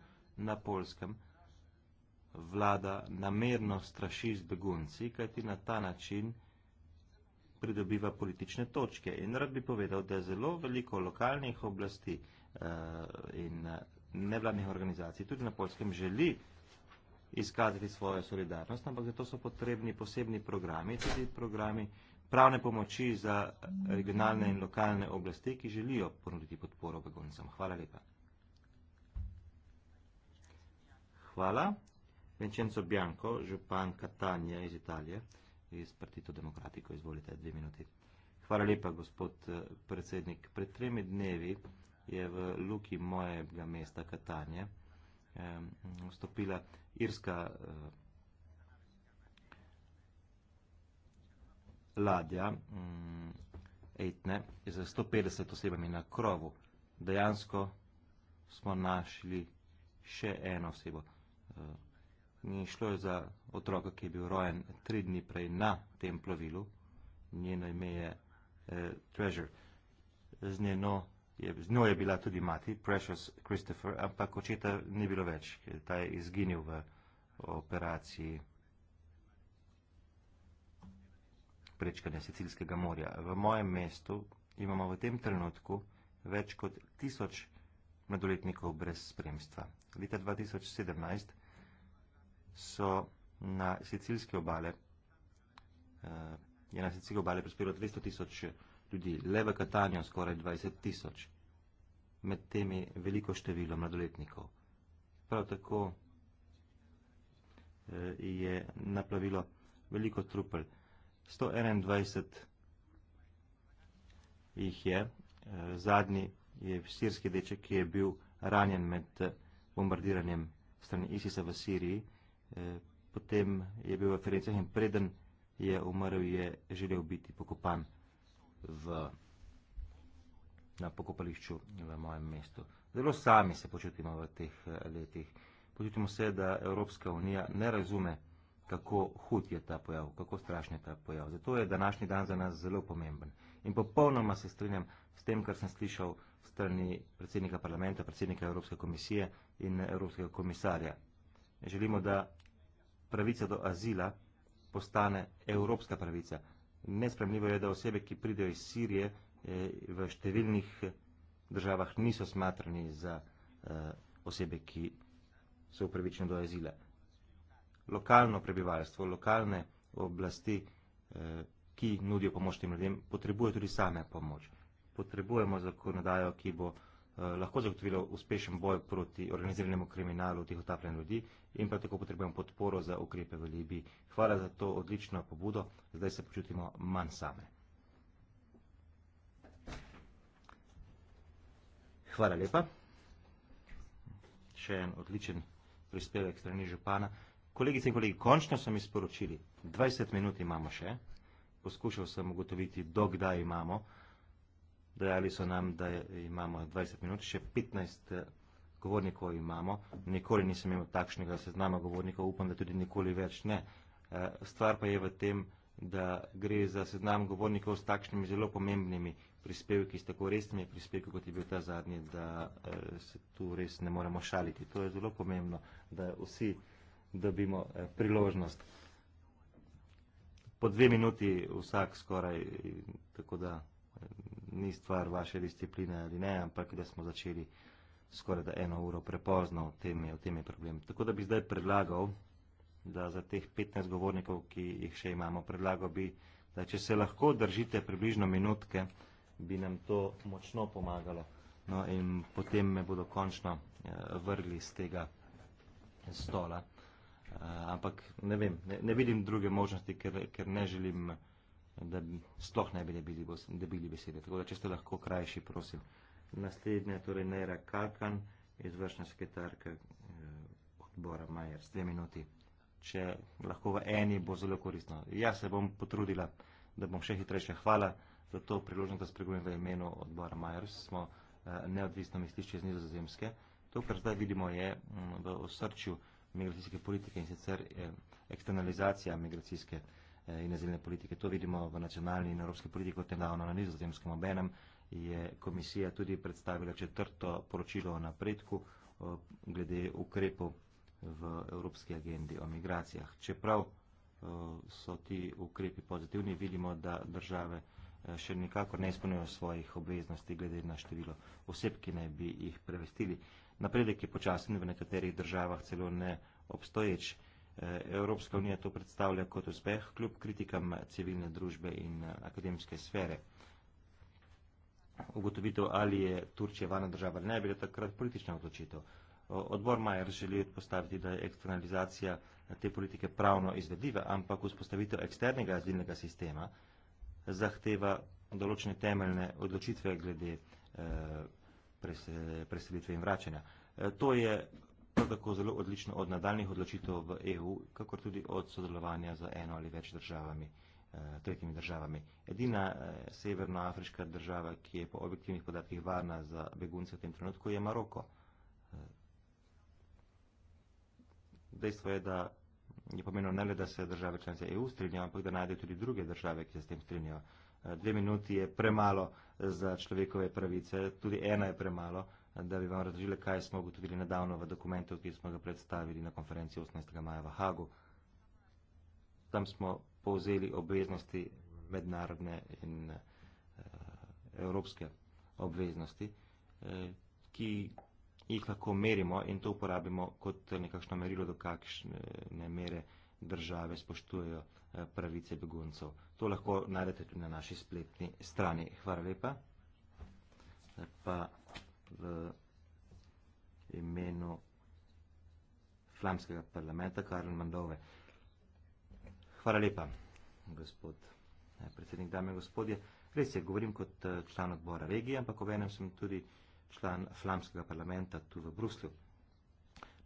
na Polskem vlada namerno straši z begunci, kajti na ta način pridobiva politične točke. In rad bi povedal, da je zelo veliko lokalnih oblasti, Eh, in eh, nevladnih organizacij tudi na Poljskem želi izkazati svojo solidarnost, ampak zato so potrebni posebni programi, tudi programi pravne pomoči za regionalne in lokalne oblasti, ki želijo ponuditi podporo begoncem. Hvala lepa. Hvala. Vincenzo Bianco, župan Katanja iz Italije, iz Partito Demokratiko, izvolite dve minuti. Hvala lepa, gospod eh, predsednik. Pred tremi dnevi je v luki mojega mesta Katanje vstopila irska eh, ladja etne za 150 osebami na krovu. Dejansko smo našli še eno osebo. Eh, ni šlo za otroka, ki je bil rojen tri dni prej na tem plovilu. Njeno ime je eh, Treasure. Z njeno je, z njo je bila tudi mati, Precious Christopher, ampak očeta ni bilo več, ta je izginil v operaciji prečkanja Sicilskega morja. V mojem mestu imamo v tem trenutku več kot tisoč mladoletnikov brez spremstva. Leta 2017 so na Sicilske obale, eh, je na Sicilske obale prispelo 200 tisoč ljudi, le v Katanju skoraj 20 tisoč, med temi veliko število mladoletnikov. Prav tako eh, je naplavilo veliko trupel. 121 jih je, eh, zadnji je sirski deček, ki je bil ranjen med eh, bombardiranjem strani ISIS-a v Siriji, potem je bil v Ferencah in preden je umrl, je želel biti pokopan v, na pokopališču v mojem mestu. Zelo sami se počutimo v teh eh, letih. Počutimo se, da Evropska unija ne razume, kako hud je ta pojav, kako strašen je ta pojav. Zato je današnji dan za nas zelo pomemben. In popolnoma se strinjam s tem, kar sem slišal strani predsednika parlamenta, predsednika Evropske komisije in Evropskega komisarja. Želimo, da pravica do azila postane evropska pravica, Nespremljivo je, da osebe, ki pridejo iz Sirije, eh, v številnih državah niso smatrani za eh, osebe, ki so upravičene do azila. Lokalno prebivalstvo, lokalne oblasti, eh, ki nudijo pomoč tem ljudem, potrebuje tudi same pomoč. Potrebujemo zakonodajo, ki bo vsega, Eh, lahko zagotovilo uspešen boj proti organiziranemu kriminalu tih otapljen ljudi in prav tako potrebujemo podporo za ukrepe v Libiji. Hvala za to odlično pobudo, zdaj se počutimo manj same. Hvala lepa. Še en odličen prispevek strani župana. Kolegice in kolegi, končno so mi sporočili, 20 minut imamo še, poskušal sem ugotoviti, dokdaj imamo, Dejali so nam, da imamo 20 minut, še 15 eh, govornikov imamo. Nikoli nisem imel takšnega seznama govornikov, upam, da tudi nikoli več ne. Eh, stvar pa je v tem, da gre za seznam govornikov s takšnimi zelo pomembnimi prispevki, s tako resnimi prispevki, kot je bil ta zadnji, da eh, se tu res ne moremo šaliti. To je zelo pomembno, da vsi dobimo priložnost. Po dve minuti vsak skoraj, tako da ni stvar vaše discipline ali ne, ampak da smo začeli skoraj da eno uro prepozno, v tem je, v tem je problem. Tako da bi zdaj predlagal, da za teh 15 govornikov, ki jih še imamo, predlagal bi, da če se lahko držite približno minutke, bi nam to močno pomagalo. No in potem me bodo končno eh, vrgli z tega stola. Eh, ampak ne vem, ne, ne vidim druge možnosti, ker, ker ne želim da sploh ne bi bili, bili besede. Tako da, če ste lahko krajši, prosim. Naslednja je torej Nera Kalkan, izvršna sekretarka eh, odbora Majer. Dve minuti. Če lahko v eni, bo zelo koristno. Jaz se bom potrudila, da bom še hitrejša. Hvala za to priložnost, da spregovorim v imenu odbora Majer. Smo eh, neodvisno mislišče iz nizozemske. To, kar zdaj vidimo, je mm, v osrčju migracijske politike in sicer eh, eksternalizacija migracijske politike. Eh, in azilne politike. To vidimo v nacionalni in evropski politiki, kot je davno na nizozemskem obenem, je komisija tudi predstavila četrto poročilo o napredku eh, glede ukrepov v evropski agendi o migracijah. Čeprav eh, so ti ukrepi pozitivni, vidimo, da države še nikako ne izpolnijo svojih obveznosti glede na število oseb, ki naj bi jih prevestili. Napredek je počasen v nekaterih državah celo ne obstoječ. Evropska unija to predstavlja kot uspeh, kljub kritikam civilne družbe in eh, akademske sfere. Ugotovitev, ali je Turčija vana država ali ne, je bila takrat politična odločitev. Odbor Majer želi postaviti, da je eksternalizacija eh, te politike pravno izvedljiva, ampak vzpostavitev eksternega azilnega sistema zahteva določene temeljne odločitve glede eh, preselitve in vračanja. Eh, to je prav tako zelo odlično od nadaljnih odločitev v EU, kakor tudi od sodelovanja z eno ali več državami, eh, tretjimi državami. Edina eh, severnoafriška država, ki je po objektivnih podatkih varna za begunce v tem trenutku, je Maroko. Eh, dejstvo je, da je pomenilo ne le, da se države članice EU strinjajo, ampak da najde tudi druge države, ki se s tem strinjajo. Eh, dve minuti je premalo za človekove pravice, tudi ena je premalo da bi vam razložili, kaj smo ugotovili nedavno v dokumentu, ki smo ga predstavili na konferenci 18. maja v Hagu. Tam smo povzeli obveznosti mednarodne in eh, evropske obveznosti, eh, ki jih lahko merimo in to uporabimo kot nekakšno merilo, do kakšne eh, mere države spoštujejo eh, pravice beguncev. To lahko najdete tudi na naši spletni strani. Hvala lepa. Eh, pa v imenu flamskega parlamenta Karl Mandove. Hvala lepa, gospod eh, predsednik, dame in gospodje. Res je, govorim kot eh, član odbora regije, ampak obenem sem tudi član flamskega parlamenta tu v Bruslju.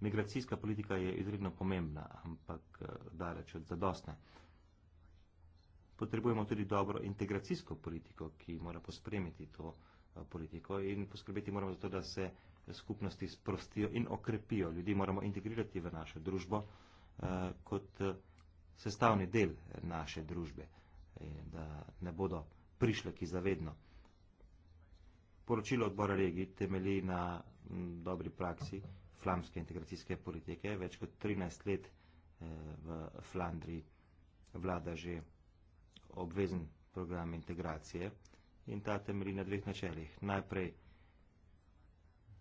Migracijska politika je izredno pomembna, ampak eh, daleč od zadostne. Potrebujemo tudi dobro integracijsko politiko, ki mora pospremiti to politiko Eh, politiko in poskrbeti moramo za to, da se skupnosti sprostijo in okrepijo. Ljudi moramo integrirati v našo družbo eh, kot eh, sestavni del naše družbe, da ne bodo prišleki zavedno. Poročilo odbora regij temelji na dobri praksi flamske integracijske politike. Več kot 13 let v Flandriji vlada že obvezen program integracije in ta temelji na dveh načelih. Najprej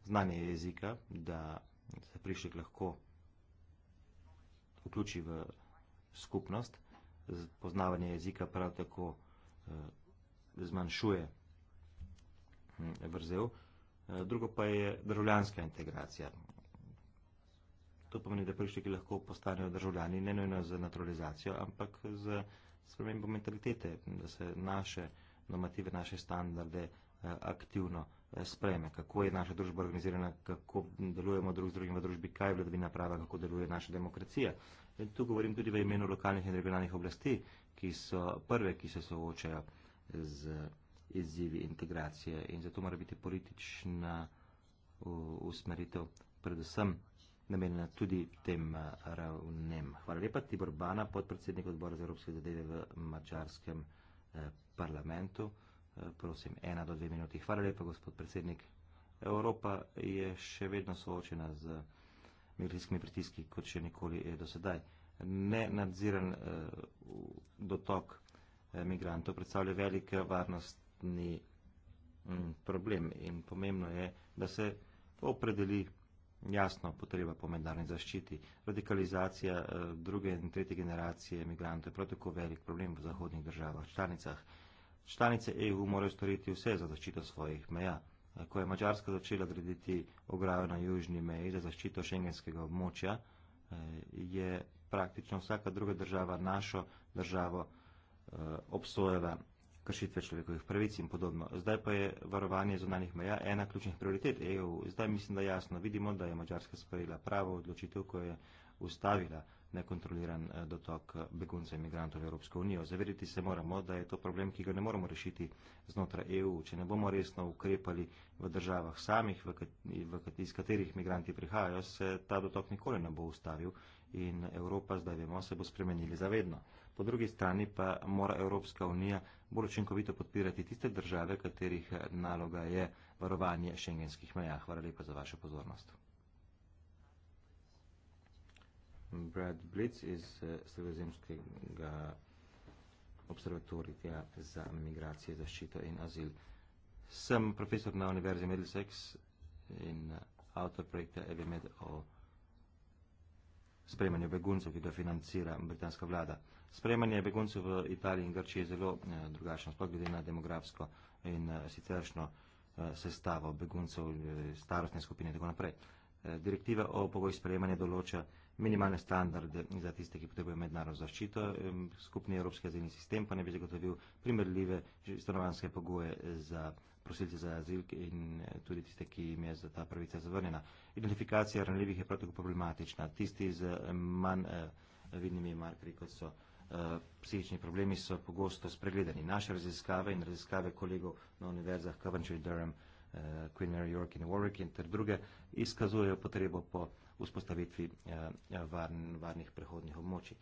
znanje jezika, da se prišlik lahko vključi v skupnost, poznavanje jezika prav tako eh, zmanjšuje hm, vrzel. Eh, drugo pa je državljanska integracija. To pomeni, da prišliki lahko postanejo državljani, ne nojno z naturalizacijo, ampak z spremembo mentalitete, da se naše eh, normative, naše standarde eh, aktivno eh, spreme, kako je naša družba organizirana, kako delujemo drug z drugim v družbi, kaj je vladavina prava, kako deluje naša demokracija. In tu govorim tudi v imenu lokalnih in regionalnih oblasti, ki so prve, ki se soočajo z izzivi integracije in zato mora biti politična usmeritev predvsem namenjena tudi tem eh, ravnem. Hvala lepa, Tibor Bana, podpredsednik odbora za Evropske zadeve v mačarskem eh, parlamentu. Eh, prosim, ena do dve minuti. Hvala lepa, gospod predsednik. Evropa je še vedno soočena z migracijskimi pritiski, kot še nikoli eh, do sedaj. Nenadziran eh, dotok eh, migrantov predstavlja velik eh, varnostni mm, problem in pomembno je, da se opredeli jasno potreba po mednarodni zaščiti. Radikalizacija eh, druge in tretje generacije migrantov je prav tako velik problem v zahodnih državah, članicah. Članice EU morajo storiti vse za zaščito svojih meja. Ko je Mačarska začela graditi ograjo na južni meji za zaščito šengenskega območja, eh, je praktično vsaka druga država našo državo eh, obsojala kršitve človekovih pravic in podobno. Zdaj pa je varovanje zunanih meja ena ključnih prioritet EU. Zdaj mislim, da jasno vidimo, da je Mačarska sprejela pravo odločitev, ko je ustavila nekontroliran eh, dotok eh, begunca in migrantov v Evropsko unijo. Zavediti se moramo, da je to problem, ki ga ne moremo rešiti znotraj EU, če ne bomo resno ukrepali v državah samih, v kat, iz katerih migranti prihajajo, se ta dotok nikoli ne bo ustavil in Evropa, zdaj vemo, se bo spremenili zavedno. Po drugi strani pa mora Evropska unija bolj učinkovito podpirati tiste države, katerih eh, naloga je varovanje šengenskih meja. Hvala lepa za vašo pozornost. Brad Blitz iz eh, Sredozemskega observatorija za migracije, zaščito in azil. Sem profesor na Univerzi Middlesex in eh, avtor projekta EVMED o sprejemanju beguncev, ki ga financira britanska vlada. Sprejemanje beguncev v Italiji in Grčiji je zelo eh, drugačno, sploh glede na demografsko in siceršno sestavo beguncev, starostne skupine in tako naprej. Direktiva o pogoji sprejemanja določa minimalne standarde za tiste, ki potrebujejo mednarodno zaščito, skupni evropski azilni sistem pa ne bi zagotovil primerljive stanovanske pogoje za prosilce za azil in eh, tudi tiste, ki jim je za ta pravica zavrnjena. Identifikacija ranljivih je prav tako problematična. Tisti z eh, manj eh, vidnimi markerji, kot so psihični problemi, so pogosto spregledani. Naše raziskave in raziskave kolegov na univerzah Coventry, Durham, Queen Mary York in Warwick in ter druge izkazujejo potrebo po vzpostavitvi eh, varn, varnih prehodnih območij.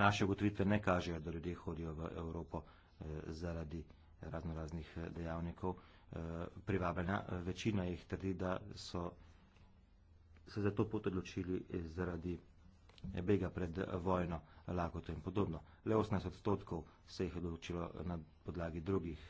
Naše ugotovitve ne kažejo, da ljudje hodijo v Evropo eh, zaradi raznoraznih eh, dejavnikov privabljena. Večina jih trdi, da so se za to pot odločili zaradi bega pred vojno, lakoto in podobno. Le 18 odstotkov se jih odločilo na podlagi drugih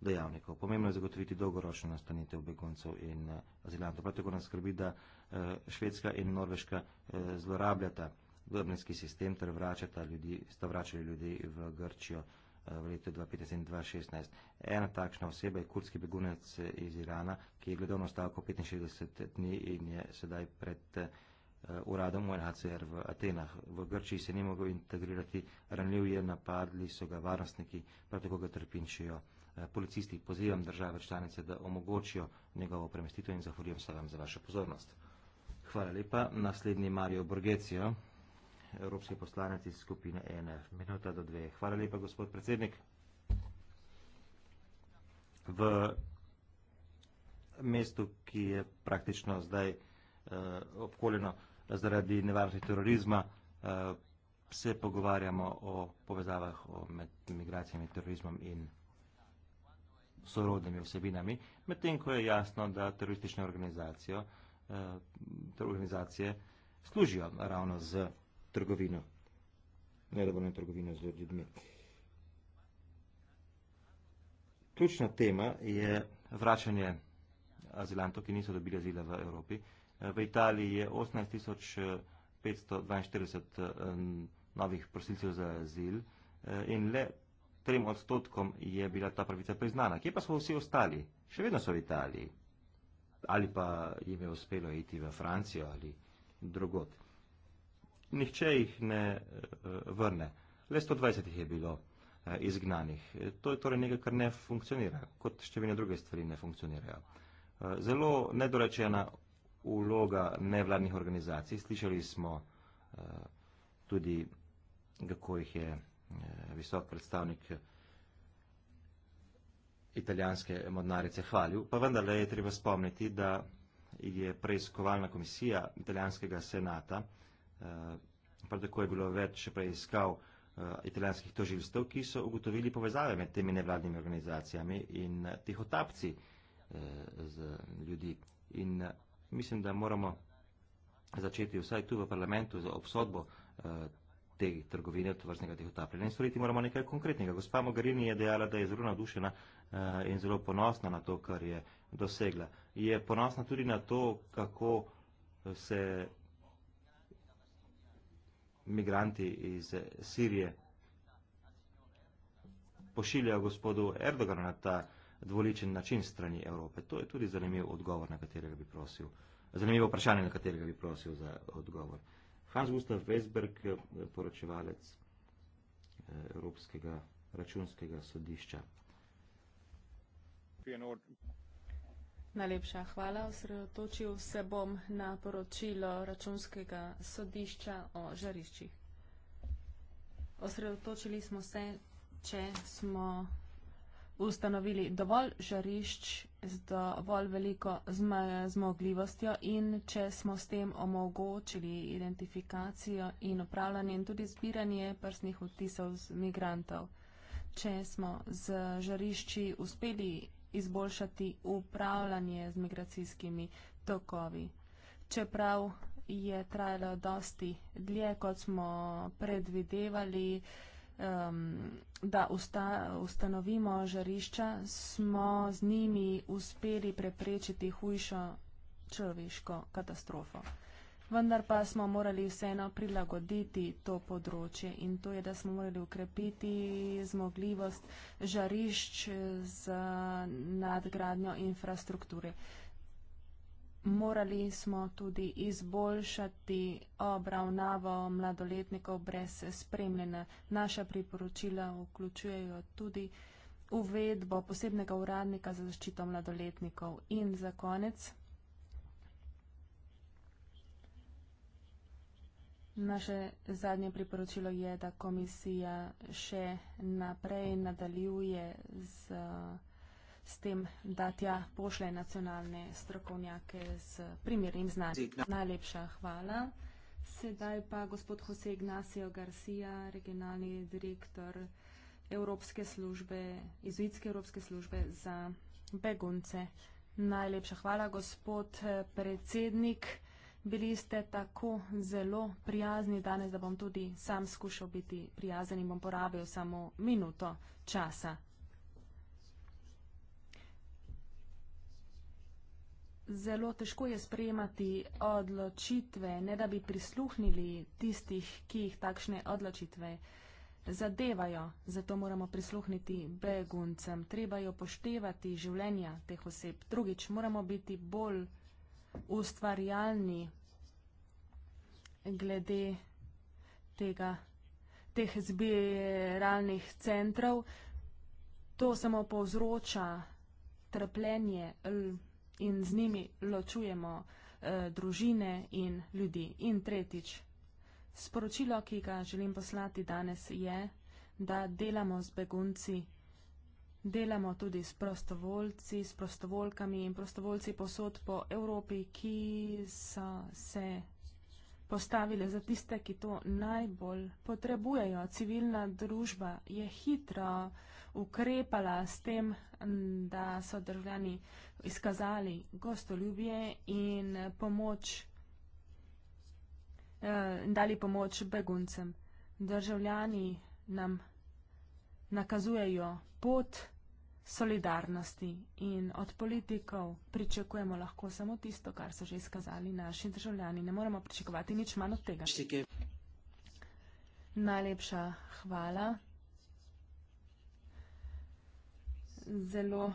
dejavnikov. Pomembno je zagotoviti dolgoročno nastanitev beguncev in eh, azilantov. Prav tako nas skrbi, da eh, Švedska in Norveška eh, zlorabljata dublinski sistem, ter vračata ljudi, sta vračali ljudi v Grčijo v letu 2015 in 2016. Ena takšna oseba je kurdski begunec iz Irana, ki je gledal na stavko 65 dni in je sedaj pred uradom UNHCR v Atenah. V Grčiji se ni mogel integrirati, ranljiv je, napadli so ga varnostniki, prav tako ga trpinčijo. Eh, policisti. Pozivam države članice, da omogočijo njegovo premestitev in zahvaljujem se vam za vašo pozornost. Hvala lepa. Naslednji Mario Borgecio, evropski poslanec iz skupine ENF. Minuta do dve. Hvala lepa, gospod predsednik. V mestu, ki je praktično zdaj eh, obkoljeno zaradi nevarnosti terorizma, eh, se pogovarjamo o povezavah o med migracijami, terorizmom in terorizmom sorodnimi vsebinami, medtem ko je jasno, da teroristične ter eh, organizacije služijo ravno z trgovino, nedovoljno trgovino z ljudmi. Ključna tema je vračanje azilantov, ki niso dobili azila v Evropi. Eh, v Italiji je 18.542 eh, novih prosilcev za azil in le trem odstotkom je bila ta pravica priznana. Kje pa so vsi ostali? Še vedno so v Italiji. Ali pa jim je uspelo iti v Francijo ali drugot. Nihče jih ne eh, vrne. Le 120 jih je bilo eh, izgnanih. To je torej nekaj, kar ne funkcionira, kot številne druge stvari ne funkcionirajo. Eh, zelo nedorečena uloga nevladnih organizacij. Slišali smo tudi, kako jih je Eh, visok predstavnik eh, italijanske modnarice hvalil, pa vendarle je treba spomniti, da je preiskovalna komisija italijanskega senata, eh, prav tako je bilo več preiskav italijanskih toživstv, ki so ugotovili povezave med temi nevladnimi organizacijami in teh otapci z ljudi. In mislim, da moramo začeti vsaj tu v parlamentu za obsodbo te trgovine, to vrstnega tihotapljenja. In storiti moramo nekaj konkretnega. Gospa Mogherini je dejala, da je zelo nadušena eh, in zelo ponosna na to, kar je dosegla. Je ponosna tudi na to, kako se migranti iz Sirije pošiljajo gospodu Erdogan na ta dvoličen način strani Evrope. To je tudi zanimiv odgovor, na katerega bi prosil, zanimivo vprašanje, na katerega bi prosil za odgovor. Hans Gustav Vesberg, poročevalec eh, Evropskega računskega sodišča. Najlepša hvala. Osredotočil se bom na poročilo računskega sodišča o žariščih. Osredotočili smo se, če smo ustanovili dovolj žarišč z dovolj veliko zmogljivostjo in če smo s tem omogočili identifikacijo in upravljanje in tudi zbiranje prstnih odtisov z migrantov. Če smo z žarišči uspeli izboljšati upravljanje z migracijskimi tokovi. Čeprav je trajalo dosti dlje, kot smo predvidevali, um, da usta, ustanovimo žarišča, smo z njimi uspeli preprečiti hujšo človeško katastrofo. Vendar pa smo morali vseeno prilagoditi to področje in to je, da smo morali ukrepiti zmogljivost žarišč za nadgradnjo infrastrukture. Morali smo tudi izboljšati obravnavo mladoletnikov brez spremljena. Naša priporočila vključujejo tudi uvedbo posebnega uradnika za zaščito mladoletnikov. In za konec. Naše zadnje priporočilo je, da komisija še naprej nadaljuje z. Uh, s tem, da tja pošle nacionalne strokovnjake z primernim znanjem. Najlepša hvala. Sedaj pa gospod Jose Ignacio Garcia, regionalni direktor Evropske službe, Izuitske Evropske službe za begunce. Najlepša hvala, gospod eh, predsednik. Bili ste tako zelo prijazni danes, da bom tudi sam skušal biti prijazen in bom porabil samo minuto časa. zelo težko je sprejemati odločitve, ne da bi prisluhnili tistih, ki jih takšne odločitve zadevajo. Zato moramo prisluhniti beguncem. Treba je upoštevati življenja teh oseb. Drugič, moramo biti bolj ustvarjalni glede tega, teh zbiralnih centrov. To samo povzroča trpljenje. L, in z njimi ločujemo eh, družine in ljudi. In tretjič, sporočilo, ki ga želim poslati danes, je, da delamo z begunci, delamo tudi s prostovoljci, s prostovoljkami in prostovoljci posod po Evropi, ki so se postavili za tiste, ki to najbolj potrebujejo. Civilna družba je hitro ukrepala s tem, da so državljani izkazali gostoljubje in pomoč, eh, dali pomoč beguncem. Državljani nam nakazujejo pot, solidarnosti in od politikov pričakujemo lahko samo tisto, kar so že izkazali naši državljani. Ne moremo pričakovati nič manj od tega. Najlepša hvala. Zelo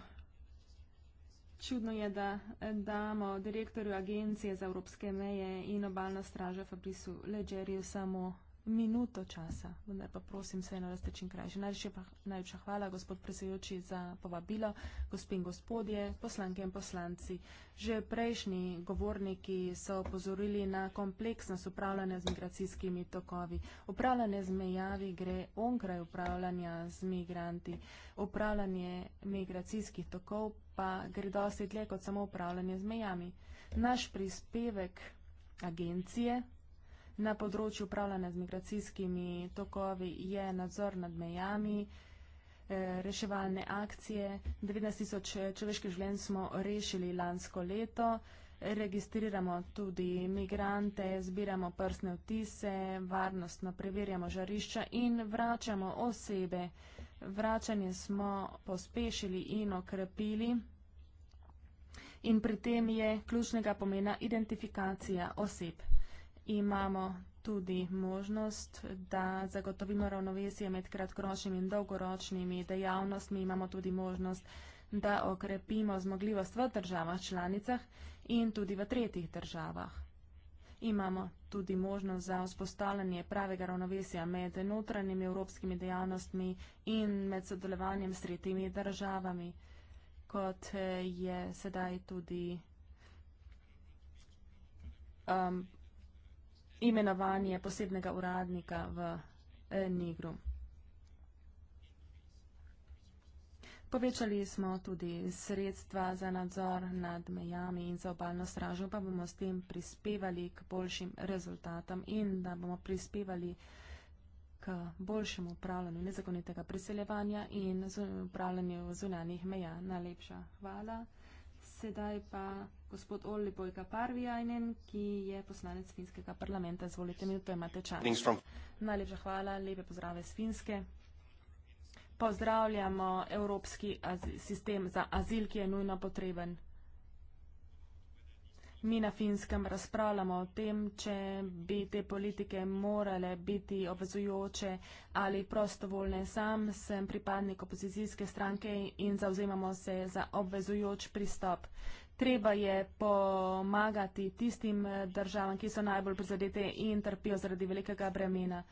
čudno je, da damo direktorju Agencije za evropske meje in obalno stražo Fabrisu Leđeriju samo minuto časa, vendar pa prosim se eno, da ste čim krajši. Najlepša hvala, gospod predsedujoči, za povabilo, gospod in gospodje, poslanke in poslanci. Že prejšnji govorniki so opozorili na kompleksnost upravljanja z migracijskimi tokovi. Upravljanje z mejavi gre onkraj upravljanja z migranti. Upravljanje migracijskih tokov pa gre dosti dlje kot samo upravljanje z mejami. Naš prispevek agencije Na področju upravljanja z migracijskimi tokovi je nadzor nad mejami, eh, reševalne akcije. 19 tisoč eh, človeških življenj smo rešili lansko leto. Registriramo tudi migrante, zbiramo prsne vtise, varnostno preverjamo žarišča in vračamo osebe. Vračanje smo pospešili in okrepili. In pri tem je ključnega pomena identifikacija oseb imamo tudi možnost, da zagotovimo ravnovesje med kratkoročnimi in dolgoročnimi dejavnostmi, imamo tudi možnost, da okrepimo zmogljivost v državah članicah in tudi v tretjih državah. Imamo tudi možnost za vzpostavljanje pravega ravnovesja med notranjimi evropskimi dejavnostmi in med sodelovanjem s tretjimi državami, kot eh, je sedaj tudi um, imenovanje posebnega uradnika v eh, Negru. Povečali smo tudi sredstva za nadzor nad mejami in za obalno stražo, pa bomo s tem prispevali k boljšim rezultatom in da bomo prispevali k boljšemu upravljanju nezakonitega priseljevanja in upravljanju zunanjih meja. Najlepša hvala. Sedaj pa gospod Olli Bojka Parvijajnen, ki je poslanec finskega parlamenta. Zvolite mi, da imate čas. Najlepša hvala, lepe pozdrave z Finske. Pozdravljamo evropski sistem za azil, ki je nujno potreben. Mi na finskem razpravljamo o tem, če bi te politike morale biti obvezujoče ali prostovoljne. Sam sem pripadnik opozicijske stranke in zauzemamo se za obvezujoč pristop. Treba je pomagati tistim državam, ki so najbolj prizadete in trpijo zaradi velikega bremena.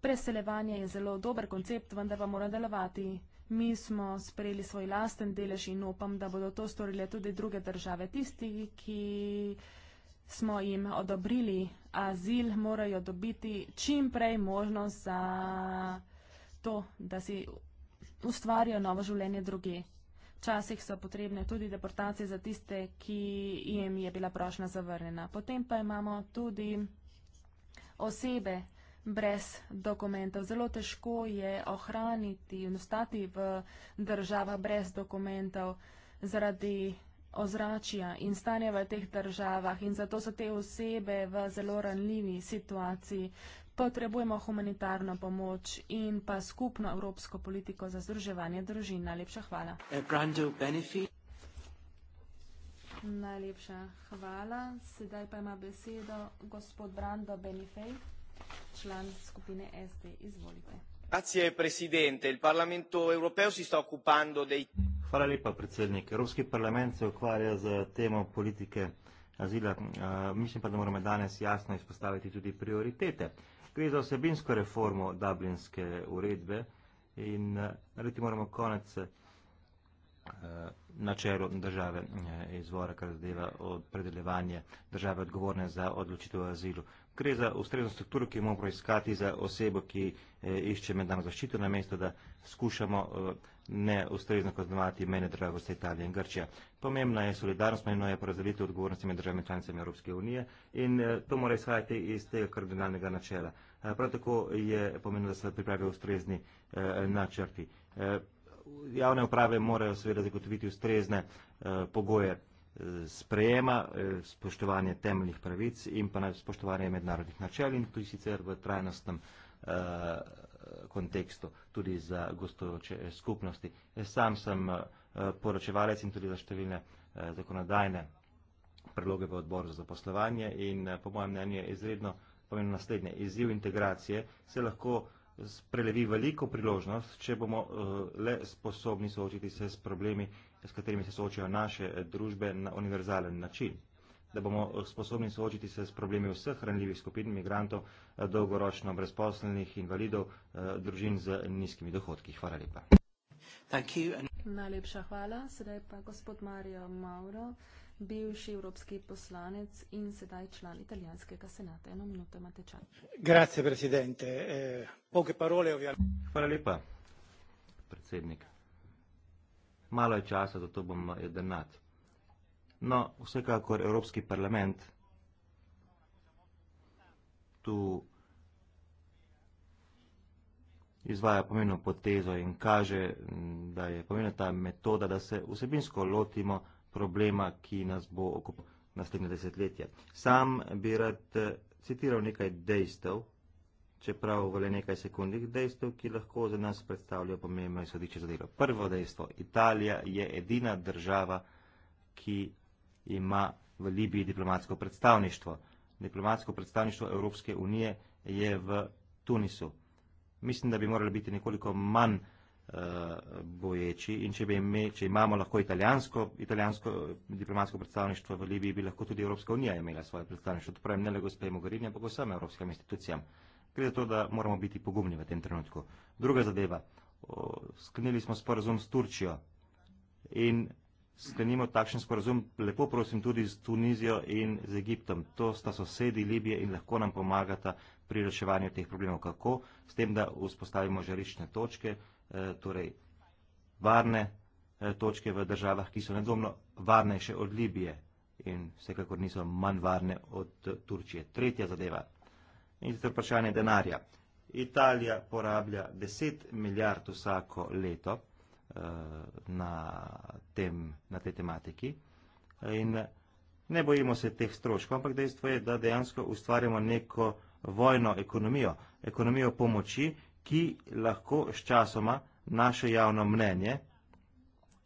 Preseljevanje je zelo dober koncept, vendar pa mora delovati. Mi smo sprejeli svoj lasten delež in upam, da bodo to storile tudi druge države. Tisti, ki smo jim odobrili azil, morajo dobiti čim prej možnost za to, da si ustvarijo novo življenje druge. Včasih so potrebne tudi deportacije za tiste, ki jim je bila prošnja zavrnjena. Potem pa imamo tudi osebe, brez dokumentov. Zelo težko je ohraniti in ostati v državah brez dokumentov zaradi ozračja in stanja v teh državah in zato so te osebe v zelo ranljivi situaciji. Potrebujemo humanitarno pomoč in pa skupno evropsko politiko za združevanje družin. Najlepša hvala. Eh, Najlepša hvala. Sedaj pa ima besedo gospod Brando Benifej član skupine SD. Izvolite. Grazie, presidente. Il Parlamento europeo si sta occupando dei... Hvala lepa, predsednik. Evropski parlament se ukvarja z temo politike azila. Uh, mislim pa, da moramo danes jasno izpostaviti tudi prioritete. Gre za osebinsko reformo dublinske uredbe in uh, narediti moramo konec uh, načelu države uh, izvora, kar zadeva opredeljevanje države odgovorne za odločitev o azilu gre za ustrezno strukturo, ki moramo iskati za osebo, ki eh, išče mednarodno zaščito, namesto da skušamo eh, ne ustrezno kaznovati mene države, kot sta Italija in Grčija. Pomembna je solidarnost, pomembno je porazdelitev odgovornosti med državami članicami Evropske unije in eh, to mora izhajati iz tega kardinalnega načela. Prav tako je pomembno, da se pripravijo ustrezni načrti. Javne uprave morajo seveda zagotoviti ustrezne pogoje sprejema, eh, spoštovanje temeljnih pravic in pa spoštovanje mednarodnih načel in tudi sicer v trajnostnem eh, kontekstu tudi za gostujoče eh, skupnosti. Sam sem poročevalec in tudi za številne zakonodajne predloge v odboru za zaposlovanje in po mojem mnenju je izredno pomembno naslednje. Izziv integracije se lahko prelevi veliko priložnost, če bomo le sposobni soočiti se s problemi s katerimi se soočajo naše družbe na univerzalen način. Da bomo eh, sposobni soočiti se s problemi vseh hranljivih skupin imigrantov, eh, dolgoročno brezposlenih, invalidov, eh, družin z nizkimi dohodki. Hvala lepa. Najlepša hvala. Sedaj pa gospod Mario Mauro, bivši evropski poslanec in sedaj član italijanskega senata. Eno minuto imate čas. Grazie, predsednik. Eh, poke parole, ovvijal. Hvala lepa, predsednik malo je časa, zato bom jeden nad. No, vsekakor Evropski parlament tu izvaja pomembno potezo in kaže, da je pomembna ta metoda, da se vsebinsko lotimo problema, ki nas bo okupil naslednje desetletje. Sam bi rad eh, citiral nekaj dejstev, čeprav v le nekaj sekundih, dejstev, ki lahko za nas predstavljajo pomembno izhodišče za delo. Prvo dejstvo, Italija je edina država, ki ima v Libiji diplomatsko predstavništvo. Diplomatsko predstavništvo Evropske unije je v Tunisu. Mislim, da bi morali biti nekoliko manj uh, boječi in če, bi ime, če imamo lahko italijansko, italijansko eh, diplomatsko predstavništvo v Libiji, bi lahko tudi Evropska unija imela svoje predstavništvo. To pravim ne le gospe Mogherini, ampak vsem evropskim institucijam. Uh, gre za to, da moramo biti pogumni v tem trenutku. Druga zadeva, o, sklenili smo sporazum s Turčijo in sklenimo takšen sporazum, lepo prosim, tudi s Tunizijo in z Egiptom. To sta sosedi Libije in lahko nam pomagata pri reševanju teh problemov. Kako? S tem, da vzpostavimo žarične točke, e, torej varne e, točke v državah, ki so nedvomno varnejše od Libije in vsekakor niso manj varne od Turčije. Tretja zadeva in sicer vprašanje denarja. Italija porablja 10 milijard vsako leto uh, na, tem, na tej tematiki in ne bojimo se teh stroškov, ampak dejstvo je, da dejansko ustvarjamo neko vojno ekonomijo, ekonomijo pomoči, ki lahko s časoma naše javno mnenje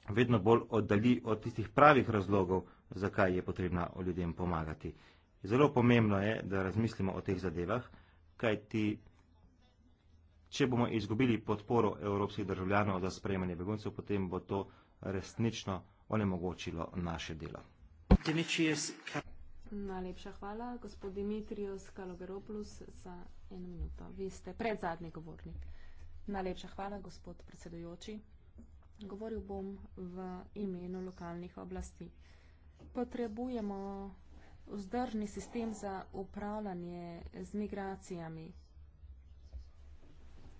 vedno bolj oddali od tistih pravih razlogov, zakaj je potrebno ljudem pomagati. Zelo pomembno je, da razmislimo o teh zadevah, kaj ti, če bomo izgubili podporo evropskih državljanov za sprejemanje beguncev, potem bo to resnično onemogočilo naše delo. Najlepša hvala, gospod Dimitrios Kalogeropoulos, za eno minuto. Vi ste predzadnji govornik. Najlepša hvala, gospod predsedujoči. Govoril bom v imenu lokalnih oblasti. Potrebujemo vzdržni sistem za upravljanje z migracijami.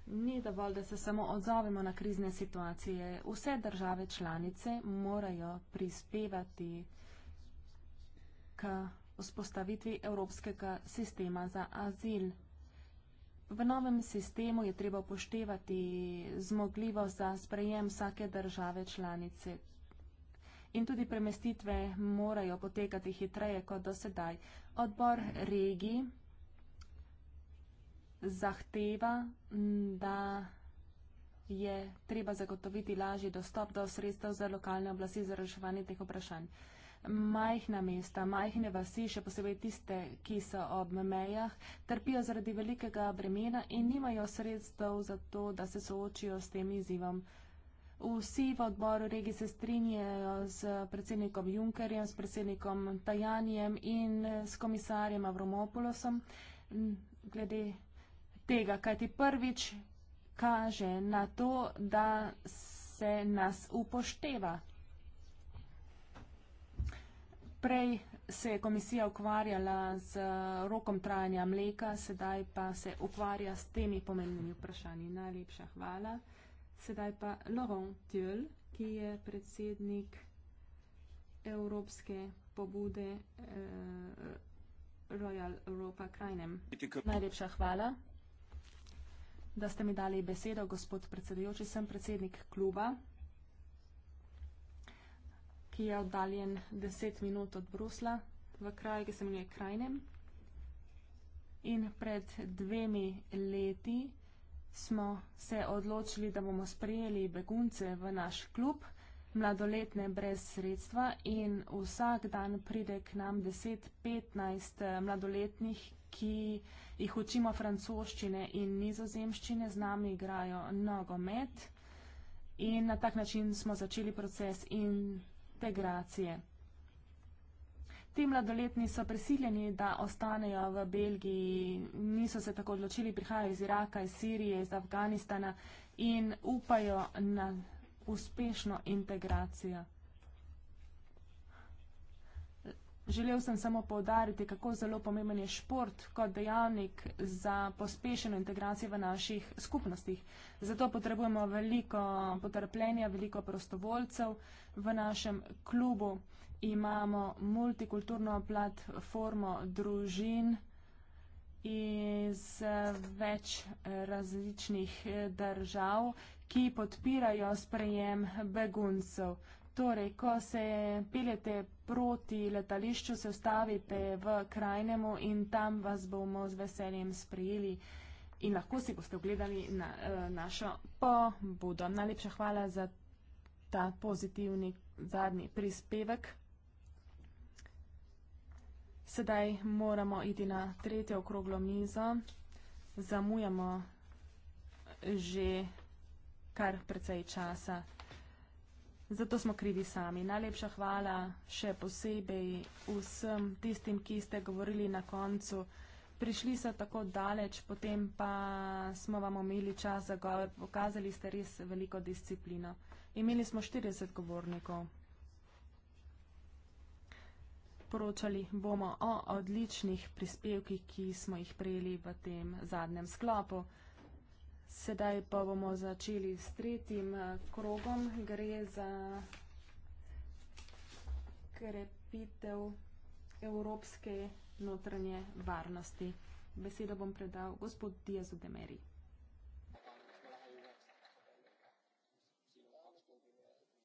Ni dovolj, da se samo odzovemo na krizne situacije. Vse države članice morajo prispevati k vzpostavitvi evropskega sistema za azil. V novem sistemu je treba upoštevati zmogljivost za sprejem vsake države članice, in tudi premestitve morajo potekati hitreje kot do sedaj. Odbor regij zahteva, da je treba zagotoviti lažji dostop do sredstev za lokalne oblasti za reševanje teh vprašanj. Majhna mesta, majhne vasi, še posebej tiste, ki so ob mejah, trpijo zaradi velikega bremena in nimajo sredstev za to, da se soočijo s tem izzivom. Vsi v odboru regi se strinjajo z predsednikom Junkerjem, s predsednikom Tajanjem in s komisarjem Avromopolosom glede tega, kaj ti prvič kaže na to, da se nas upošteva. Prej se je komisija ukvarjala z rokom trajanja mleka, sedaj pa se ukvarja s temi pomembnimi vprašanji. Najlepša hvala. Sedaj pa Laurent Tull, ki je predsednik Evropske pobude eh, Royal Europa Krajnem. Najlepša hvala, da ste mi dali besedo, gospod predsedujoči. Sem predsednik kluba, ki je oddaljen 10 minut od Brusla v kraj, ki se imenuje Krajnem. In pred dvemi leti smo se odločili, da bomo sprejeli begunce v naš klub, mladoletne brez sredstva in vsak dan pride k nam 10-15 eh, mladoletnih, ki jih učimo francoščine in nizozemščine, z nami igrajo nogomet in na tak način smo začeli proces integracije. Ti mladoletni so prisiljeni, da ostanejo v Belgiji, niso se tako odločili, prihajajo iz Iraka, iz Sirije, iz Afganistana in upajo na uspešno integracijo. Želel sem samo povdariti, kako zelo pomemben je šport kot dejavnik za pospešeno integracijo v naših skupnostih. Zato potrebujemo veliko potrpljenja, veliko prostovoljcev v našem klubu imamo multikulturno platformo družin iz več različnih držav, ki podpirajo sprejem beguncev. Torej, ko se peljete proti letališču, se ustavite v krajnemu in tam vas bomo z veseljem sprejeli in lahko si boste ogledali na, eh, našo pobudo. Najlepša hvala za ta pozitivni zadnji prispevek. Sedaj moramo iti na tretjo okroglo mizo. Zamujamo že kar precej časa. Zato smo krivi sami. Najlepša hvala še posebej vsem tistim, ki ste govorili na koncu. Prišli so tako daleč, potem pa smo vam omili čas za govor. Pokazali ste res veliko disciplino. Imeli smo 40 govornikov poročali bomo o odličnih prispevkih, ki smo jih prejeli v tem zadnjem sklopu. Sedaj pa bomo začeli s tretjim eh, krogom. Gre za krepitev evropske notranje varnosti. Besedo bom predal gospod Diaz Odemeri.